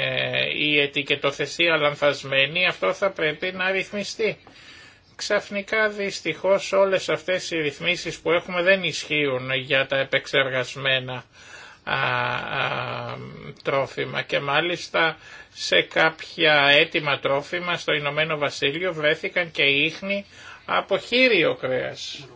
η ετικετοθεσία λανθασμένη αυτό θα πρέπει να ρυθμιστεί. Ξαφνικά δυστυχώς όλες αυτές οι ρυθμίσεις που έχουμε δεν ισχύουν για τα επεξεργασμένα τρόφιμα και μάλιστα σε κάποια έτοιμα τρόφιμα στο Ηνωμένο Βασίλειο βρέθηκαν και ίχνη από χείριο κρέας.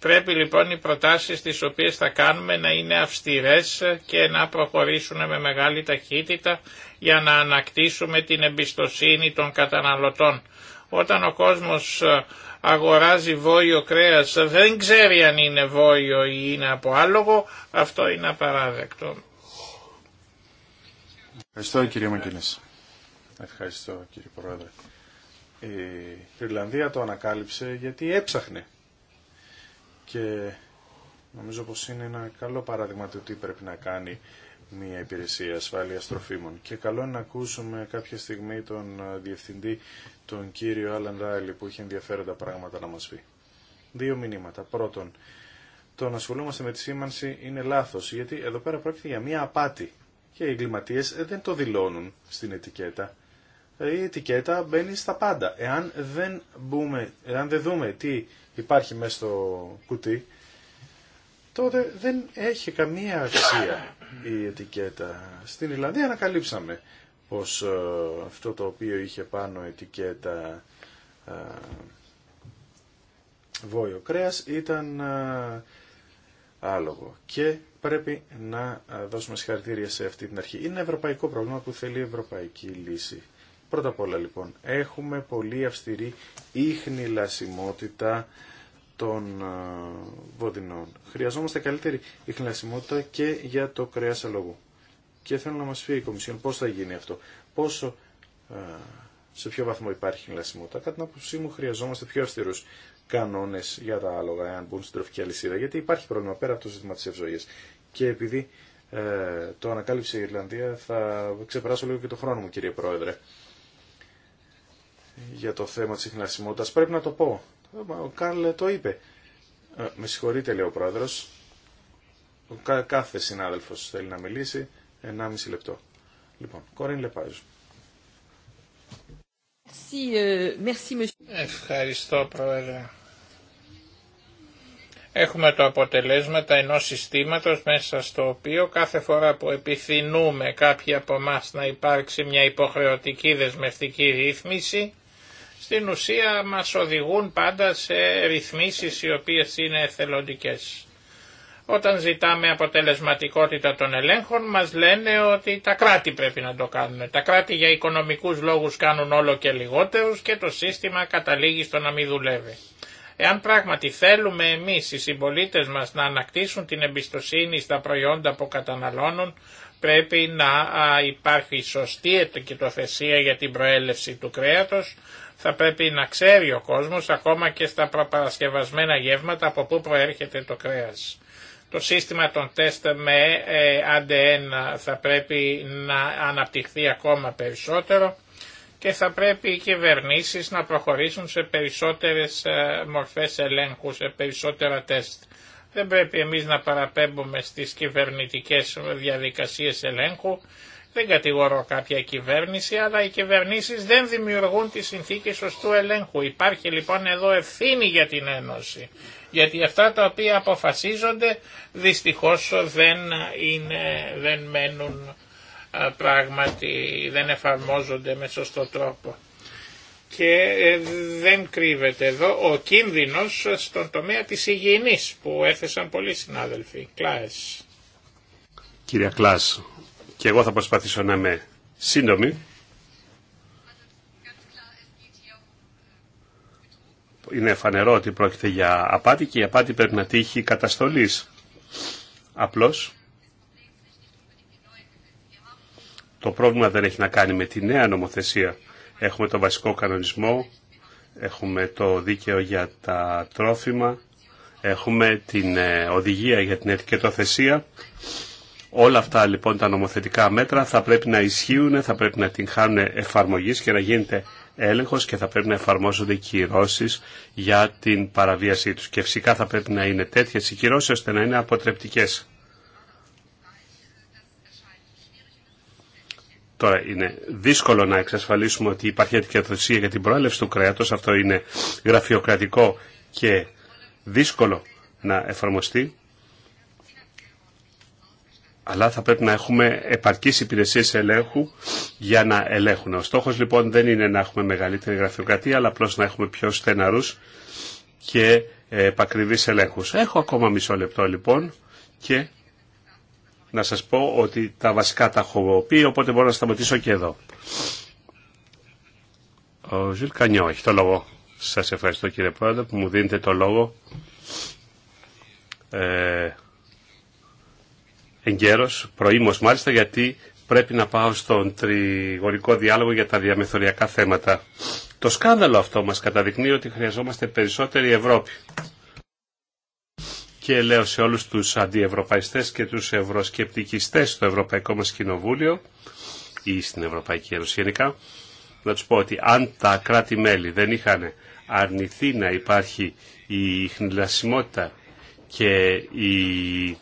Πρέπει λοιπόν οι προτάσεις τις οποίες θα κάνουμε να είναι αυστηρές και να προχωρήσουν με μεγάλη ταχύτητα για να ανακτήσουμε την εμπιστοσύνη των καταναλωτών. Όταν ο κόσμος αγοράζει βόλιο κρέας δεν ξέρει αν είναι βόλιο ή είναι από άλογο, αυτό είναι απαράδεκτο. Ευχαριστώ κύριε Μακίνης. Ευχαριστώ κύριε Πρόεδρε. Η Ιρλανδία το ανακάλυψε γιατί έψαχνε και νομίζω πως είναι ένα καλό παράδειγμα του τι πρέπει να κάνει μια υπηρεσία ασφάλειας τροφίμων. Και καλό είναι να ακούσουμε κάποια στιγμή τον ε, διευθυντή, τον κύριο Άλαν Ράιλι, που είχε ενδιαφέροντα πράγματα να μας πει. Δύο μηνύματα. Πρώτον, το να ασχολούμαστε με τη σήμανση είναι λάθος, γιατί εδώ πέρα πρόκειται για μια απάτη. Και οι εγκληματίες ε, δεν το δηλώνουν στην ετικέτα. Ε, η ετικέτα μπαίνει στα πάντα. εάν δεν δούμε τι υπάρχει μέσα στο κουτί, τότε δεν έχει καμία αξία η ετικέτα. Στην Ιλλανδία ανακαλύψαμε πως ε, αυτό το οποίο είχε πάνω ετικέτα ε, βόλιο κρέας ήταν ε, άλογο και πρέπει να δώσουμε συγχαρητήρια σε αυτή την αρχή. Είναι ένα ευρωπαϊκό πρόβλημα που θέλει ευρωπαϊκή λύση. Πρώτα απ' όλα λοιπόν, έχουμε πολύ αυστηρή ίχνη λασιμότητα των ε, βοδινών. Χρειαζόμαστε καλύτερη ίχνη λασιμότητα και για το κρέας αλογού. Και θέλω να μας πει η Κομισιόν πώς θα γίνει αυτό. Πόσο, ε, σε ποιο βαθμό υπάρχει λασιμότητα. Κατά την άποψή μου χρειαζόμαστε πιο αυστηρούς κανόνες για τα άλογα, εάν μπουν στην τροφική αλυσίδα. Γιατί υπάρχει πρόβλημα πέρα από το ζήτημα της ευζωίας. Και επειδή ε, το ανακάλυψε η Ιρλανδία, θα ξεπεράσω λίγο και το χρόνο μου κύριε Πρόεδρε για το θέμα της συχνασιμότητας. Πρέπει να το πω. Ο Καρλ το είπε. Ε, με συγχωρείτε, λέει ο πρόεδρος. Κάθε συνάδελφος θέλει να μιλήσει. 1,5 λεπτό. Λοιπόν, Κόριν Λεπάζ. Ε, Ευχαριστώ, πρόεδρε. Έχουμε το αποτελέσματα ενός συστήματος μέσα στο οποίο κάθε φορά που επιθυνούμε κάποιοι από εμά να υπάρξει μια υποχρεωτική δεσμευτική ρύθμιση, στην ουσία μας οδηγούν πάντα σε ρυθμίσεις οι οποίες είναι εθελοντικές. Όταν ζητάμε αποτελεσματικότητα των ελέγχων μας λένε ότι τα κράτη πρέπει να το κάνουν. Τα κράτη για οικονομικούς λόγους κάνουν όλο και λιγότερους και το σύστημα καταλήγει στο να μην δουλεύει. Εάν πράγματι θέλουμε εμείς οι συμπολίτε μας να ανακτήσουν την εμπιστοσύνη στα προϊόντα που καταναλώνουν, πρέπει να υπάρχει σωστή ετοκιτοθεσία για την προέλευση του κρέατος, θα πρέπει να ξέρει ο κόσμος ακόμα και στα προπαρασκευασμένα γεύματα από πού προέρχεται το κρέας. Το σύστημα των τεστ με ADN ε, θα πρέπει να αναπτυχθεί ακόμα περισσότερο και θα πρέπει οι κυβερνήσεις να προχωρήσουν σε περισσότερες ε, μορφές ελέγχου, σε περισσότερα τεστ. Δεν πρέπει εμείς να παραπέμπουμε στις κυβερνητικές διαδικασίες ελέγχου, δεν κατηγορώ κάποια κυβέρνηση, αλλά οι κυβερνήσεις δεν δημιουργούν τις συνθήκες σωστού ελέγχου. Υπάρχει λοιπόν εδώ ευθύνη για την Ένωση, γιατί αυτά τα οποία αποφασίζονται δυστυχώς δεν, είναι, δεν μένουν πράγματι, δεν εφαρμόζονται με σωστό τρόπο. Και ε, δεν κρύβεται εδώ ο κίνδυνος στον τομέα της υγιεινής που έθεσαν πολλοί συνάδελφοι. Κλάες. Κύριε Κλάς, και εγώ θα προσπαθήσω να είμαι σύντομη. Είναι φανερό ότι πρόκειται για απάτη και η απάτη πρέπει να τύχει καταστολής. Απλώς το πρόβλημα δεν έχει να κάνει με τη νέα νομοθεσία. Έχουμε το βασικό κανονισμό, έχουμε το δίκαιο για τα τρόφιμα, έχουμε την ε, οδηγία για την ετικετοθεσία Όλα αυτά λοιπόν τα νομοθετικά μέτρα θα πρέπει να ισχύουν, θα πρέπει να την χάνουν εφαρμογή και να γίνεται έλεγχος και θα πρέπει να εφαρμόζονται κυρώσεις για την παραβίασή τους. Και φυσικά θα πρέπει να είναι τέτοιες οι κυρώσεις ώστε να είναι αποτρεπτικές. Τώρα είναι δύσκολο να εξασφαλίσουμε ότι υπάρχει αδικαιοδοσία για την προέλευση του κρέατος. Αυτό είναι γραφειοκρατικό και δύσκολο να εφαρμοστεί αλλά θα πρέπει να έχουμε επαρκείς υπηρεσίες ελέγχου για να ελέγχουν. Ο στόχος λοιπόν δεν είναι να έχουμε μεγαλύτερη γραφειοκρατία, αλλά απλώς να έχουμε πιο στεναρούς και ε, επακριβείς ελέγχους. Έχω ακόμα μισό λεπτό λοιπόν και να σας πω ότι τα βασικά τα έχω πει, οπότε μπορώ να σταματήσω και εδώ. Ο Ζουλ Κανιό έχει το λόγο. Σας ευχαριστώ κύριε Πρόεδρε που μου δίνετε το λόγο. Ε, εγκαίρω, προήμως μάλιστα, γιατί πρέπει να πάω στον τριγωνικό διάλογο για τα διαμεθοριακά θέματα. Το σκάνδαλο αυτό μας καταδεικνύει ότι χρειαζόμαστε περισσότερη Ευρώπη. Και λέω σε όλους τους αντιευρωπαϊστές και τους ευρωσκεπτικιστές στο Ευρωπαϊκό μας Κοινοβούλιο ή στην Ευρωπαϊκή Ένωση γενικά, να τους πω ότι αν τα κράτη-μέλη δεν είχαν αρνηθεί να υπάρχει η χνηλασιμότητα και η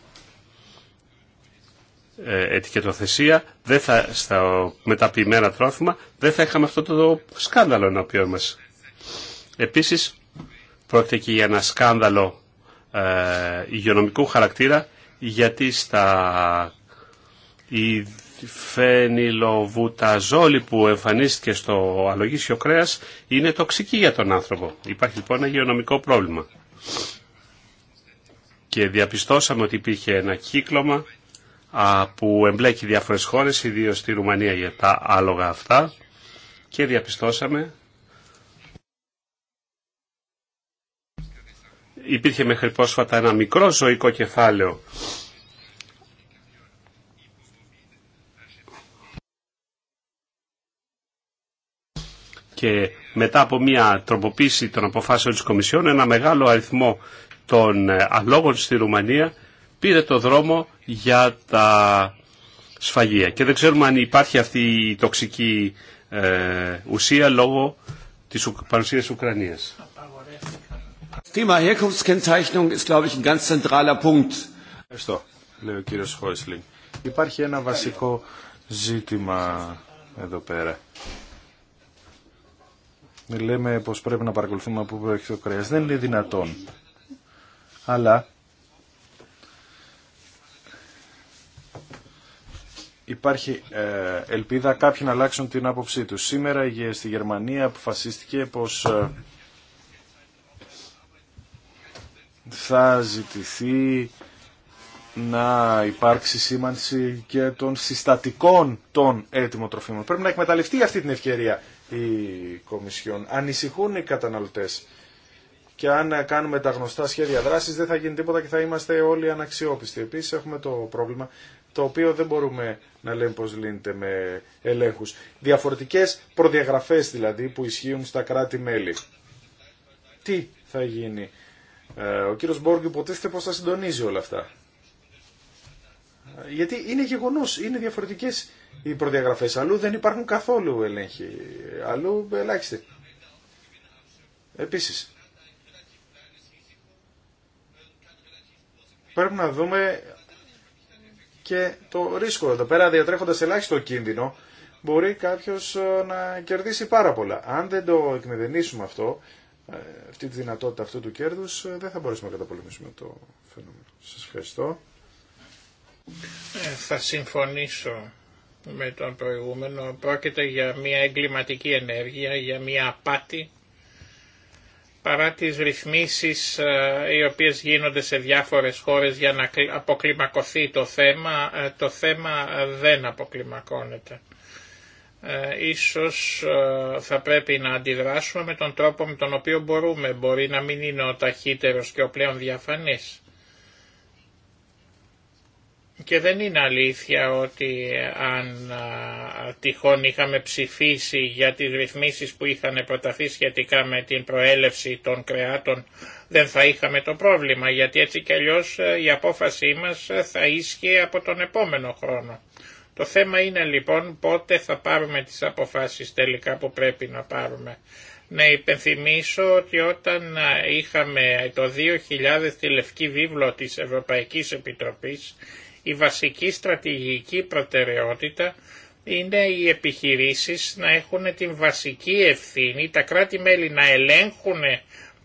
ε, ετικετοθεσία, δεν θα, στα μεταποιημένα τρόφιμα, δεν θα είχαμε αυτό το σκάνδαλο οποίο μας. Επίσης, πρόκειται και για ένα σκάνδαλο ε, υγειονομικού χαρακτήρα, γιατί στα η φενιλοβουταζόλη που εμφανίστηκε στο αλογίσιο κρέας είναι τοξική για τον άνθρωπο. Υπάρχει λοιπόν ένα υγειονομικό πρόβλημα. Και διαπιστώσαμε ότι υπήρχε ένα κύκλωμα που εμπλέκει διάφορες χώρες, ιδίως στη Ρουμανία για τα άλογα αυτά και διαπιστώσαμε υπήρχε μέχρι πρόσφατα ένα μικρό ζωικό κεφάλαιο και μετά από μια τροποποίηση των αποφάσεων της Κομισιόν ένα μεγάλο αριθμό των ε, αλόγων στη Ρουμανία πήρε το δρόμο για τα σφαγεία. Και δεν ξέρουμε αν υπάρχει αυτή η τοξική ε, ουσία λόγω της παρουσίας της Ουκρανίας. Thema Herkunftskennzeichnung ist, glaube ich, ein ganz zentraler Punkt. Ευχαριστώ, λέει ο κύριος Χόισλινγκ. Υπάρχει ένα βασικό ζήτημα εδώ πέρα. Λέμε πως πρέπει να παρακολουθούμε από πού προέρχεται το κρέας. Δεν είναι δυνατόν. Αλλά υπάρχει ε, ελπίδα κάποιοι να αλλάξουν την άποψή τους. Σήμερα στη Γερμανία αποφασίστηκε πως ε, θα ζητηθεί να υπάρξει σήμανση και των συστατικών των έτοιμων τροφίμων. Πρέπει να εκμεταλλευτεί αυτή την ευκαιρία η Κομισιόν. Ανησυχούν οι καταναλωτές. Και αν κάνουμε τα γνωστά σχέδια δράσης δεν θα γίνει τίποτα και θα είμαστε όλοι αναξιόπιστοι. Επίσης έχουμε το πρόβλημα το οποίο δεν μπορούμε να λέμε πώ λύνεται με ελέγχους. Διαφορετικές προδιαγραφές δηλαδή που ισχύουν στα κράτη-μέλη. Τι θα γίνει. Ε, ο κύριο Μπόργκ υποτίθεται πώ θα συντονίζει όλα αυτά. Γιατί είναι γεγονό, είναι διαφορετικές οι προδιαγραφές. Αλλού δεν υπάρχουν καθόλου ελέγχοι. Αλλού ελάχιστοι. Επίσης, πρέπει να δούμε και το ρίσκο. Εδώ πέρα διατρέχοντας ελάχιστο κίνδυνο μπορεί κάποιος ε, να κερδίσει πάρα πολλά. Αν δεν το εκμεδενήσουμε αυτό, ε, αυτή τη δυνατότητα αυτού του κέρδους, ε, δεν θα μπορέσουμε να καταπολεμήσουμε το φαινόμενο. Σας ευχαριστώ. θα συμφωνήσω με τον προηγούμενο. Πρόκειται για μια εγκληματική ενέργεια, για μια απάτη παρά τις ρυθμίσεις ε, οι οποίες γίνονται σε διάφορες χώρες για να αποκλιμακωθεί το θέμα, ε, το θέμα ε, δεν αποκλιμακώνεται. Ίσως θα πρέπει να αντιδράσουμε με τον τρόπο με τον οποίο μπορούμε. Μπορεί να μην είναι ο ταχύτερος και ο πλέον διαφανής. Και δεν είναι αλήθεια ότι ε, αν τυχόν είχαμε ψηφίσει για τις ρυθμίσεις που είχαν προταθεί σχετικά με την προέλευση των κρεάτων δεν θα είχαμε το πρόβλημα γιατί έτσι κι αλλιώς ε, η απόφασή μας ε, θα ίσχυε από τον επόμενο χρόνο. Το θέμα είναι λοιπόν πότε θα πάρουμε τις αποφάσεις τελικά που πρέπει να πάρουμε. Να υπενθυμίσω ότι όταν είχαμε το 2000 τη Λευκή Βίβλο της Ευρωπαϊκής Επιτροπής η βασική στρατηγική προτεραιότητα είναι οι επιχειρήσεις να έχουν την βασική ευθύνη, τα κράτη-μέλη να ελέγχουν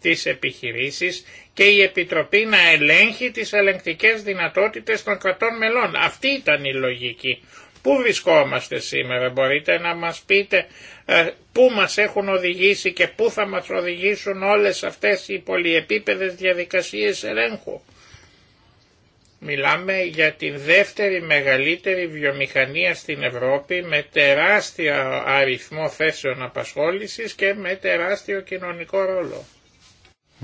τις επιχειρήσεις και η Επιτροπή να ελέγχει τις ελεγκτικές δυνατότητες των κρατών μελών. Αυτή ήταν η λογική. Πού βρισκόμαστε σήμερα, μπορείτε να μας πείτε ε, πού μας έχουν οδηγήσει και πού θα μας οδηγήσουν όλες αυτές οι πολυεπίπεδες διαδικασίες ελέγχου. Μιλάμε για την δεύτερη μεγαλύτερη βιομηχανία στην Ευρώπη με τεράστιο αριθμό θέσεων απασχόλησης και με τεράστιο κοινωνικό ρόλο.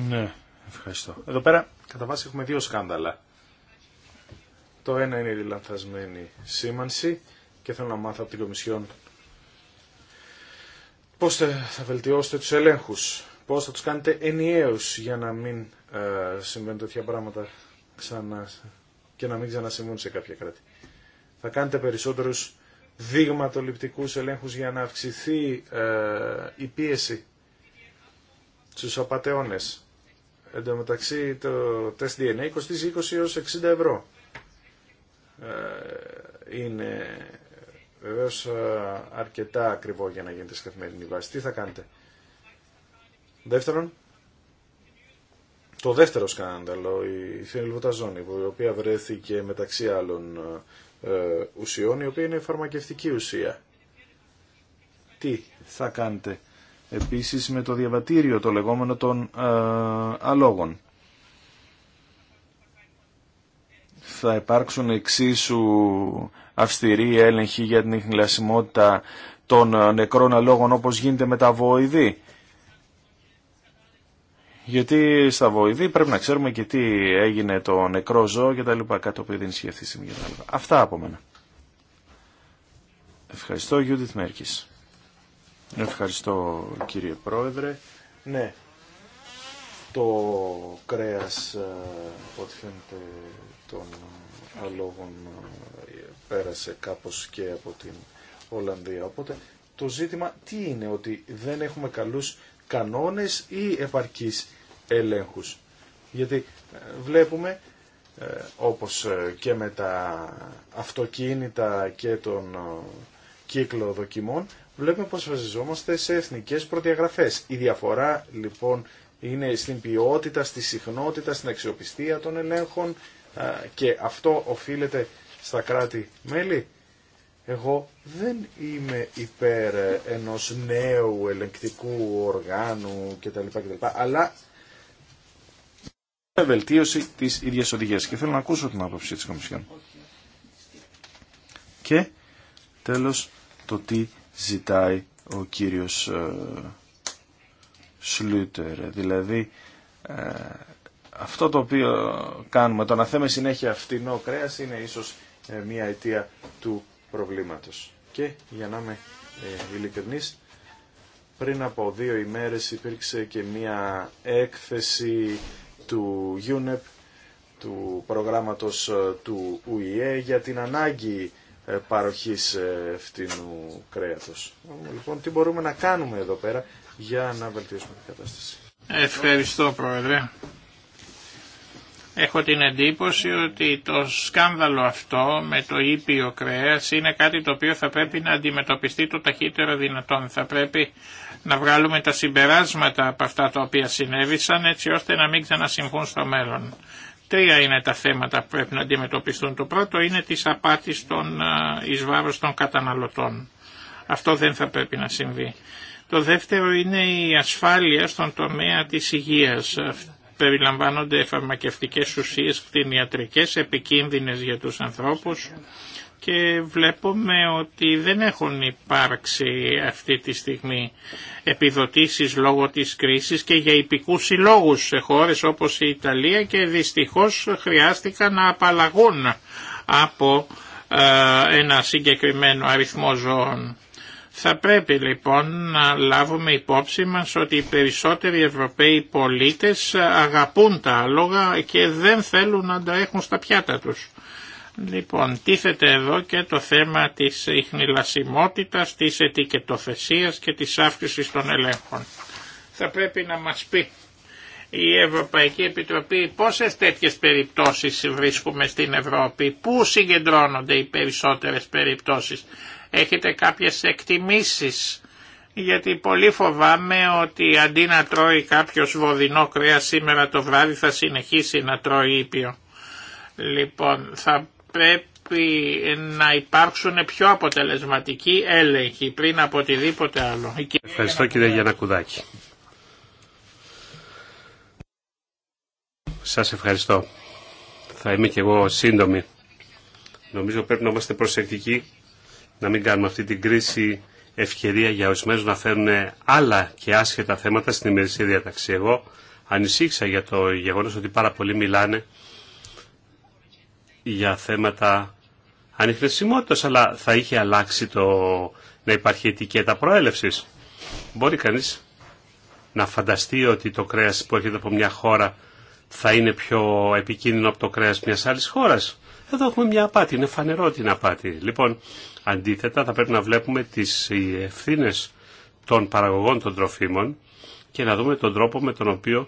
Ναι, ευχαριστώ. Εδώ πέρα κατά βάση έχουμε δύο σκάνδαλα. Το ένα είναι η λανθασμένη σήμανση και θέλω να μάθω από την Κομισιόν πώς θα βελτιώσετε τους ελέγχους, πώς θα τους κάνετε ενιαίους για να μην ε, συμβαίνουν τέτοια πράγματα ξανά και να μην ξανασυμβούν σε κάποια κράτη. Θα κάνετε περισσότερους δείγματοληπτικούς ελέγχους για να αυξηθεί ε, η πίεση στους απαταιώνες. Εν τω μεταξύ το τεστ DNA κοστίζει 20 έως 60 ευρώ. Ε, είναι βεβαίω ε, αρκετά ακριβό για να γίνεται σε καθημερινή βάση. Τι θα κάνετε. Δεύτερον, το δεύτερο σκάνδαλο, η Λουταζόνη, η οποία βρέθηκε μεταξύ άλλων ε, ουσιών, η οποία είναι φαρμακευτική ουσία. Τι θα κάνετε επίσης με το διαβατήριο το λεγόμενο των ε, αλόγων. Θα υπάρξουν εξίσου αυστηροί έλεγχοι για την ειχνηλασιμότητα των ε, νεκρών αλόγων όπως γίνεται με τα βοηδή. Γιατί στα βοηθοί πρέπει να ξέρουμε και τι έγινε το νεκρό ζώο και τα λοιπά, κάτι που δεν ισχύει αυτή τη στιγμή. Αυτά από μένα. Ευχαριστώ, Γιούντιθ Μέρκης. Ευχαριστώ, κύριε Πρόεδρε. Ναι, το κρέας, ε, ό,τι φαίνεται, των αλόγων ε, πέρασε κάπως και από την Ολλανδία. Οπότε το ζήτημα τι είναι, ότι δεν έχουμε καλούς κανόνες ή επαρκείς ελέγχους. Γιατί ε, βλέπουμε, ε, όπως ε, και με τα αυτοκίνητα και τον κύκλο δοκιμών, βλέπουμε πως βασιζόμαστε σε εθνικές προδιαγραφές. Η διαφορά λοιπόν είναι στην ποιότητα, στη συχνότητα, στην αξιοπιστία των ελέγχων και αυτό οφείλεται στα κράτη-μέλη. Εγώ δεν είμαι υπέρ ενός νέου ελεγκτικού οργάνου κτλ. κτλ αλλά βελτίωση της ίδιας οδηγίας. Και θέλω να ακούσω την άποψη της Κομισιόν. Και τέλος το τι ζητάει ο κύριος ε, Σλούτερ. Δηλαδή ε, αυτό το οποίο κάνουμε, το να θέμε συνέχεια φτηνό κρέας είναι ίσως ε, μια αιτία του προβλήματος. Και για να είμαι ειλικρινής, πριν από δύο ημέρες υπήρξε και μια έκθεση του UNEP, του προγράμματος ε, του ΟΗΕ για την ανάγκη ε, παροχής ε, φτηνού κρέατος. Λοιπόν, τι μπορούμε να κάνουμε εδώ πέρα για να βελτιώσουμε την κατάσταση. Ευχαριστώ Πρόεδρε. Έχω την εντύπωση ότι το σκάνδαλο αυτό με το ήπιο κρέας είναι κάτι το οποίο θα πρέπει να αντιμετωπιστεί το ταχύτερο δυνατόν. Θα πρέπει να βγάλουμε τα συμπεράσματα από αυτά τα οποία συνέβησαν έτσι ώστε να μην ξανασυμβούν στο μέλλον. Τρία είναι τα θέματα που πρέπει να αντιμετωπιστούν. Το πρώτο είναι της απάτης των εις των καταναλωτών. Αυτό δεν θα πρέπει να συμβεί. Το δεύτερο είναι η ασφάλεια στον τομέα της υγείας. Περιλαμβάνονται φαρμακευτικές ουσίες κτηνιατρικές, επικίνδυνες για τους ανθρώπους και βλέπουμε ότι δεν έχουν υπάρξει αυτή τη στιγμή επιδοτήσεις λόγω της κρίσης και για υπηκούς συλλόγους σε χώρες όπως η Ιταλία και δυστυχώς χρειάστηκαν να απαλλαγούν από ε, ένα συγκεκριμένο αριθμό ζώων. Θα πρέπει λοιπόν να λάβουμε υπόψη μας ότι οι περισσότεροι Ευρωπαίοι πολίτες αγαπούν τα άλογα και δεν θέλουν να τα έχουν στα πιάτα τους. Λοιπόν, τίθεται εδώ και το θέμα της ιχνηλασιμότητας, της ετικετοθεσίας και της αύξησης των ελέγχων. Θα πρέπει να μας πει η Ευρωπαϊκή Επιτροπή πόσες τέτοιες περιπτώσεις βρίσκουμε στην Ευρώπη, πού συγκεντρώνονται οι περισσότερες περιπτώσεις. Έχετε κάποιες εκτιμήσεις, γιατί πολύ φοβάμαι ότι αντί να τρώει κάποιος βοδινό κρέα σήμερα το βράδυ θα συνεχίσει να τρώει ήπιο. Λοιπόν, θα πρέπει να υπάρξουν πιο αποτελεσματικοί έλεγχοι πριν από οτιδήποτε άλλο. Ευχαριστώ κύριε Γιανακουδάκη. Σας ευχαριστώ. Θα είμαι και εγώ σύντομη. Νομίζω πρέπει να είμαστε προσεκτικοί να μην κάνουμε αυτή την κρίση ευκαιρία για ορισμένου να φέρουν άλλα και άσχετα θέματα στην ημερησία διαταξή. Εγώ ανησύχησα για το γεγονός ότι πάρα πολλοί μιλάνε για θέματα ανιχνευσιμότητας, αλλά θα είχε αλλάξει το να υπάρχει ετικέτα προέλευσης. Μπορεί κανείς να φανταστεί ότι το κρέας που έρχεται από μια χώρα θα είναι πιο επικίνδυνο από το κρέας μιας άλλης χώρας. Εδώ έχουμε μια απάτη, είναι φανερό την απάτη. Λοιπόν, αντίθετα θα πρέπει να βλέπουμε τις ευθύνε των παραγωγών των τροφίμων και να δούμε τον τρόπο με τον οποίο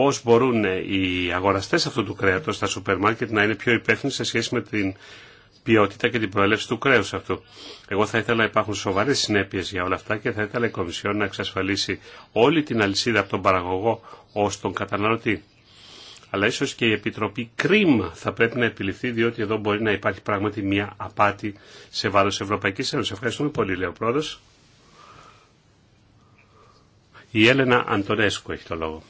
πώς μπορούν οι αγοραστές αυτού του κρέατος στα σούπερ μάρκετ να είναι πιο υπεύθυνοι σε σχέση με την ποιότητα και την προέλευση του κρέους αυτού. Εγώ θα ήθελα να υπάρχουν σοβαρές συνέπειες για όλα αυτά και θα ήθελα η Κομισιόν να εξασφαλίσει όλη την αλυσίδα από τον παραγωγό ως τον καταναλωτή. Αλλά ίσως και η Επιτροπή κρίμα θα πρέπει να επιληφθεί διότι εδώ μπορεί να υπάρχει πράγματι μια απάτη σε βάρος Ευρωπαϊκής Ένωσης. Ευχαριστούμε πολύ, λέει ο Η Έλενα Αντωνέσκου έχει το λόγο.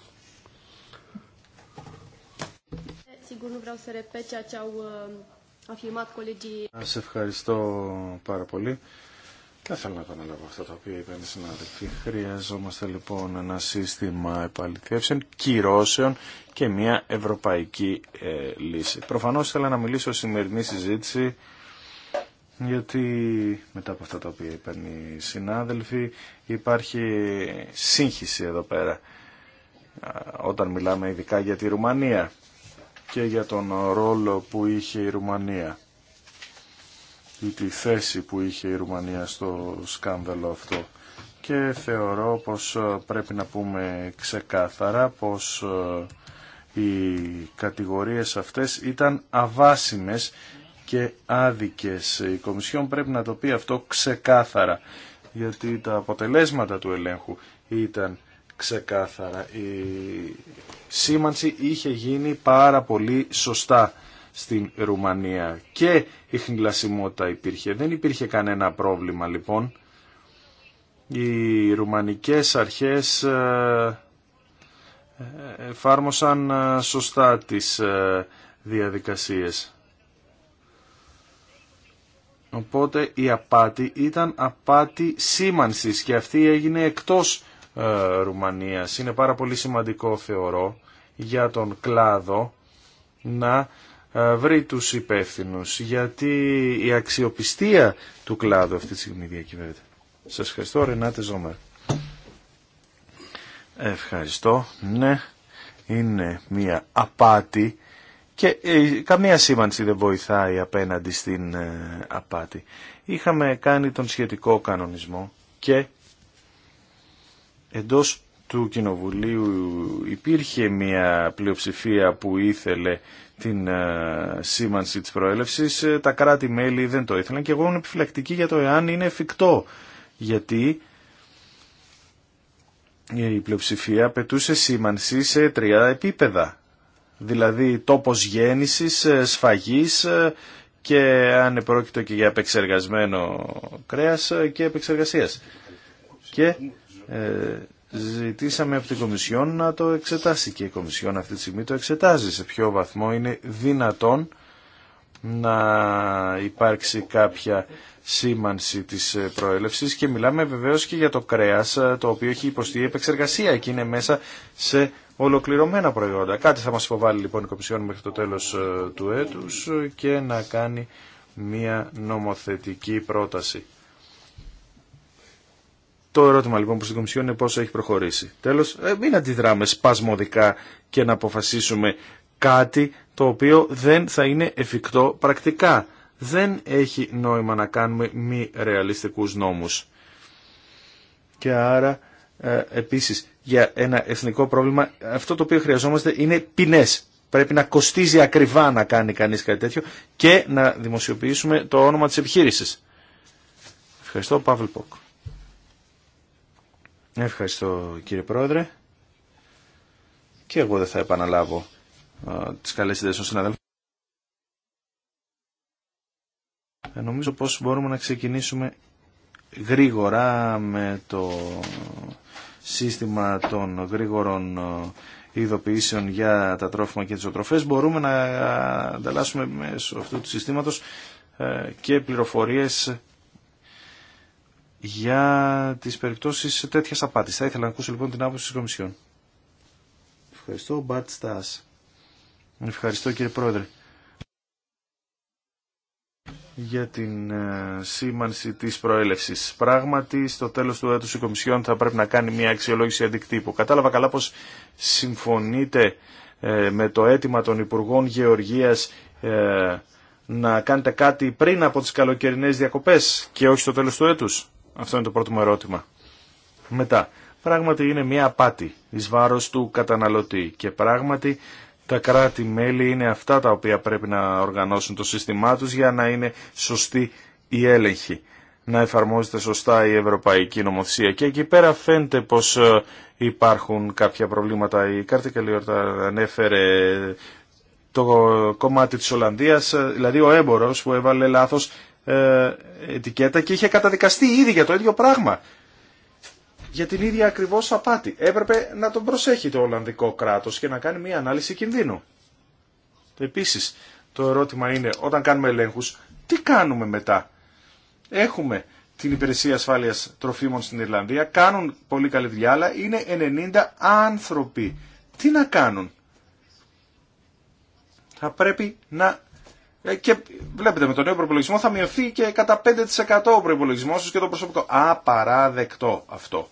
vreau uh, ευχαριστώ πάρα πολύ. Δεν θέλω να επαναλάβω αυτά τα οποία είπαν οι συνάδελφοι. Χρειαζόμαστε λοιπόν ένα σύστημα επαληθεύσεων, κυρώσεων και μια ευρωπαϊκή ε, λύση. Προφανώς θέλω να μιλήσω σημερινή συζήτηση γιατί μετά από αυτά τα οποία είπαν οι συνάδελφοι υπάρχει σύγχυση εδώ πέρα ε, όταν μιλάμε ειδικά για τη Ρουμανία και για τον ρόλο που είχε η Ρουμανία ή τη θέση που είχε η Ρουμανία στο σκάνδαλο αυτό. Και θεωρώ πως ε, πρέπει να πούμε ξεκάθαρα πως ε, οι κατηγορίες αυτές ήταν αβάσιμες και άδικες. Η Κομισιόν πρέπει να το πει αυτό ξεκάθαρα, γιατί τα αποτελέσματα του ελέγχου ήταν ξεκάθαρα. Η σήμανση είχε γίνει πάρα πολύ σωστά στην Ρουμανία και η χνηλασιμότητα υπήρχε. Δεν υπήρχε κανένα πρόβλημα λοιπόν. Οι ρουμανικές αρχές ε, ε, εφάρμοσαν ε, σωστά τις διαδικασίες. Οπότε η απάτη ήταν απάτη σήμανσης και αυτή έγινε εκτός ε, Ρουμανίας. Είναι πάρα πολύ σημαντικό θεωρώ για τον κλάδο να ε, βρει τους υπεύθυνου. γιατί η αξιοπιστία του κλάδου αυτή τη στιγμή διακυβεύεται. Σας ευχαριστώ Ρενάτε Ζόμερ. Ευχαριστώ. Ναι, είναι μια απάτη και ε, καμία σήμανση δεν βοηθάει απέναντι στην απάτη. Είχαμε κάνει τον σχετικό κανονισμό και εντός του Κοινοβουλίου υπήρχε μια πλειοψηφία που ήθελε την ε, σήμανση της προέλευσης. Ε, τα κράτη-μέλη δεν το ήθελαν και εγώ είμαι επιφυλακτική για το εάν είναι εφικτό. Γιατί η πλειοψηφία πετούσε σήμανση σε τρία επίπεδα. Δηλαδή τόπος γέννησης, ε, σφαγής και αν επρόκειτο και για επεξεργασμένο κρέας και επεξεργασίας. Και ε, ζητήσαμε από την Κομισιόν να το εξετάσει και η Κομισιόν αυτή τη στιγμή το εξετάζει σε ποιο βαθμό είναι δυνατόν να υπάρξει κάποια σήμανση της ε, προέλευσης και μιλάμε βεβαίως και για το κρέας ε, το οποίο έχει υποστεί επεξεργασία και είναι μέσα σε ολοκληρωμένα προϊόντα. Κάτι θα μας υποβάλει λοιπόν η Κομισιόν μέχρι το τέλος του έτους και να κάνει μια νομοθετική πρόταση. Το ερώτημα λοιπόν προς την Κομισιόν είναι πόσο έχει προχωρήσει. Τέλος, ε, μην αντιδράμε σπασμωδικά και να αποφασίσουμε κάτι το οποίο δεν θα είναι εφικτό πρακτικά. Δεν έχει νόημα να κάνουμε μη ρεαλιστικούς νόμους. Και άρα, ε, επίσης, για ένα εθνικό πρόβλημα, αυτό το οποίο χρειαζόμαστε είναι πίνες. Πρέπει να κοστίζει ακριβά να κάνει κανείς κάτι τέτοιο και να δημοσιοποιήσουμε το όνομα της επιχείρησης. Ευχαριστώ, Παύλ Πόκ. Ευχαριστώ κύριε Πρόεδρε. Και εγώ δεν θα επαναλάβω τι τις καλές ιδέες των συναδέλφων. Ε, νομίζω πως μπορούμε να ξεκινήσουμε γρήγορα με το σύστημα των γρήγορων ειδοποιήσεων για τα τρόφιμα και τις οτροφές. Μπορούμε να ανταλλάσσουμε μέσω αυτού του συστήματος ε, και πληροφορίες για τις περιπτώσεις τέτοια απάτης. Θα ήθελα να ακούσω λοιπόν την άποψη της Κομισιόν. Ευχαριστώ, Μπατ Στάς. Ευχαριστώ κύριε Πρόεδρε για την ε, σήμανση της προέλευσης. Πράγματι, στο τέλος του έτους η Κομισιόν θα πρέπει να κάνει μια αξιολόγηση αντικτύπου. Κατάλαβα καλά πως συμφωνείτε ε, με το αίτημα των Υπουργών Γεωργίας ε, να κάνετε κάτι πριν από τις καλοκαιρινές διακοπές και όχι στο τέλος του έτους. Αυτό είναι το πρώτο μου ερώτημα. Μετά, πράγματι είναι μια απάτη εις βάρος του καταναλωτή και πράγματι τα κράτη-μέλη είναι αυτά τα οποία πρέπει να οργανώσουν το σύστημά τους για να είναι σωστή η έλεγχη, να εφαρμόζεται σωστά η ευρωπαϊκή νομοθεσία. Και εκεί πέρα φαίνεται πως ε, υπάρχουν κάποια προβλήματα. Η Κάρτη Καλλιόρτα ανέφερε το κομμάτι της Ολλανδίας, ε, δηλαδή ο έμπορος που έβαλε λάθος ε, ετικέτα και είχε καταδικαστεί ήδη για το ίδιο πράγμα. Για την ίδια ακριβώς απάτη. Έπρεπε να τον προσέχει το Ολλανδικό κράτος και να κάνει μια ανάλυση κινδύνου. Επίσης, το ερώτημα είναι, όταν κάνουμε ελέγχους, τι κάνουμε μετά. Έχουμε την υπηρεσία ασφάλεια τροφίμων στην Ιρλανδία, κάνουν πολύ καλή δουλειά, αλλά είναι 90 άνθρωποι. Τι να κάνουν. Θα πρέπει να ε, και βλέπετε με τον νέο προπολογισμό θα μειωθεί και κατά 5% ο προπολογισμό και το προσωπικό. Απαράδεκτο αυτό.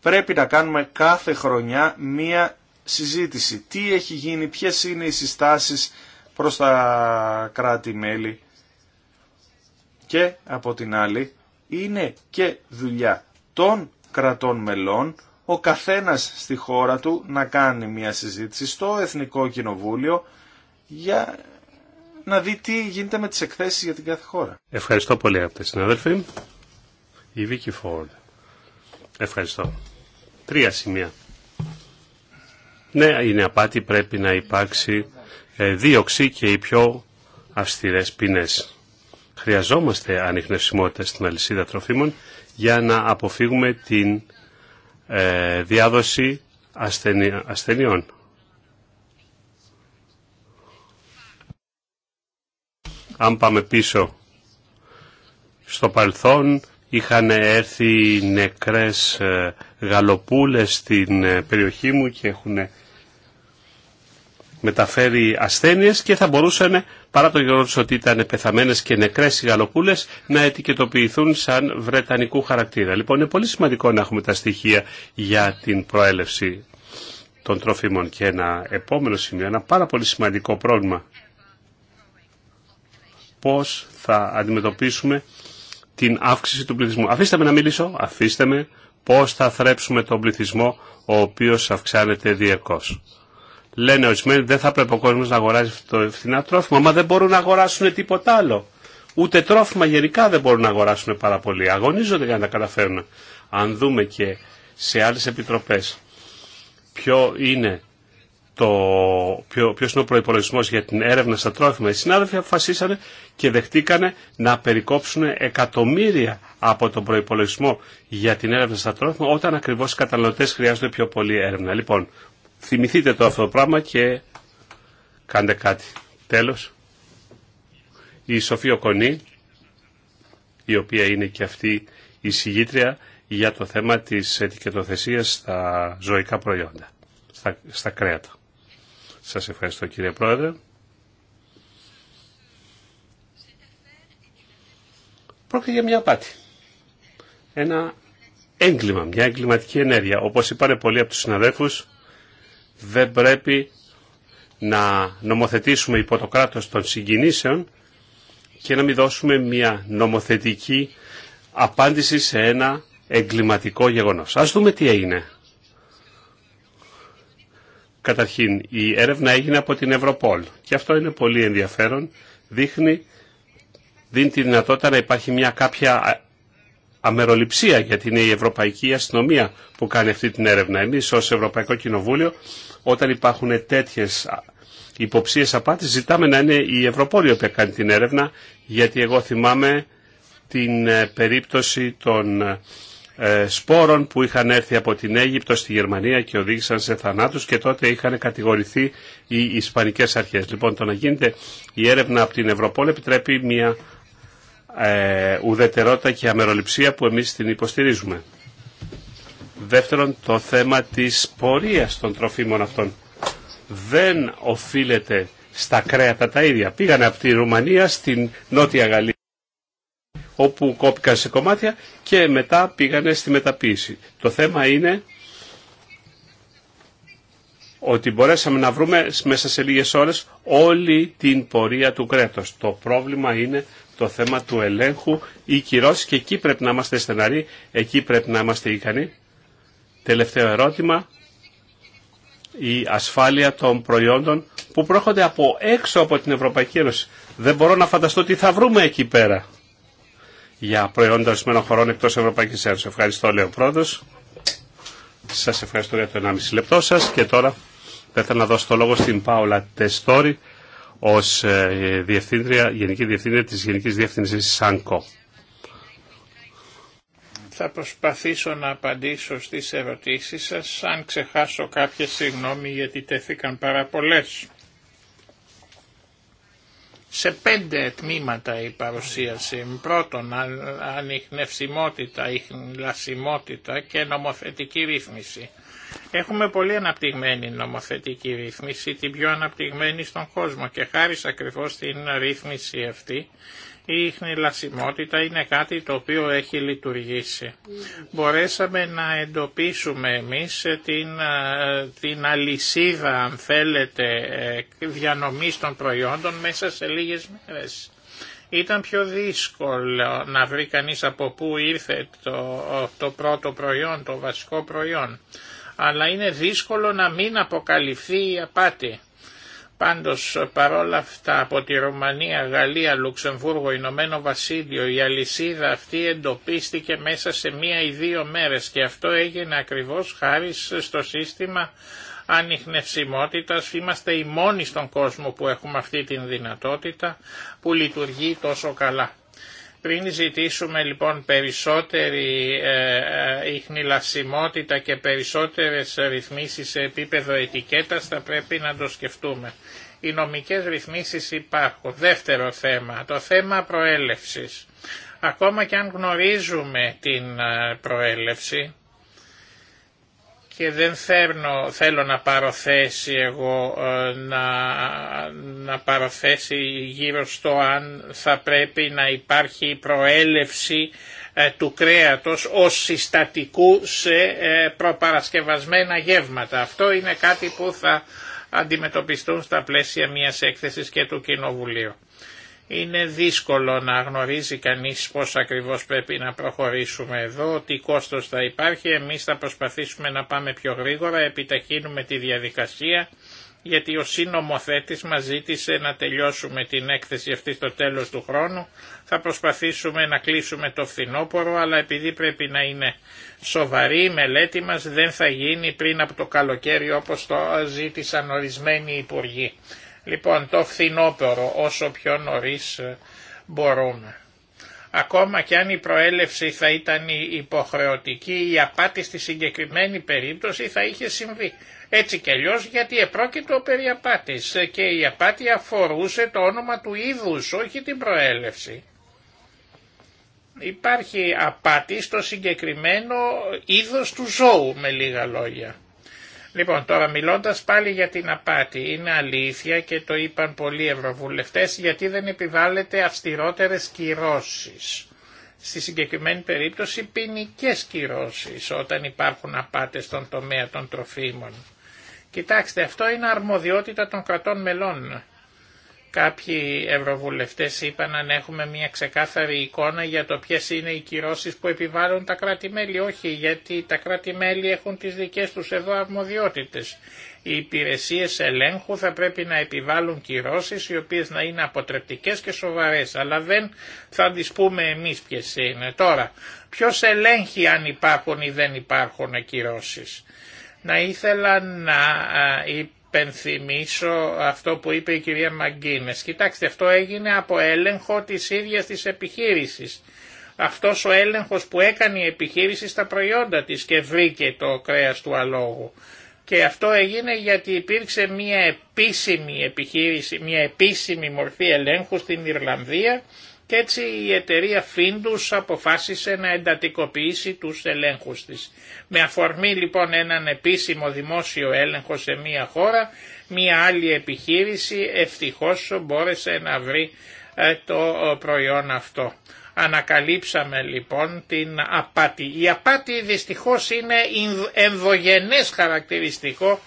Πρέπει να κάνουμε κάθε χρονιά μία συζήτηση. Τι έχει γίνει, ποιε είναι οι συστάσεις προς τα κράτη-μέλη. Και από την άλλη είναι και δουλειά των κρατών μελών ο καθένας στη χώρα του να κάνει μια συζήτηση στο Εθνικό Κοινοβούλιο για να δει τι γίνεται με τις εκθέσεις για την κάθε χώρα. Ευχαριστώ πολύ αγαπητέ συνάδελφοι. Η Βίκη Φόρντ. Ευχαριστώ. Τρία σημεία. Ναι, είναι απάτη, πρέπει να υπάρξει ε, δίωξη και οι πιο αυστηρές πίνες. Χρειαζόμαστε ανιχνευσιμότητα στην αλυσίδα τροφίμων για να αποφύγουμε την ε, διάδοση ασθενειών. Αν πάμε πίσω στο παρελθόν, είχαν έρθει νεκρές ε, γαλοπούλες στην ε, περιοχή μου και έχουν μεταφέρει ασθένειες και θα μπορούσαν, παρά το γεγονός ότι ήταν πεθαμένες και νεκρές οι γαλοπούλες, να ετικετοποιηθούν σαν βρετανικού χαρακτήρα. Λοιπόν, είναι πολύ σημαντικό να έχουμε τα στοιχεία για την προέλευση των τροφίμων. Και ένα επόμενο σημείο, ένα πάρα πολύ σημαντικό πρόβλημα πώς θα αντιμετωπίσουμε την αύξηση του πληθυσμού. Αφήστε με να μιλήσω, αφήστε με πώς θα θρέψουμε τον πληθυσμό ο οποίος αυξάνεται διεκώς. Λένε ορισμένοι δεν θα πρέπει ο κόσμο να αγοράζει φθηνά τρόφιμα, μα δεν μπορούν να αγοράσουν τίποτα άλλο. Ούτε τρόφιμα γενικά δεν μπορούν να αγοράσουν πάρα πολύ. Αγωνίζονται για να τα καταφέρουν. Αν δούμε και σε άλλες επιτροπές ποιο είναι το ποιο, ποιος είναι ο προπολογισμό για την έρευνα στα τρόφιμα. Οι συνάδελφοι αποφασίσανε και δεχτήκανε να περικόψουν εκατομμύρια από τον προπολογισμό για την έρευνα στα τρόφιμα όταν ακριβώς οι καταναλωτές χρειάζονται πιο πολύ έρευνα. Λοιπόν, θυμηθείτε το αυτό το πράγμα και κάντε κάτι. Τέλος, η Σοφία Κονή, η οποία είναι και αυτή η συγγήτρια για το θέμα της ετικετοθεσίας στα ζωικά προϊόντα, στα, στα κρέατα. Σας ευχαριστώ κύριε Πρόεδρε. Πρόκειται για μια απάτη. Ένα έγκλημα, μια εγκληματική ενέργεια. Όπως είπανε πολλοί από τους συναδέλφους, δεν πρέπει να νομοθετήσουμε υπό το κράτος των συγκινήσεων και να μην δώσουμε μια νομοθετική απάντηση σε ένα εγκληματικό γεγονός. Ας δούμε τι έγινε. Καταρχήν, η έρευνα έγινε από την Ευρωπόλ και αυτό είναι πολύ ενδιαφέρον. Δείχνει, δίνει τη δυνατότητα να υπάρχει μια κάποια αμεροληψία γιατί είναι η Ευρωπαϊκή Αστυνομία που κάνει αυτή την έρευνα. Εμείς ως Ευρωπαϊκό Κοινοβούλιο όταν υπάρχουν τέτοιες υποψίες απάτης ζητάμε να είναι η η οποία κάνει την έρευνα γιατί εγώ θυμάμαι την ε, περίπτωση των ε, ε, σπόρων που είχαν έρθει από την Αίγυπτο στη Γερμανία και οδήγησαν σε θανάτους και τότε είχαν κατηγορηθεί οι Ισπανικές αρχές. Λοιπόν, το να γίνεται η έρευνα από την Ευρωπόλ επιτρέπει μια ε, ουδετερότητα και αμεροληψία που εμείς την υποστηρίζουμε. Δεύτερον, το θέμα της πορείας των τροφίμων αυτών δεν οφείλεται στα κρέατα τα ίδια. Πήγανε από τη Ρουμανία στην Νότια Γαλλία όπου κόπηκαν σε κομμάτια και μετά πήγανε στη μεταποίηση. Το θέμα είναι ότι μπορέσαμε να βρούμε μέσα σε λίγες ώρες όλη την πορεία του κρέτος. Το πρόβλημα είναι το θέμα του ελέγχου ή κυρώσει και εκεί πρέπει να είμαστε στεναροί, εκεί πρέπει να είμαστε ικανοί. Τελευταίο ερώτημα, η ασφάλεια των προϊόντων που πρόχονται από έξω από την Ευρωπαϊκή Ένωση. Δεν μπορώ να φανταστώ τι θα βρούμε εκεί πέρα για προϊόντα ορισμένων χωρών εκτός Ευρωπαϊκής Ένωσης. Ευχαριστώ, λέει ο Σας ευχαριστώ για το 1,5 λεπτό σας και τώρα θα ήθελα να δώσω το λόγο στην Πάολα Τεστόρη ως ε, διευθύντρια, Γενική Διευθύντρια της Γενικής Διεύθυνσης ΣΑΝΚΟ. Θα προσπαθήσω να απαντήσω στις ερωτήσεις σας, αν ξεχάσω κάποια συγγνώμη γιατί τέθηκαν πάρα πολλέ σε πέντε τμήματα η παρουσίαση. Πρώτον, ανιχνευσιμότητα, ηχνηλασιμότητα και νομοθετική ρύθμιση. Έχουμε πολύ αναπτυγμένη νομοθετική ρύθμιση, την πιο αναπτυγμένη στον κόσμο και χάρη ακριβώ την ρύθμιση αυτή η χνηλασιμότητα είναι κάτι το οποίο έχει λειτουργήσει. Μπορέσαμε να εντοπίσουμε εμείς την, ε, την αλυσίδα, αν θέλετε, ε, διανομής των προϊόντων μέσα σε λίγες μέρες. Ήταν πιο δύσκολο να βρει κανείς από πού ήρθε το, το πρώτο προϊόν, το βασικό προϊόν. Αλλά είναι δύσκολο να μην αποκαλυφθεί η απάτη. Πάντως παρόλα αυτά από τη Ρουμανία, Γαλλία, Λουξεμβούργο, Ηνωμένο Βασίλειο η αλυσίδα αυτή εντοπίστηκε μέσα σε μία ή δύο μέρες και αυτό έγινε ακριβώς χάρη στο σύστημα ανιχνευσιμότητας. Είμαστε οι μόνοι στον κόσμο που έχουμε αυτή την δυνατότητα που λειτουργεί τόσο καλά. Πριν ζητήσουμε λοιπόν περισσότερη ε, ε, ίχνηλασιμότητα και περισσότερες ρυθμίσεις σε επίπεδο ετικέτας θα πρέπει να το σκεφτούμε. Οι νομικές ρυθμίσεις υπάρχουν. Δεύτερο θέμα, το θέμα προέλευσης. Ακόμα και αν γνωρίζουμε την ε, προέλευση, και δεν θέλω, θέλω να παροθέσει εγώ ε, να, να παροθέσει γύρω στο αν θα πρέπει να υπάρχει προέλευση ε, του κρέατος ως συστατικού σε ε, προπαρασκευασμένα γεύματα. Αυτό είναι κάτι που θα αντιμετωπιστούν στα πλαίσια μιας έκθεσης και του Κοινοβουλίου. Είναι δύσκολο να γνωρίζει κανείς πώς ακριβώς πρέπει να προχωρήσουμε εδώ, τι κόστος θα υπάρχει, εμείς θα προσπαθήσουμε να πάμε πιο γρήγορα, επιταχύνουμε τη διαδικασία, γιατί ο σύνομοθέτης μας ζήτησε να τελειώσουμε την έκθεση αυτή στο τέλος του χρόνου, θα προσπαθήσουμε να κλείσουμε το φθινόπωρο, αλλά επειδή πρέπει να είναι σοβαρή η μελέτη μας, δεν θα γίνει πριν από το καλοκαίρι όπως το ζήτησαν ορισμένοι υπουργοί. Λοιπόν, το φθινόπωρο όσο πιο νωρίς ε, μπορούμε. Ακόμα και αν η προέλευση θα ήταν υποχρεωτική, η απάτη στη συγκεκριμένη περίπτωση θα είχε συμβεί. Έτσι και αλλιώ γιατί επρόκειτο περί απάτης ε, και η απάτη αφορούσε το όνομα του είδους, όχι την προέλευση. Υπάρχει απάτη στο συγκεκριμένο είδος του ζώου με λίγα λόγια. Λοιπόν, τώρα μιλώντας πάλι για την απάτη, είναι αλήθεια και το είπαν πολλοί ευρωβουλευτές γιατί δεν επιβάλλεται αυστηρότερες κυρώσεις. Στη συγκεκριμένη περίπτωση ποινικέ κυρώσεις όταν υπάρχουν απάτες στον τομέα των τροφίμων. Κοιτάξτε, αυτό είναι αρμοδιότητα των κρατών μελών Κάποιοι ευρωβουλευτές είπαν αν έχουμε μια ξεκάθαρη εικόνα για το ποιες είναι οι κυρώσεις που επιβάλλουν τα κράτη-μέλη. Όχι, γιατί τα κράτη-μέλη έχουν τις δικές τους εδώ αρμοδιότητες. Οι υπηρεσίες ελέγχου θα πρέπει να επιβάλλουν κυρώσεις οι οποίες να είναι αποτρεπτικές και σοβαρές, αλλά δεν θα τις πούμε εμείς ποιες είναι. Τώρα, ποιος ελέγχει αν υπάρχουν ή δεν υπάρχουν κυρώσεις. Να ήθελα να υπενθυμίσω αυτό που είπε η κυρία Μαγκίνες. Κοιτάξτε, αυτό έγινε από έλεγχο της ίδιας της επιχείρησης. Αυτός ο έλεγχος που έκανε η επιχείρηση στα προϊόντα της και βρήκε το κρέας του αλόγου. Και αυτό έγινε γιατί υπήρξε μια επίσημη επιχείρηση, μια επίσημη μορφή ελέγχου στην Ιρλανδία και έτσι η εταιρεία Findus αποφάσισε να εντατικοποιήσει τους ελέγχους της. Με αφορμή λοιπόν έναν επίσημο δημόσιο έλεγχο σε μία χώρα, μία άλλη επιχείρηση ευτυχώς μπόρεσε να βρει ε, το προϊόν αυτό. Ανακαλύψαμε λοιπόν την απάτη. Η απάτη δυστυχώς είναι ενδογενές χαρακτηριστικό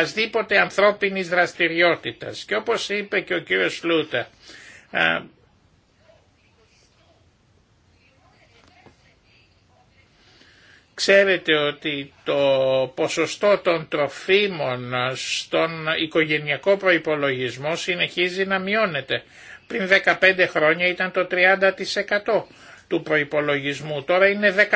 ασδήποτε ανθρώπινης δραστηριότητας. Και όπως είπε και ο κύριος Σλούτα, ε, Ξέρετε ότι το ποσοστό των τροφίμων στον οικογενειακό προϋπολογισμό συνεχίζει να μειώνεται. Πριν 15 χρόνια ήταν το 30% του προϋπολογισμού, τώρα είναι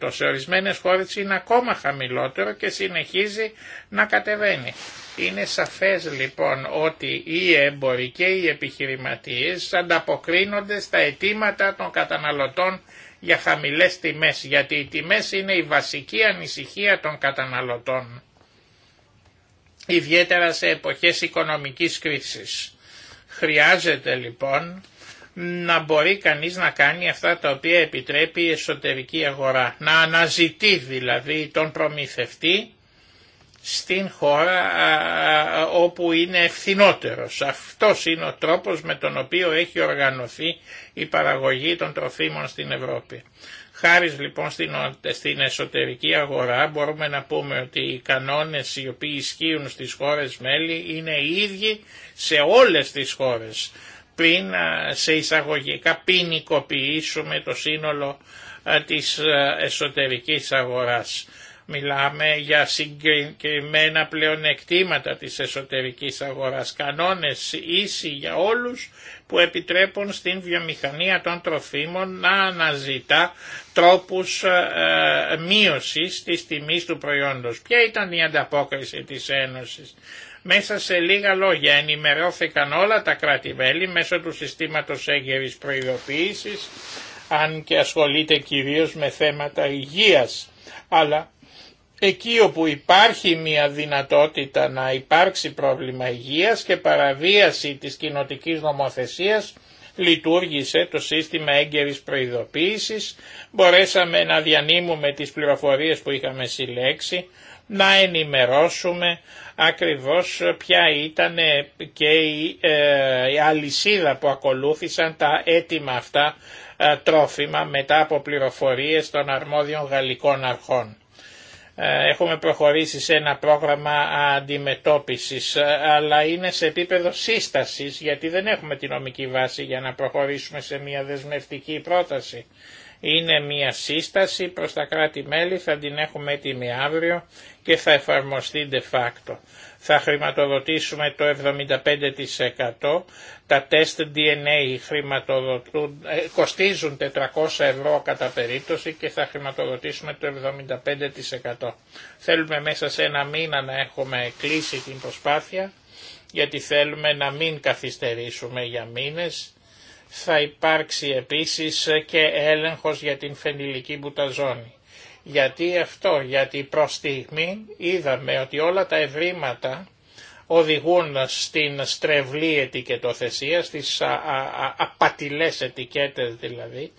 15%. Σε ορισμένες χώρες είναι ακόμα χαμηλότερο και συνεχίζει να κατεβαίνει. Είναι σαφές λοιπόν ότι οι έμποροι και οι επιχειρηματίες ανταποκρίνονται στα αιτήματα των καταναλωτών για χαμηλές τιμές, γιατί οι τιμές είναι η βασική ανησυχία των καταναλωτών, ιδιαίτερα σε εποχές οικονομικής κρίσης. Χρειάζεται λοιπόν να μπορεί κανείς να κάνει αυτά τα οποία επιτρέπει η εσωτερική αγορά, να αναζητεί δηλαδή τον προμηθευτή στην χώρα όπου είναι ευθυνότερος. Αυτός είναι ο τρόπος με τον οποίο έχει οργανωθεί η παραγωγή των τροφίμων στην Ευρώπη. Χάρη λοιπόν στην εσωτερική αγορά μπορούμε να πούμε ότι οι κανόνες οι οποίοι ισχύουν στις χώρες μέλη είναι οι ίδιοι σε όλες τις χώρες πριν σε εισαγωγικά ποινικοποιήσουμε το σύνολο της εσωτερικής αγοράς. Μιλάμε για συγκεκριμένα πλεονεκτήματα της εσωτερικής αγοράς, κανόνες ίσοι για όλους που επιτρέπουν στην βιομηχανία των τροφίμων να αναζητά τρόπους ε, ε, μείωσης της τιμής του προϊόντος. Ποια ήταν η ανταπόκριση της Ένωσης. Μέσα σε λίγα λόγια ενημερώθηκαν όλα τα κράτη-μέλη μέσω του συστήματος έγκαιρης προειδοποίησης, αν και ασχολείται κυρίως με θέματα υγείας, αλλά εκεί όπου υπάρχει μια δυνατότητα να υπάρξει πρόβλημα υγείας και παραβίαση της κοινοτική νομοθεσίας λειτουργήσε το σύστημα έγκαιρης προειδοποίησης, μπορέσαμε να διανύμουμε τις πληροφορίες που είχαμε συλλέξει, να ενημερώσουμε ακριβώς ποια ήταν και η, ε, αλυσίδα που ακολούθησαν τα έτοιμα αυτά ε, τρόφιμα μετά από πληροφορίες των αρμόδιων γαλλικών αρχών. Ε, έχουμε προχωρήσει σε ένα πρόγραμμα αντιμετώπισης, ε, αλλά είναι σε επίπεδο σύστασης, γιατί δεν έχουμε τη νομική βάση για να προχωρήσουμε σε μια δεσμευτική πρόταση. Είναι μια σύσταση προς τα κράτη-μέλη, θα την έχουμε έτοιμη αύριο και θα εφαρμοστεί de facto θα χρηματοδοτήσουμε το 75%. Τα τεστ DNA χρηματοδοτούν, ε, κοστίζουν 400 ευρώ κατά περίπτωση και θα χρηματοδοτήσουμε το 75%. Θέλουμε μέσα σε ένα μήνα να έχουμε κλείσει την προσπάθεια γιατί θέλουμε να μην καθυστερήσουμε για μήνες. Θα υπάρξει επίσης και έλεγχος για την φενηλική μπουταζόνη. Γιατί αυτό, γιατί προ στιγμή είδαμε ότι όλα τα ευρήματα οδηγούν στην στρεβλή ετικετοθεσία, στις α, α, απατηλές ετικέτες δηλαδή,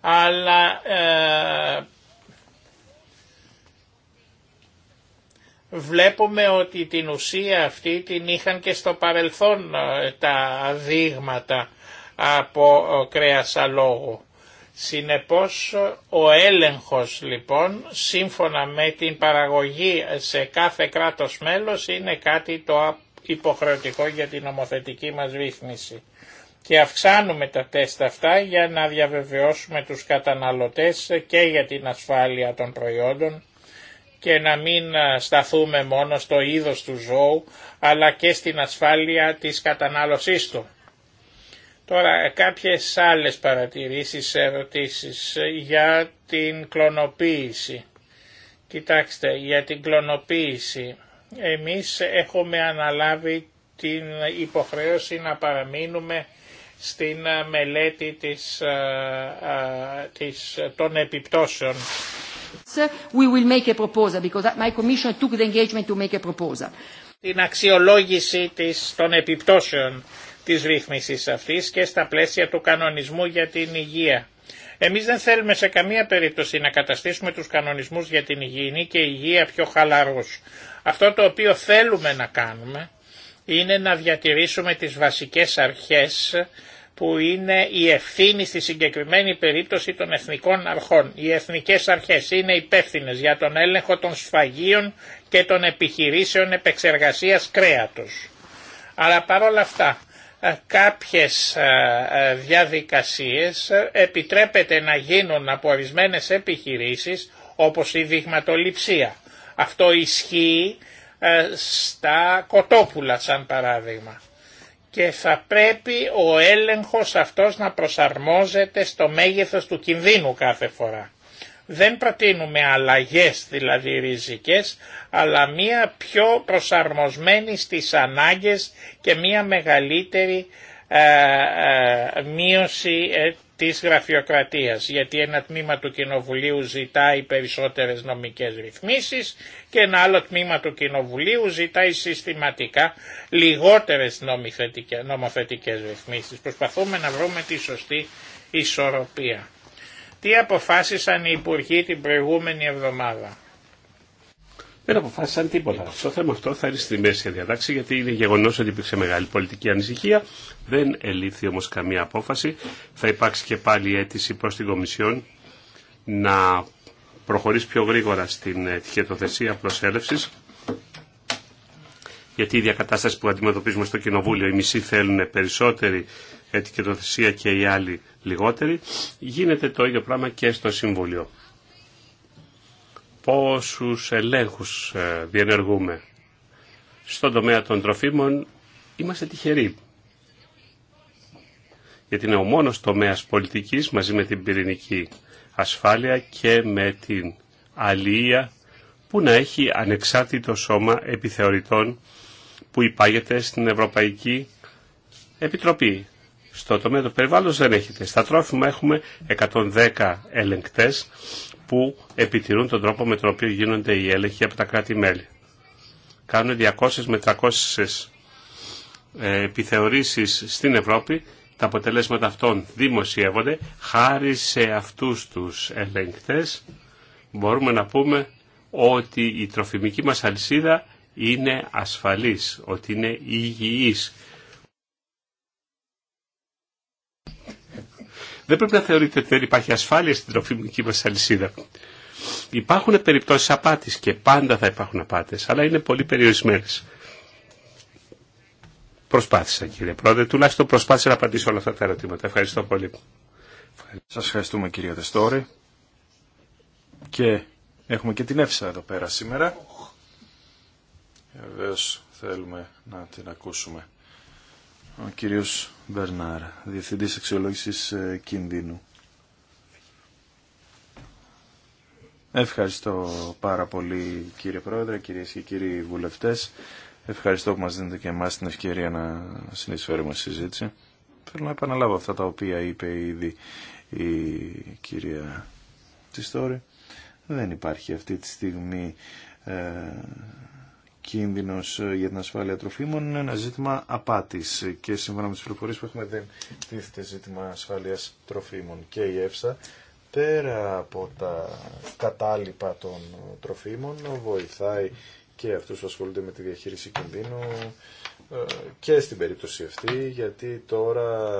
αλλά ε, βλέπουμε ότι την ουσία αυτή την είχαν και στο παρελθόν ε, τα δείγματα από ε, κρέας αλόγου. Συνεπώς ο έλεγχος λοιπόν σύμφωνα με την παραγωγή σε κάθε κράτος μέλος είναι κάτι το υποχρεωτικό για την νομοθετική μας ρύθμιση. Και αυξάνουμε τα τεστ αυτά για να διαβεβαιώσουμε τους καταναλωτές και για την ασφάλεια των προϊόντων και να μην σταθούμε μόνο στο είδος του ζώου αλλά και στην ασφάλεια της κατανάλωσής του. Τώρα κάποιες άλλες παρατηρήσεις, ερωτήσεις για την κλωνοποίηση. Κοιτάξτε, για την κλωνοποίηση. Εμείς έχουμε αναλάβει την υποχρέωση να παραμείνουμε στην μελέτη της, ε, ε, της, των επιπτώσεων. We will make a my took the to make a Την αξιολόγηση της, των επιπτώσεων της ρύθμισης αυτής και στα πλαίσια του κανονισμού για την υγεία. Εμείς δεν θέλουμε σε καμία περίπτωση να καταστήσουμε τους κανονισμούς για την υγιεινή και υγεία πιο χαλαρούς. Αυτό το οποίο θέλουμε να κάνουμε είναι να διατηρήσουμε τις βασικές αρχές που είναι η ευθύνη στη συγκεκριμένη περίπτωση των εθνικών αρχών. Οι εθνικές αρχές είναι υπεύθυνε για τον έλεγχο των σφαγίων και των επιχειρήσεων επεξεργασίας κρέατος. Αλλά παρόλα αυτά ε, κάποιες ε, ε, διαδικασίες επιτρέπεται να γίνουν από ορισμένε επιχειρήσεις όπως η δειγματοληψία. Αυτό ισχύει στα κοτόπουλα σαν παράδειγμα. Και θα πρέπει ο έλεγχος αυτός να προσαρμόζεται στο μέγεθος του κινδύνου κάθε φορά. Δεν προτείνουμε αλλαγές δηλαδή ριζικές, αλλά μία πιο προσαρμοσμένη στις ανάγκες και μία μεγαλύτερη ε, ε μείωση ε, της γραφειοκρατίας, γιατί ένα τμήμα του Κοινοβουλίου ζητάει περισσότερες νομικές ρυθμίσεις και ένα άλλο τμήμα του Κοινοβουλίου ζητάει συστηματικά λιγότερες νομοθετικές ρυθμίσεις. Προσπαθούμε να βρούμε τη σωστή ισορροπία. Τι αποφάσισαν οι υπουργοί την προηγούμενη εβδομάδα. Δεν αποφάσισαν τίποτα. Στο θέμα αυτό θα είναι στη μέση διατάξη γιατί είναι γεγονό ότι υπήρξε μεγάλη πολιτική ανησυχία. Δεν ελήφθη όμω καμία απόφαση. Θα υπάρξει και πάλι αίτηση προ την Κομισιόν να προχωρήσει πιο γρήγορα στην τυχετοθεσία προσέλευση. Γιατί η διακατάσταση που αντιμετωπίζουμε στο Κοινοβούλιο, οι μισοί θέλουν περισσότερη ετικετοθεσία και οι άλλοι λιγότεροι, γίνεται το ίδιο πράγμα και στο Συμβούλιο. Πόσους ελέγχους ε, διενεργούμε στον τομέα των τροφίμων, είμαστε τυχεροί. Γιατί είναι ο μόνος τομέας πολιτικής μαζί με την πυρηνική ασφάλεια και με την αλληλεία που να έχει ανεξάρτητο σώμα επιθεωρητών που υπάγεται στην Ευρωπαϊκή Επιτροπή. Στο τομέα του περιβάλλοντος δεν έχετε. Στα τρόφιμα έχουμε 110 ελεγκτές που επιτηρούν τον τρόπο με τον οποίο γίνονται οι έλεγχοι από τα κράτη-μέλη. Κάνουν 200 με 300 ε, επιθεωρήσεις στην Ευρώπη. Τα αποτελέσματα αυτών δημοσιεύονται. Χάρη σε αυτούς τους ελεγκτές μπορούμε να πούμε ότι η τροφιμική μας αλυσίδα είναι ασφαλής, ότι είναι υγιής δεν πρέπει να θεωρείτε ότι δεν υπάρχει ασφάλεια στην τροφιμική μας αλυσίδα. Υπάρχουν περιπτώσεις απάτης και πάντα θα υπάρχουν απάτες, αλλά είναι πολύ περιορισμένες. Προσπάθησα κύριε Πρόεδρε, τουλάχιστον προσπάθησα να απαντήσω όλα αυτά τα ερωτήματα. Ευχαριστώ πολύ. Σας ευχαριστούμε κύριε Δεστόρη και έχουμε και την Εύσα εδώ πέρα σήμερα. Βεβαίω θέλουμε να την ακούσουμε. Ο κύριος Μπερνάρ, Διευθυντής Αξιολόγησης ε, Κινδύνου. Ευχαριστώ πάρα πολύ κύριε Πρόεδρε, κυρίες και κύριοι βουλευτές. Ευχαριστώ που μας δίνετε και εμάς την ευκαιρία να συνεισφέρουμε στη συζήτηση. Θέλω να επαναλάβω αυτά τα οποία είπε ήδη η κυρία Τιστόρη. Δεν υπάρχει αυτή τη στιγμή ε, κίνδυνος ε, για την ασφάλεια τροφίμων είναι ένα ζήτημα απάτης και σύμφωνα με τις πληροφορίες που έχουμε δεν τίθεται ζήτημα ασφάλειας τροφίμων και η ΕΦΣΑ πέρα από τα κατάλοιπα των τροφίμων βοηθάει και αυτούς που ασχολούνται με τη διαχείριση κινδύνου ε, και στην περίπτωση αυτή γιατί τώρα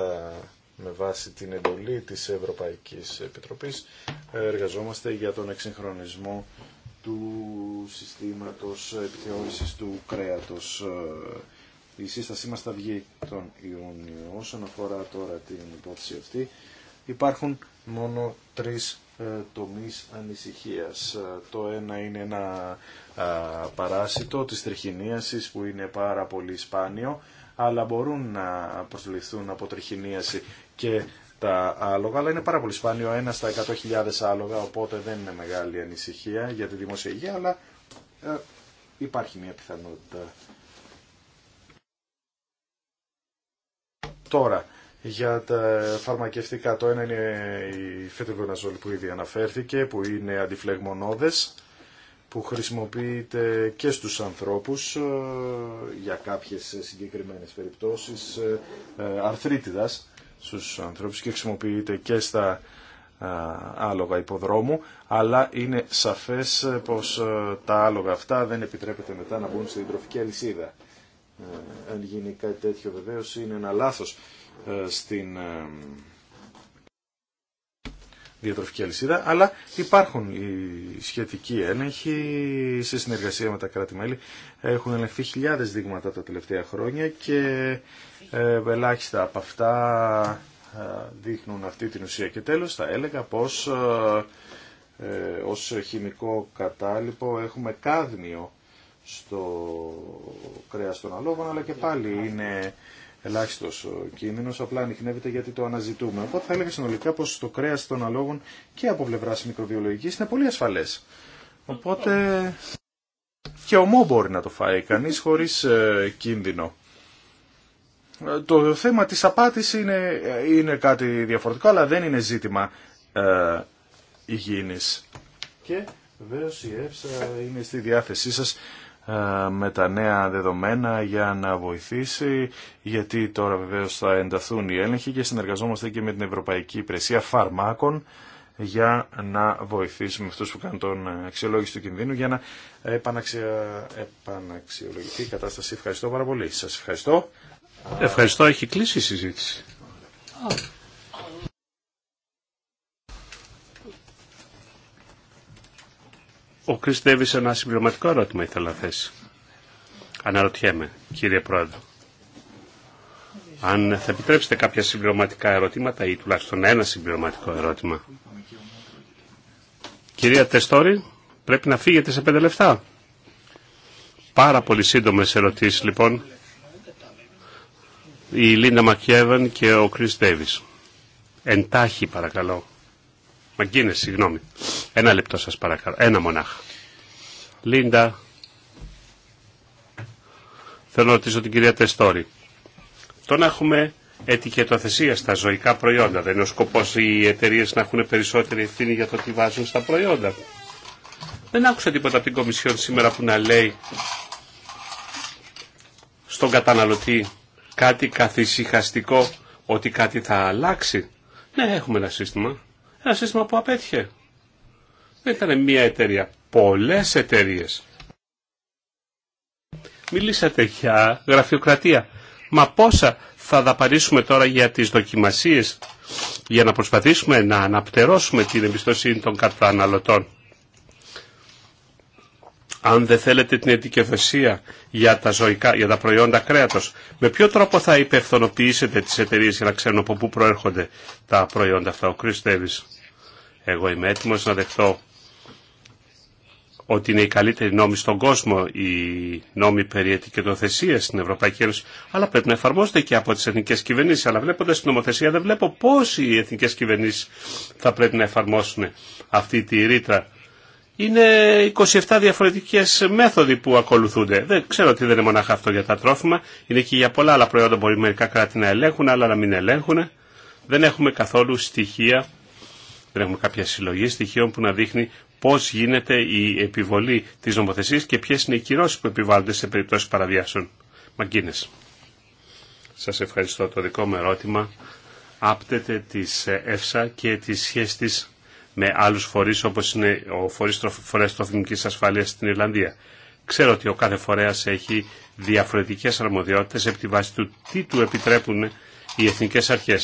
με βάση την εντολή της Ευρωπαϊκής Επιτροπής εργαζόμαστε για τον εξυγχρονισμό του συστήματος επιθεώρησης του κρέατος. Ε, η σύστασή μας θα βγει τον Ιούνιο. Όσον αφορά τώρα την υπόθεση αυτή, υπάρχουν μόνο τρεις ε, τομείς ανησυχίας. Ε, το ένα είναι ένα παράσιτο της τριχινίασης που είναι πάρα πολύ σπάνιο αλλά μπορούν να προσβληθούν από τριχινίαση και τα άλογα, αλλά είναι πάρα πολύ σπάνιο ένα στα 100.000 άλογα, οπότε δεν είναι μεγάλη ανησυχία για τη δημόσια υγεία, αλλά ε, υπάρχει μια πιθανότητα. Τώρα, για τα φαρμακευτικά, το ένα είναι η φετοβεναζόλη που ήδη αναφέρθηκε, που είναι αντιφλεγμονώδες, που χρησιμοποιείται και στους ανθρώπους ε, για κάποιες συγκεκριμένες περιπτώσεις ε, ε, αρθρίτιδας στους ανθρώπους και χρησιμοποιείται και στα άλογα υποδρόμου, αλλά είναι σαφές πως τα άλογα αυτά δεν επιτρέπεται μετά να μπουν στην τροφική αλυσίδα. Ε, αν γίνει κάτι τέτοιο βεβαίως είναι ένα λάθος ε, στην ε, διατροφική αλυσίδα, αλλά υπάρχουν οι σχετικοί έλεγχοι σε συνεργασία με τα κράτη-μέλη. Έχουν ελεγχθεί χιλιάδες δείγματα τα τελευταία χρόνια και ε, ελάχιστα από αυτά ε, δείχνουν αυτή την ουσία. Και τέλος θα έλεγα πως ε, ε, ως χημικό κατάλοιπο έχουμε κάδμιο στο κρέας των αλόγων, αλλά και πάλι είναι Ελάχιστο κίνδυνο, απλά ανοιχνεύεται γιατί το αναζητούμε. Οπότε θα έλεγα συνολικά πως το κρέας των αλόγων και από πλευρά μικροβιολογικής είναι πολύ ασφαλές. Οπότε και ομό μπορεί να το φάει κανείς χωρίς ε, κίνδυνο. Ε, το θέμα της απάτης είναι, ε, είναι κάτι διαφορετικό, αλλά δεν είναι ζήτημα ε, υγιεινής. Και βέβαια η ΕΦΣΑ είναι στη διάθεσή σας ε, με τα νέα δεδομένα για να βοηθήσει, γιατί τώρα βεβαίως θα ενταθούν οι έλεγχοι και συνεργαζόμαστε και με την Ευρωπαϊκή Υπηρεσία Φαρμάκων για να βοηθήσουμε αυτούς που κάνουν τον αξιολόγηση του κινδύνου για να επαναξια... επαναξιολογηθεί η κατάσταση. Ευχαριστώ πάρα πολύ. Σας ευχαριστώ. Ευχαριστώ. Έχει κλείσει η συζήτηση. Ο Κρις Ντέβις ένα συμπληρωματικό ερώτημα ήθελα να θέσει. Αναρωτιέμαι, κύριε Πρόεδρο. Αν θα επιτρέψετε κάποια συμπληρωματικά ερωτήματα ή τουλάχιστον ένα συμπληρωματικό ερώτημα. Κυρία Τεστόρη, πρέπει να φύγετε σε πέντε λεφτά. Πάρα πολύ σύντομες ερωτήσεις λοιπόν. Η Λίνα Μακιέβεν και ο Κρυς Ντέβις. Εντάχει παρακαλώ. Μαγκίνες, συγγνώμη. Ένα λεπτό σας παρακαλώ. Ένα μονάχα. Λίντα. Θέλω να ρωτήσω την κυρία Τεστόρη. Το να έχουμε ετικετοθεσία στα ζωικά προϊόντα. Δεν είναι ο σκοπός οι εταιρείε να έχουν περισσότερη ευθύνη για το τι βάζουν στα προϊόντα. Δεν άκουσα τίποτα από την Κομισιόν σήμερα που να λέει στον καταναλωτή κάτι καθησυχαστικό ότι κάτι θα αλλάξει. Ναι, έχουμε ένα σύστημα. Ένα σύστημα που απέτυχε. Δεν ήταν μία εταιρεία, πολλές εταιρείε. Μιλήσατε για γραφειοκρατία. Μα πόσα θα δαπαρίσουμε τώρα για τις δοκιμασίες για να προσπαθήσουμε να αναπτερώσουμε την εμπιστοσύνη των καταναλωτών. Αν δεν θέλετε την ετικεφεσία για τα, ζωικά, για τα προϊόντα κρέατος, με ποιο τρόπο θα υπευθονοποιήσετε τις εταιρείες για να ξέρουν από πού προέρχονται τα προϊόντα αυτά. Ο εγώ είμαι έτοιμος να δεχτώ ότι είναι οι καλύτεροι νόμοι στον κόσμο, οι νόμοι περί ετικετοθεσία στην Ευρωπαϊκή Ένωση, αλλά πρέπει να εφαρμόζονται και από τι εθνικέ κυβερνήσει. Αλλά βλέποντα την νομοθεσία, δεν βλέπω πώ οι εθνικέ κυβερνήσει θα πρέπει να εφαρμόσουν αυτή τη ρήτρα. Είναι 27 διαφορετικέ μέθοδοι που ακολουθούνται. Δεν ξέρω ότι δεν είναι μονάχα αυτό για τα τρόφιμα, είναι και για πολλά άλλα προϊόντα μπορεί μερικά κράτη να ελέγχουν, άλλα να μην ελέγχουν. Δεν έχουμε καθόλου στοιχεία δεν έχουμε κάποια συλλογή στοιχείων που να δείχνει πώ γίνεται η επιβολή τη νομοθεσία και ποιε είναι οι κυρώσει που επιβάλλονται σε περιπτώσει παραβιάσεων. Μαγκίνε. Σα ευχαριστώ. Το δικό μου ερώτημα άπτεται τη ΕΦΣΑ και τη σχέση τη με άλλου φορεί όπω είναι ο φορέα τροφιμική ασφάλεια στην Ιρλανδία. Ξέρω ότι ο κάθε φορέα έχει διαφορετικέ αρμοδιότητε επί τη βάση του τι του επιτρέπουν οι εθνικέ αρχέ.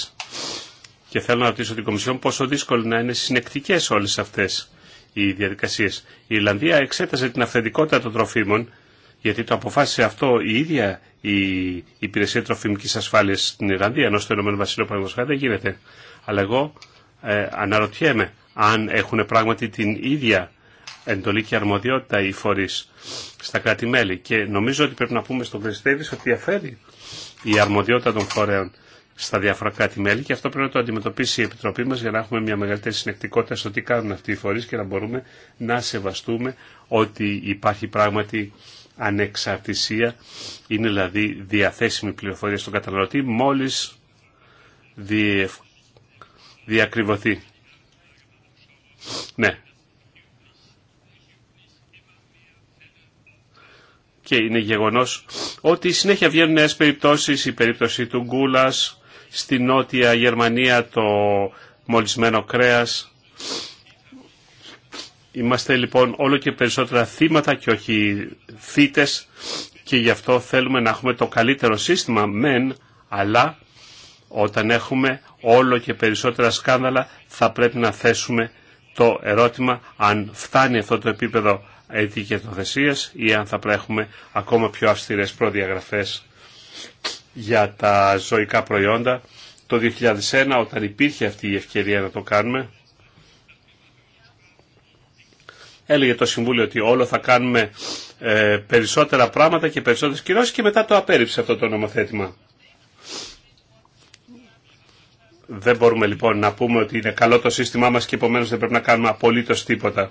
Και θέλω να ρωτήσω την Κομισιόν πόσο δύσκολο να είναι συνεκτικέ όλε αυτέ οι διαδικασίε. Η Ιρλανδία εξέταζε την αυθεντικότητα των τροφίμων, γιατί το αποφάσισε αυτό η ίδια η Υπηρεσία Τροφιμική ασφάλεια στην Ιρλανδία, ενώ στο Ηνωμένο Βασίλειο δεν γίνεται. Αλλά εγώ ε, αναρωτιέμαι αν έχουν πράγματι την ίδια εντολή και αρμοδιότητα οι φορεί στα κράτη-μέλη. Και νομίζω ότι πρέπει να πούμε στον Πρεσβευτή ότι αφαίρει η αρμοδιότητα των φορέων στα διάφορα κράτη-μέλη και αυτό πρέπει να το αντιμετωπίσει η Επιτροπή μας για να έχουμε μια μεγαλύτερη συνεκτικότητα στο τι κάνουν αυτοί οι φορείς και να μπορούμε να σεβαστούμε ότι υπάρχει πράγματι ανεξαρτησία, είναι δηλαδή διαθέσιμη πληροφορία στον καταναλωτή μόλις διακριβωθεί. Ναι. Και είναι γεγονός ότι συνέχεια βγαίνουν νέες περιπτώσεις, η περίπτωση του Γκούλας, στη Νότια Γερμανία το μολυσμένο κρέας. Είμαστε λοιπόν όλο και περισσότερα θύματα και όχι θύτες και γι' αυτό θέλουμε να έχουμε το καλύτερο σύστημα μεν, αλλά όταν έχουμε όλο και περισσότερα σκάνδαλα θα πρέπει να θέσουμε το ερώτημα αν φτάνει αυτό το επίπεδο ετικετοθεσίας ή αν θα πρέπει να ακόμα πιο αυστηρές προδιαγραφές για τα ζωικά προϊόντα. Το 2001 όταν υπήρχε αυτή η ευκαιρία να το κάνουμε, έλεγε το Συμβούλιο ότι όλο θα κάνουμε ε, περισσότερα πράγματα και περισσότερες κυρώσεις και μετά το απέρριψε αυτό το νομοθέτημα. Δεν μπορούμε λοιπόν να πούμε ότι είναι καλό το σύστημά μας και επομένω δεν πρέπει να κάνουμε απολύτως τίποτα.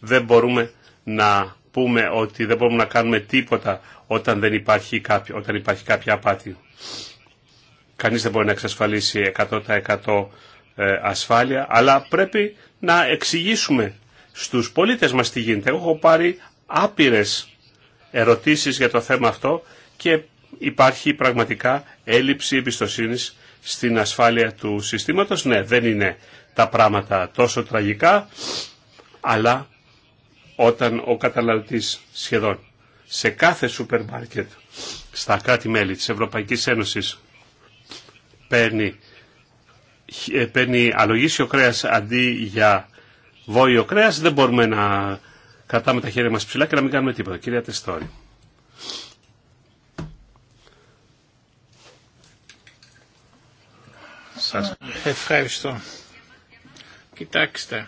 Δεν μπορούμε να πούμε ότι δεν μπορούμε να κάνουμε τίποτα όταν, δεν υπάρχει, κάποιο, όταν υπάρχει κάποια απάτη. Κανείς δεν μπορεί να εξασφαλίσει 100% ε, ασφάλεια, αλλά πρέπει να εξηγήσουμε στους πολίτες μας τι γίνεται. Έχω πάρει άπειρες ερωτήσεις για το θέμα αυτό και υπάρχει πραγματικά έλλειψη εμπιστοσύνης στην ασφάλεια του συστήματος. Ναι, δεν είναι τα πράγματα τόσο τραγικά, αλλά όταν ο καταναλωτής σχεδόν σε κάθε σούπερ μάρκετ στα κράτη-μέλη της Ευρωπαϊκής Ένωσης παίρνει, ε, παίρνει αλογίσιο κρέας αντί για βόηο κρέας, δεν μπορούμε να κρατάμε τα χέρια μας ψηλά και να μην κάνουμε τίποτα. Κυρία Τεστόρη. Σας ευχαριστώ. Κοιτάξτε,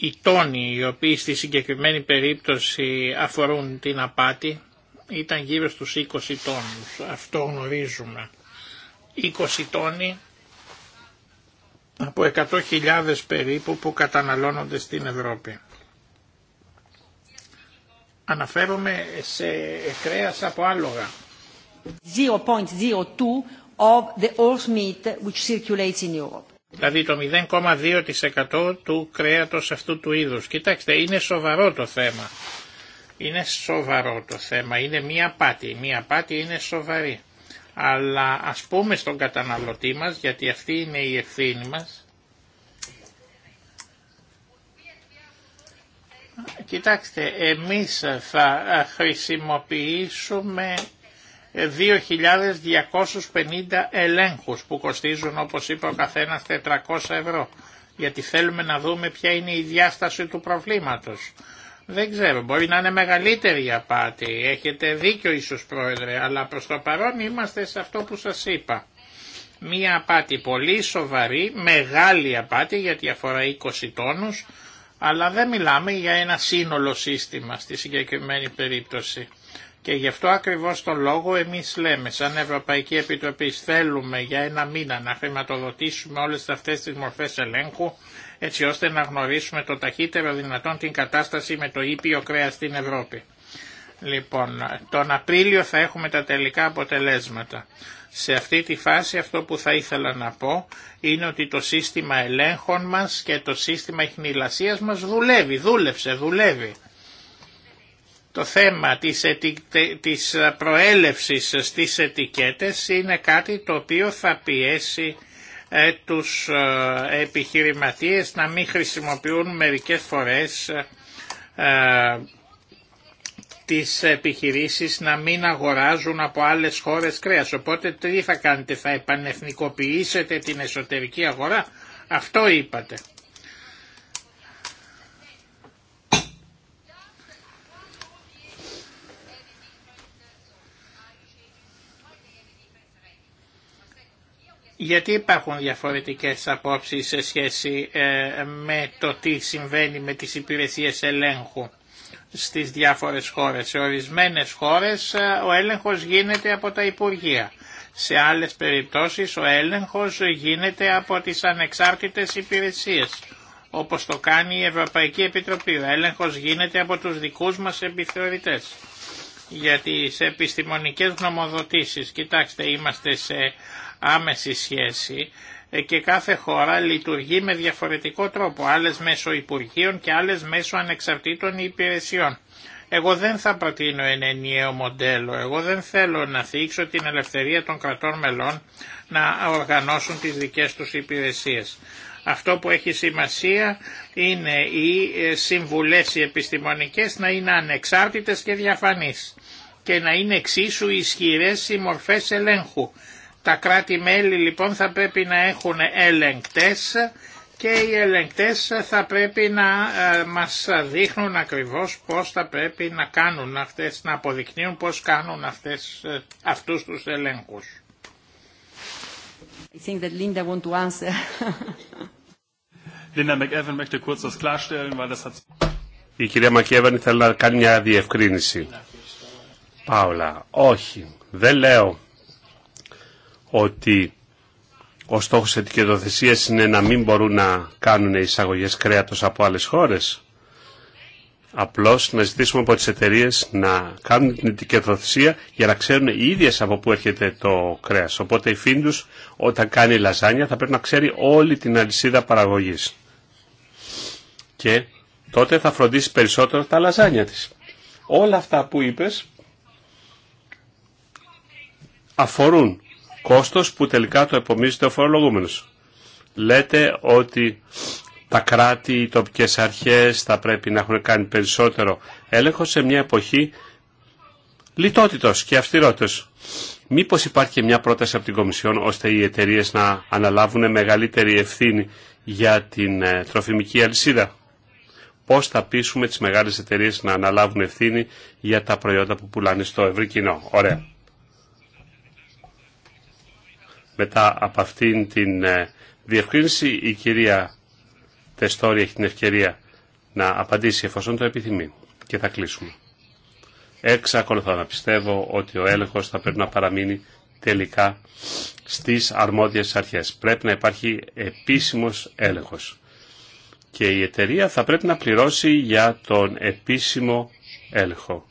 οι τόνοι οι οποίοι στη συγκεκριμένη περίπτωση αφορούν την απάτη ήταν γύρω στους 20 τόνους. Αυτό γνωρίζουμε. 20 τόνοι από 100.000 περίπου που καταναλώνονται στην Ευρώπη. Αναφέρομαι σε κρέας από άλογα. 0.02 of the horse meat which circulates in Europe. Δηλαδή το 0,2% του κρέατος αυτού του είδους. Κοιτάξτε, είναι σοβαρό το θέμα. Είναι σοβαρό το θέμα. Είναι μία πάτη. Μία πάτη είναι σοβαρή. Αλλά ας πούμε στον καταναλωτή μας, γιατί αυτή είναι η ευθύνη μας, Κοιτάξτε, εμείς θα χρησιμοποιήσουμε 2.250 ε, ελέγχους που κοστίζουν όπως είπε ο καθένας 400 ευρώ γιατί θέλουμε να δούμε ποια είναι η διάσταση του προβλήματος. Δεν ξέρω, μπορεί να είναι μεγαλύτερη η απάτη, έχετε δίκιο ίσως πρόεδρε, αλλά προς το παρόν είμαστε σε αυτό που σας είπα. Μία απάτη πολύ σοβαρή, μεγάλη απάτη γιατί αφορά 20 τόνους, αλλά δεν μιλάμε για ένα σύνολο σύστημα στη συγκεκριμένη περίπτωση. Και γι' αυτό ακριβώς τον λόγο εμείς λέμε σαν Ευρωπαϊκή Επιτροπή θέλουμε για ένα μήνα να χρηματοδοτήσουμε όλες αυτές τις μορφές ελέγχου έτσι ώστε να γνωρίσουμε το ταχύτερο δυνατόν την κατάσταση με το ήπιο κρέας στην Ευρώπη. Λοιπόν, τον Απρίλιο θα έχουμε τα τελικά αποτελέσματα. Σε αυτή τη φάση αυτό που θα ήθελα να πω είναι ότι το σύστημα ελέγχων μας και το σύστημα ειχνηλασίας μας δουλεύει, δούλεψε, δουλεύει. Το θέμα της, ετι... της προέλευσης στις ετικέτες είναι κάτι το οποίο θα πιέσει ε, τους ε, επιχειρηματίες να μην χρησιμοποιούν μερικές φορές ε, τις επιχειρήσεις να μην αγοράζουν από άλλες χώρες κρέας. Οπότε τι θα κάνετε, θα επανεθνικοποιήσετε την εσωτερική αγορά. Αυτό είπατε. Γιατί υπάρχουν διαφορετικές απόψεις σε σχέση ε, με το τι συμβαίνει με τις υπηρεσίες ελέγχου στις διάφορες χώρες. Σε ορισμένες χώρες ε, ο έλεγχος γίνεται από τα Υπουργεία. Σε άλλες περιπτώσεις ο έλεγχος γίνεται από τις ανεξάρτητες υπηρεσίες, όπως το κάνει η Ευρωπαϊκή Επιτροπή. Ο έλεγχος γίνεται από τους δικούς μας επιθεωρητές. Γιατί σε επιστημονικές γνωμοδοτήσεις, κοιτάξτε, άμεση σχέση ε, και κάθε χώρα λειτουργεί με διαφορετικό τρόπο, άλλες μέσω υπουργείων και άλλες μέσω ανεξαρτήτων υπηρεσιών. Εγώ δεν θα προτείνω ένα ενιαίο μοντέλο, εγώ δεν θέλω να θίξω την ελευθερία των κρατών μελών να οργανώσουν τις δικές τους υπηρεσίες. Αυτό που έχει σημασία είναι οι ε, συμβουλές οι επιστημονικές να είναι ανεξάρτητες και διαφανείς και να είναι εξίσου ισχυρές οι μορφές ελέγχου τα κράτη-μέλη λοιπόν θα πρέπει να έχουν ελεγκτές και οι ελεγκτές θα πρέπει να ε, μας δείχνουν ακριβώς πώς θα πρέπει να κάνουν αυτές, να αποδεικνύουν πώς κάνουν αυτές, ε, αυτούς τους ελέγχους. I think that Linda want to answer. Linda möchte kurz das klarstellen, weil das hat... Η κυρία Μακέβαν ήθελε να κάνει μια διευκρίνηση. Πάολα, όχι, δεν λέω ότι ο στόχος της ετικετοθεσίας είναι να μην μπορούν να κάνουν εισαγωγές κρέατος από άλλες χώρες. Απλώς να ζητήσουμε από τις εταιρείε να κάνουν την ετικετοθεσία για να ξέρουν οι ίδιες από πού έρχεται το κρέας. Οπότε η Φίντους όταν κάνει λαζάνια θα πρέπει να ξέρει όλη την αλυσίδα παραγωγής. Και τότε θα φροντίσει περισσότερο τα λαζάνια της. Όλα αυτά που είπες αφορούν κόστος που τελικά το επομίζεται ο φορολογούμενος. Λέτε ότι τα κράτη, οι τοπικές αρχές θα πρέπει να έχουν κάνει περισσότερο έλεγχο σε μια εποχή λιτότητος και αυστηρότητος. Μήπως υπάρχει και μια πρόταση από την Κομισιόν ώστε οι εταιρείε να αναλάβουν μεγαλύτερη ευθύνη για την ε, τροφιμική αλυσίδα. Πώς θα πείσουμε τις μεγάλες εταιρείε να αναλάβουν ευθύνη για τα προϊόντα που πουλάνε στο ευρύ κοινό. Ωραία. Μετά από αυτήν την ε, διευκρίνηση η κυρία Τεστόρη έχει την ευκαιρία να απαντήσει εφόσον το επιθυμεί και θα κλείσουμε. Εξακολουθώ να πιστεύω ότι ο έλεγχος θα πρέπει να παραμείνει τελικά στις αρμόδιες αρχές. Πρέπει να υπάρχει επίσημος έλεγχος. Και η εταιρεία θα πρέπει να πληρώσει για τον επίσημο έλεγχο.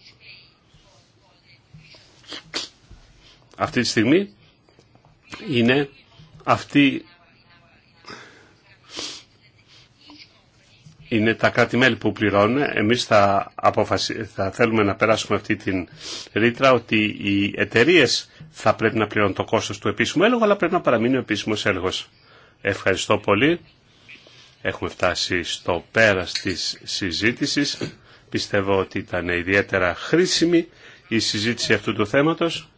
Αυτή τη στιγμή είναι αυτή είναι τα κράτη-μέλη που πληρώνουν. Εμείς θα, θέλουμε να περάσουμε αυτή την ρήτρα ότι οι εταιρείε θα πρέπει να πληρώνουν το κόστος του επίσημου έλεγχου, αλλά πρέπει να παραμείνει ο επίσημος έλεγχος. Ευχαριστώ πολύ. Έχουμε φτάσει στο πέρας της συζήτησης. Πιστεύω ότι ήταν ιδιαίτερα χρήσιμη η συζήτηση αυτού του θέματος.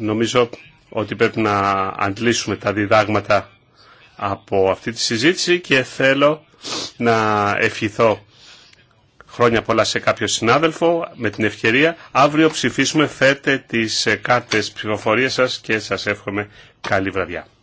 Νομίζω ότι πρέπει να αντλήσουμε τα διδάγματα από αυτή τη συζήτηση και θέλω να ευχηθώ χρόνια πολλά σε κάποιο συνάδελφο με την ευκαιρία. Αύριο ψηφίσουμε, θέτε τις κάρτες ψηφοφορίας σας και σας εύχομαι καλή βραδιά.